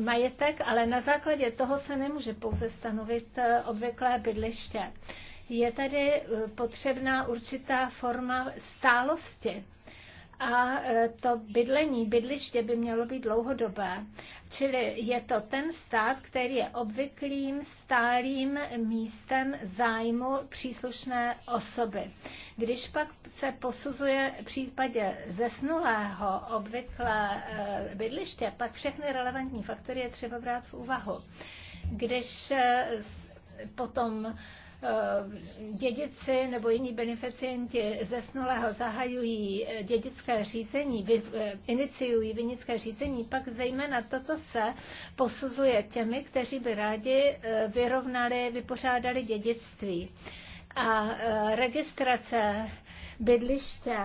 majetek, ale na základě toho se nemůže pouze stanovit obvyklé bydliště. Je tady potřebná určitá forma stálosti a e, to bydlení, bydliště by mělo být dlouhodobé. Čili je to ten stát, který je obvyklým, stálým místem zájmu příslušné osoby. Když pak se posuzuje v případě zesnulého obvyklé e, bydliště, pak všechny relevantní faktory je třeba brát v úvahu. Když e, potom Eh, dědici nebo jiní beneficienti zesnulého zahajují eh, dědické řízení, eh, iniciují vinické řízení, pak zejména toto se posuzuje těmi, kteří by rádi vyrovnali, vypořádali dědictví. A registrace bydliště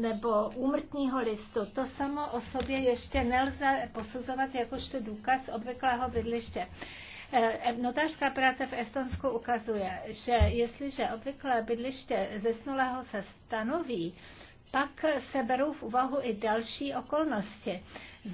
nebo úmrtního listu, to samo o sobě ještě nelze posuzovat jakožto důkaz obvyklého bydliště. Eh, notářská práce v Estonsku ukazuje, že jestliže obvyklé bydliště zesnulého se stanoví, pak se berou v úvahu i další okolnosti.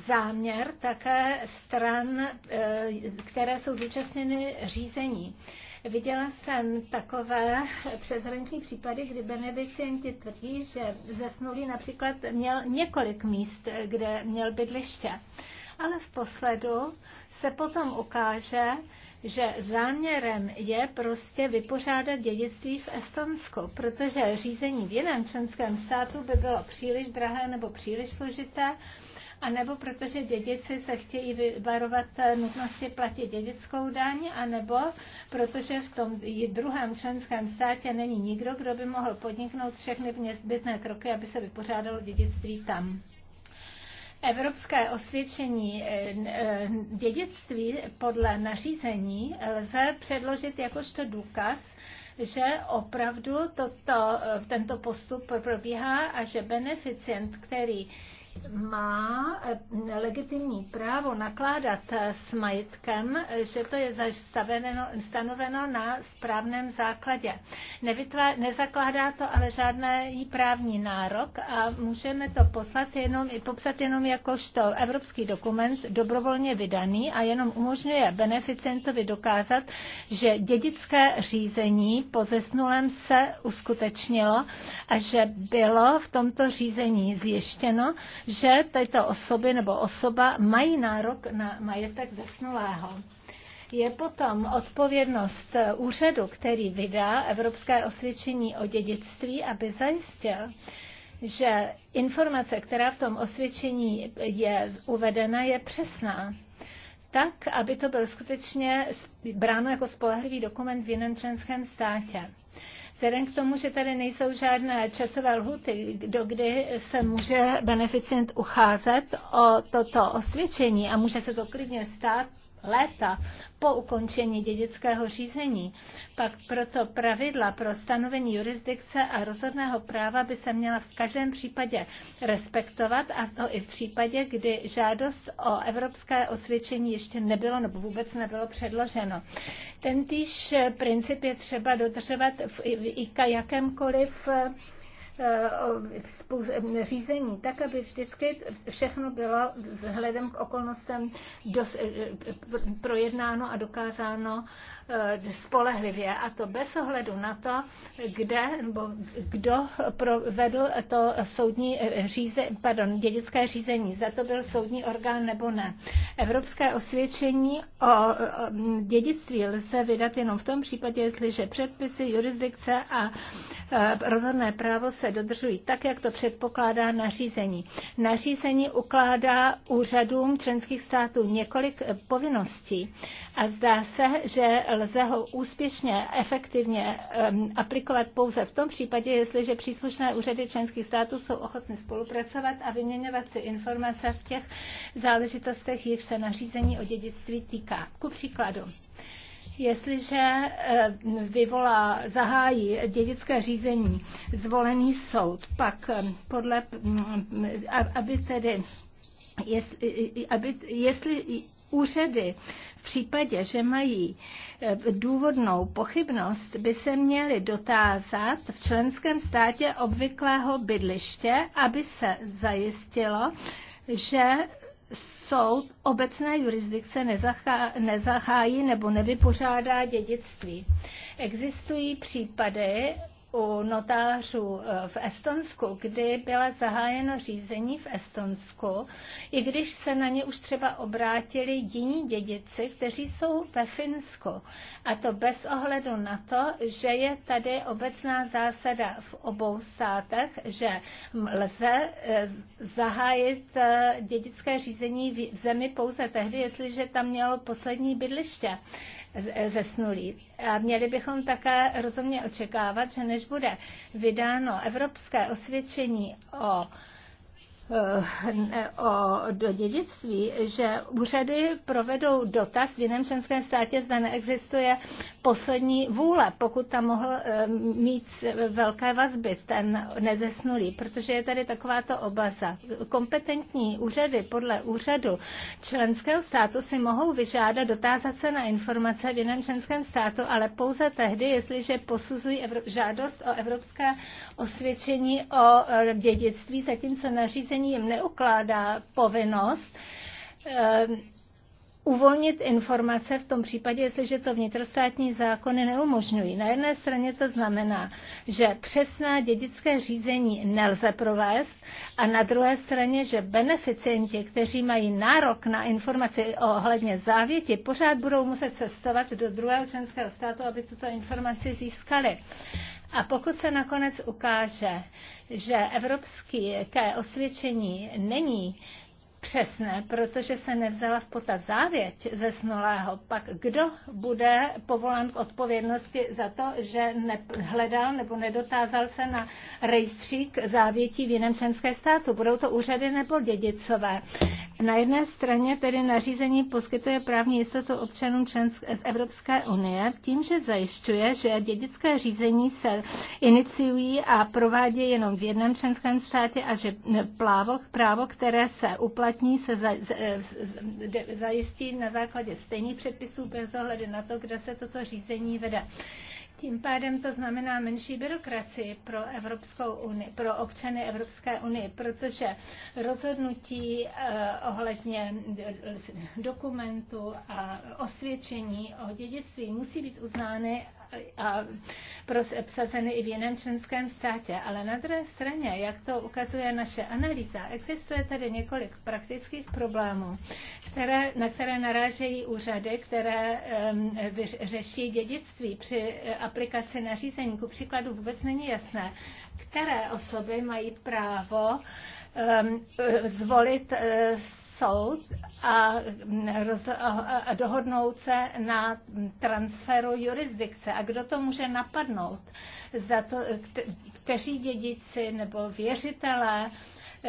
Záměr také stran, eh, které jsou zúčastněny řízení. Viděla jsem takové přeshraniční případy, kdy beneficienti tvrdí, že zesnulý například měl několik míst, kde měl bydliště. Ale v posledu se potom ukáže, že záměrem je prostě vypořádat dědictví v Estonsku, protože řízení v jiném členském státu by bylo příliš drahé nebo příliš složité, a nebo protože dědici se chtějí vyvarovat nutnosti platit dědickou daň, anebo protože v tom druhém členském státě není nikdo, kdo by mohl podniknout všechny nezbytné kroky, aby se vypořádalo dědictví tam. Evropské osvědčení eh, eh, dědictví podle nařízení lze předložit jakožto důkaz, že opravdu toto, eh, tento postup probíhá a že beneficient, který má eh, legitimní právo nakládat eh, s majetkem, eh, že to je zastaveno, stanoveno na správném základě. Nevytvá, nezakládá to ale žádný právní nárok a můžeme to poslat jenom, popsat jenom jakožto evropský dokument dobrovolně vydaný a jenom umožňuje beneficentovi dokázat, že dědické řízení po zesnulém se uskutečnilo a že bylo v tomto řízení zjištěno, že tyto osoby nebo osoba mají nárok na majetek zesnulého je potom odpovědnost úřadu, který vydá Evropské osvědčení o dědictví, aby zajistil, že informace, která v tom osvědčení je uvedena, je přesná. Tak, aby to byl skutečně bráno jako spolehlivý dokument v jiném členském státě. Vzhledem k tomu, že tady nejsou žádné časové lhuty, do kdy se může beneficient ucházet o toto osvědčení a může se to klidně stát léta po ukončení dědického řízení. Pak proto pravidla pro stanovení jurisdikce a rozhodného práva by se měla v každém případě respektovat a to i v případě, kdy žádost o evropské osvědčení ještě nebylo nebo vůbec nebylo předloženo. Tentýž princip je třeba dodržovat v, v, v jakémkoliv eh, Eh, řízení, tak, aby vždycky všechno bylo vzhledem k okolnostem dos, eh, eh, projednáno a dokázáno Eh, spolehlivě a to bez ohledu na to, kde nebo kdo provedl to soudní eh, řízení, pardon, dědické řízení, za to byl soudní orgán nebo ne. Evropské osvědčení o eh, dědictví lze vydat jenom v tom případě, jestliže předpisy, jurisdikce a rozhodné právo se dodržují tak, jak to předpokládá nařízení. Nařízení ukládá úřadům členských států několik povinností a zdá se, že lze ho úspěšně efektivně efektivně aplikovat pouze v tom případě, jestliže příslušné úřady členských států jsou ochotny spolupracovat a vyměňovat si informace v těch záležitostech, jich se nařízení o dědictví týká. Ku příkladu, jestliže vyvolá, zahájí dědické řízení zvolený soud, pak podle, aby tedy jestli, aby, jestli úřady v případě, že mají eh, důvodnou pochybnost, by se měli dotázat v členském státě obvyklého bydliště, aby se zajistilo, že soud obecné jurisdikce nezachá, nezachájí nebo nevypořádá dědictví. Existují případy, u notářů e, v Estonsku, kdy byla zahájeno řízení v Estonsku, i když se na ně už třeba obrátili jiní dědici, kteří jsou ve Finsku. A to bez ohledu na to, že je tady obecná zásada v obou státech, že lze e, zahájit e, dědické řízení v zemi pouze tehdy, jestliže tam mělo poslední bydliště zesnulí. A měli bychom také rozumně očekávat, že než bude vydáno evropské osvědčení o Eh, o do dědictví, že úřady provedou dotaz v jiném členském státě, zda neexistuje poslední vůle, pokud tam mohl eh, mít velké vazby ten nezesnulý, protože je tady takováto obaza. Kompetentní úřady podle úřadu členského státu si mohou vyžádat dotázat se na informace v jiném členském státu, ale pouze tehdy, jestliže posuzují žádost o evropské osvědčení o eh, dědictví, zatímco nařízení nařízení jim neukládá povinnost ehm, uvolnit informace v tom případě, jestliže to vnitrostátní zákony neumožňují. Na jedné straně to znamená, že přesná dědické řízení nelze provést a na druhé straně, že beneficienti, kteří mají nárok na informaci ohledně závěti, pořád budou muset cestovat do druhého členského státu, aby tuto informaci získali. A pokud se nakonec ukáže, že evropské osvědčení není přesné, protože se nevzala v potaz závěť ze snulého. Pak kdo bude povolán k odpovědnosti za to, že hledal nebo nedotázal se na rejstřík závětí v jiném členském státu? Budou to úřady nebo dědicové? Na jedné straně tedy nařízení poskytuje právní jistotu občanům členské, z Evropské unie tím, že zajišťuje, že dědické řízení se iniciují a provádí jenom v jednom členském státě a že plávo, právo, které se uplatní, se za, z, z, zajistí na základě stejných předpisů bez ohledu na to, kde se toto řízení vede. Tím pádem to znamená menší byrokracii pro, Evropskou unii, pro občany Evropské unie, protože rozhodnutí eh, ohledně eh, dokumentu a osvědčení o dědictví musí být uznány a prosazeny i v jiném členském státě. Ale na druhé straně, jak to ukazuje naše analýza, existuje tady několik praktických problémů, které, na které narážejí úřady, které um, řeší dědictví při e, aplikaci nařízení. Ku příkladu vůbec není jasné, které osoby mají právo um, zvolit uh, soud a, roz, a dohodnout se na transferu jurisdikce. A kdo to může napadnout? Za to, kteří dědici nebo věřitelé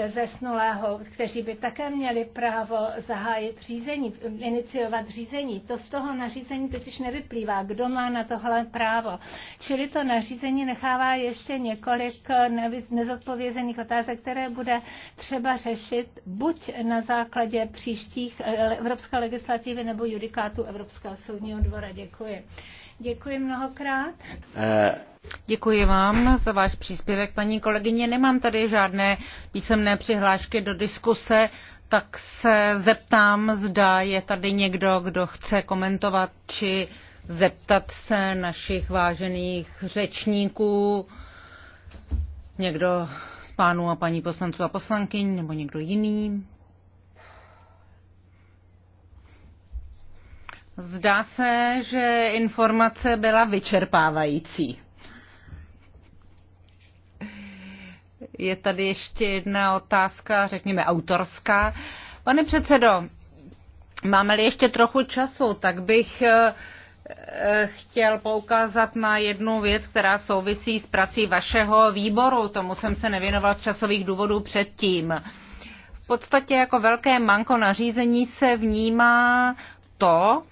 zesnulého, kteří by také měli právo zahájit řízení, iniciovat řízení. To z toho nařízení totiž nevyplývá, kdo má na tohle právo. Čili to nařízení nechává ještě několik nezodpovězených otázek, které bude třeba řešit buď na základě příštích eh, evropské legislativy nebo judikátu Evropského soudního dvora. Děkuji. Děkuji mnohokrát. Eh. Děkuji vám za váš příspěvek, paní kolegyně. Nemám tady žádné písemné přihlášky do diskuse, tak se zeptám, zda je tady někdo, kdo chce komentovat či zeptat se našich vážených řečníků. Někdo z pánů a paní poslanců a poslankyň nebo někdo jiný? Zdá se, že informace byla vyčerpávající. Je tady ještě jedna otázka, řekněme autorská. Pane předsedo, máme-li ještě trochu času, tak bych eh, chtěl poukázat na jednu věc, která souvisí s prací vašeho výboru. Tomu jsem se nevěnoval z časových důvodů předtím. V podstatě jako velké manko nařízení se vnímá to,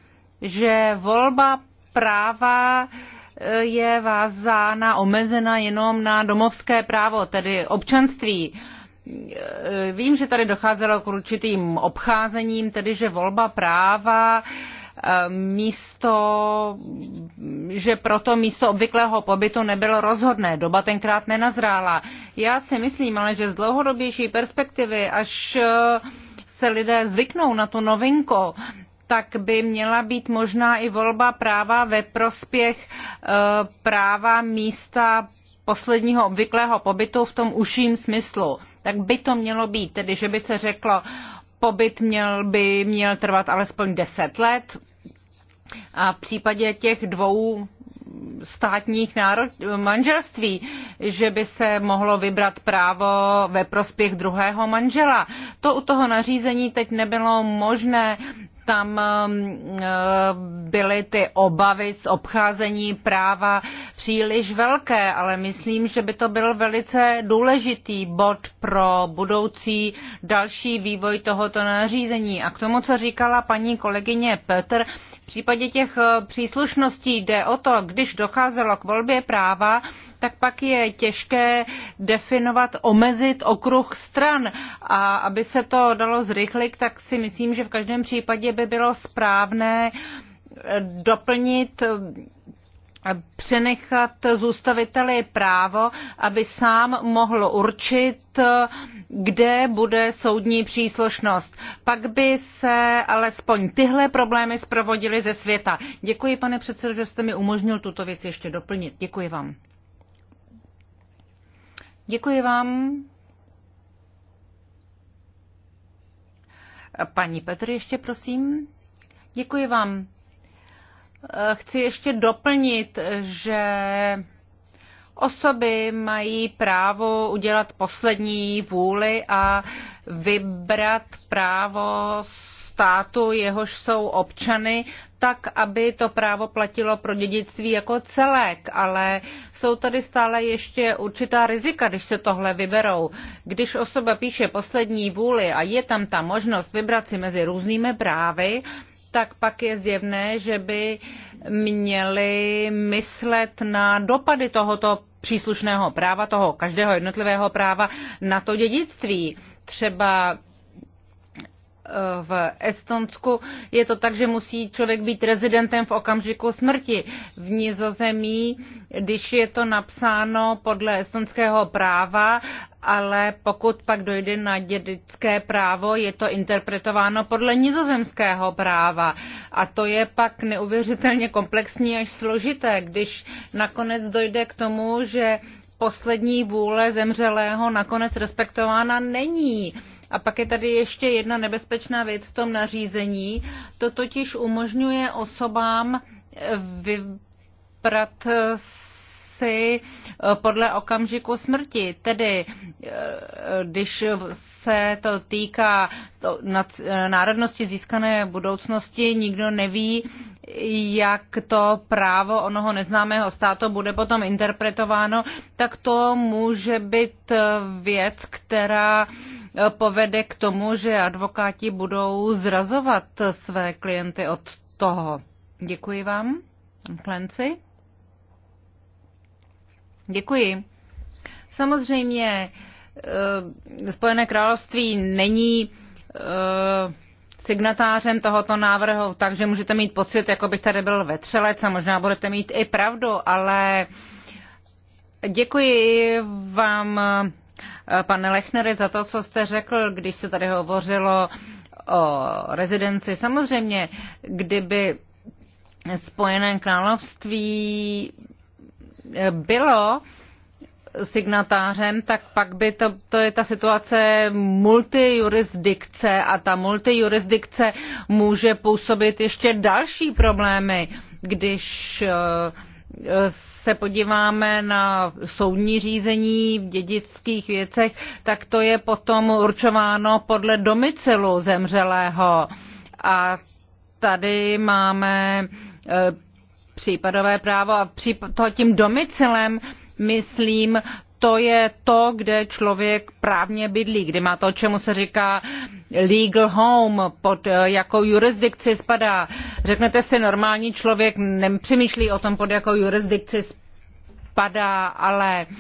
že volba práva eh, je vázána, omezena jenom na domovské právo, tedy občanství. Eh, vím, že tady docházelo k určitým obcházením, tedy že volba práva eh, místo, že proto místo obvyklého pobytu nebylo rozhodné. Doba tenkrát nenazrála. Já si myslím ale, že z dlouhodobější perspektivy, až se lidé zvyknou na tu novinku, tak by měla být možná i volba práva ve prospěch e, práva místa posledního obvyklého pobytu v tom užším smyslu. Tak by to mělo být, tedy že by se řeklo, pobyt měl by měl trvat alespoň 10 let, a v případě těch dvou státních národ, manželství, že by se mohlo vybrat právo ve prospěch druhého manžela. To u toho nařízení teď nebylo možné, tam um, eh, byly ty obavy z obcházení práva příliš velké, ale myslím, že by to byl velice důležitý bod pro budoucí další vývoj tohoto nařízení. A k tomu, co říkala paní kolegyně Petr, v případě těch eh, příslušností jde o to, když docházelo k volbě práva, tak pak je těžké definovat, omezit okruh stran. A aby se to dalo zrychlit, tak si myslím, že v každém případě by bylo správné eh, doplnit přenechat zůstaviteli právo, aby sám mohl určit, kde bude soudní příslušnost. Pak by se alespoň tyhle problémy zprovodily ze světa. Děkuji, pane předsedo, že jste mi umožnil tuto věc ještě doplnit. Děkuji vám. Děkuji vám. Paní Petr ještě, prosím. Děkuji vám. Eh, chci ještě doplnit, že osoby mají právo udělat poslední vůli a vybrat právo státu, jehož jsou občany, tak, aby to právo platilo pro dědictví jako celek, ale jsou tady stále ještě určitá rizika, když se tohle vyberou. Když osoba píše poslední vůli a je tam ta možnost vybrat si mezi různými právy, tak pak je zjevné, že by měli myslet na dopady tohoto příslušného práva, toho každého jednotlivého práva na to dědictví. Třeba v Estonsku je to tak, že musí člověk být rezidentem v okamžiku smrti. V Nizozemí, když je to napsáno podle estonského práva, ale pokud pak dojde na dědické právo, je to interpretováno podle nizozemského práva. A to je pak neuvěřitelně komplexní až složité, když nakonec dojde k tomu, že poslední vůle zemřelého nakonec respektována není a pak je tady ještě jedna nebezpečná věc v tom nařízení. To totiž umožňuje osobám eh, vyprat eh, si eh, podle okamžiku smrti. Tedy, když se to týká národnosti získané budoucnosti, nikdo neví, jak to právo onoho neznámého státu bude potom interpretováno, tak to může být věc, která povede k tomu, že advokáti budou zrazovat své klienty od toho. Děkuji vám, Klenci. Děkuji. Samozřejmě eh, Spojené království není eh, signatářem tohoto návrhu, takže můžete mít pocit, jako bych tady byl vetřelec a možná budete mít i pravdu, ale děkuji vám Eh, pane Lechnery, za to, co jste řekl, když se tady hovořilo o rezidenci. Samozřejmě, kdyby Spojené království eh, bylo signatářem, tak pak by to, to je ta situace multijurisdikce a ta multijurisdikce může působit ještě další problémy, když eh, se podíváme na soudní řízení v dědických věcech, tak to je potom určováno podle domicilu zemřelého. A tady máme eh, případové právo a to tím domicilem myslím to je to, kde člověk právně bydlí, kde má to, čemu se říká legal home, pod eh, jakou jurisdikci spadá. Řeknete si, normální člověk nepřemýšlí o tom, pod jakou jurisdikci spadá, ale eh,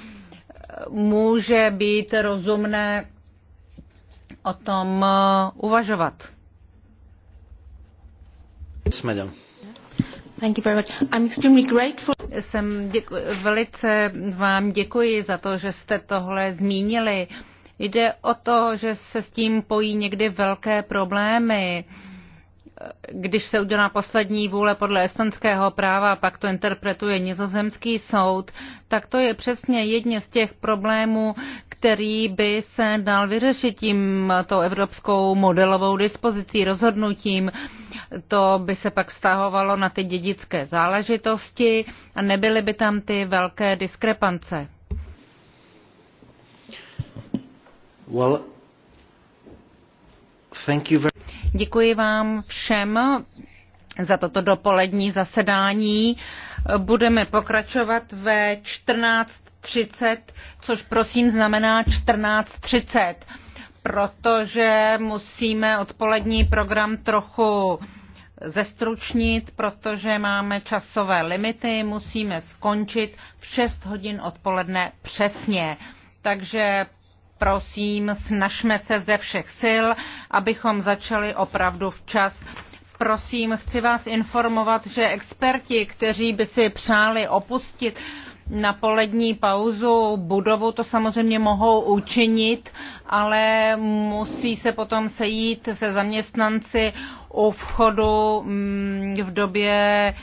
může být rozumné o tom eh, uvažovat. Yes, madam. Thank you very much. I'm extremely grateful. Jsem děku, velice vám děkuji za to, že jste tohle zmínili. Jde o to, že se s tím pojí někdy velké problémy. Když se udělá poslední vůle podle estonského práva, pak to interpretuje nizozemský soud, tak to je přesně jedně z těch problémů, který by se dal vyřešit tím tou evropskou modelovou dispozicí, rozhodnutím. To by se pak vztahovalo na ty dědické záležitosti a nebyly by tam ty velké diskrepance. Well, thank you very... Děkuji vám všem za toto dopolední zasedání. Budeme pokračovat ve 14.30, což prosím znamená 14.30, protože musíme odpolední program trochu zestručnit, protože máme časové limity, musíme skončit v 6 hodin odpoledne přesně. Takže prosím, snažme se ze všech sil, abychom začali opravdu včas. Prosím, chci vás informovat, že experti, kteří by si přáli opustit na polední pauzu budovu, to samozřejmě mohou učinit, ale musí se potom sejít se zaměstnanci u vchodu mm, v době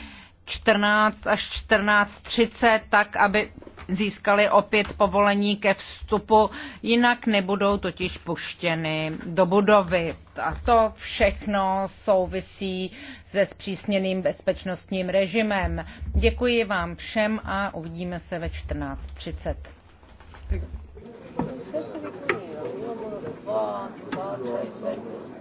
14 až 14.30, tak aby získali opět povolení ke vstupu, jinak nebudou totiž puštěny do budovy. A to všechno souvisí se zpřísněným bezpečnostním režimem. Děkuji vám všem a uvidíme se ve 14.30. Thank you.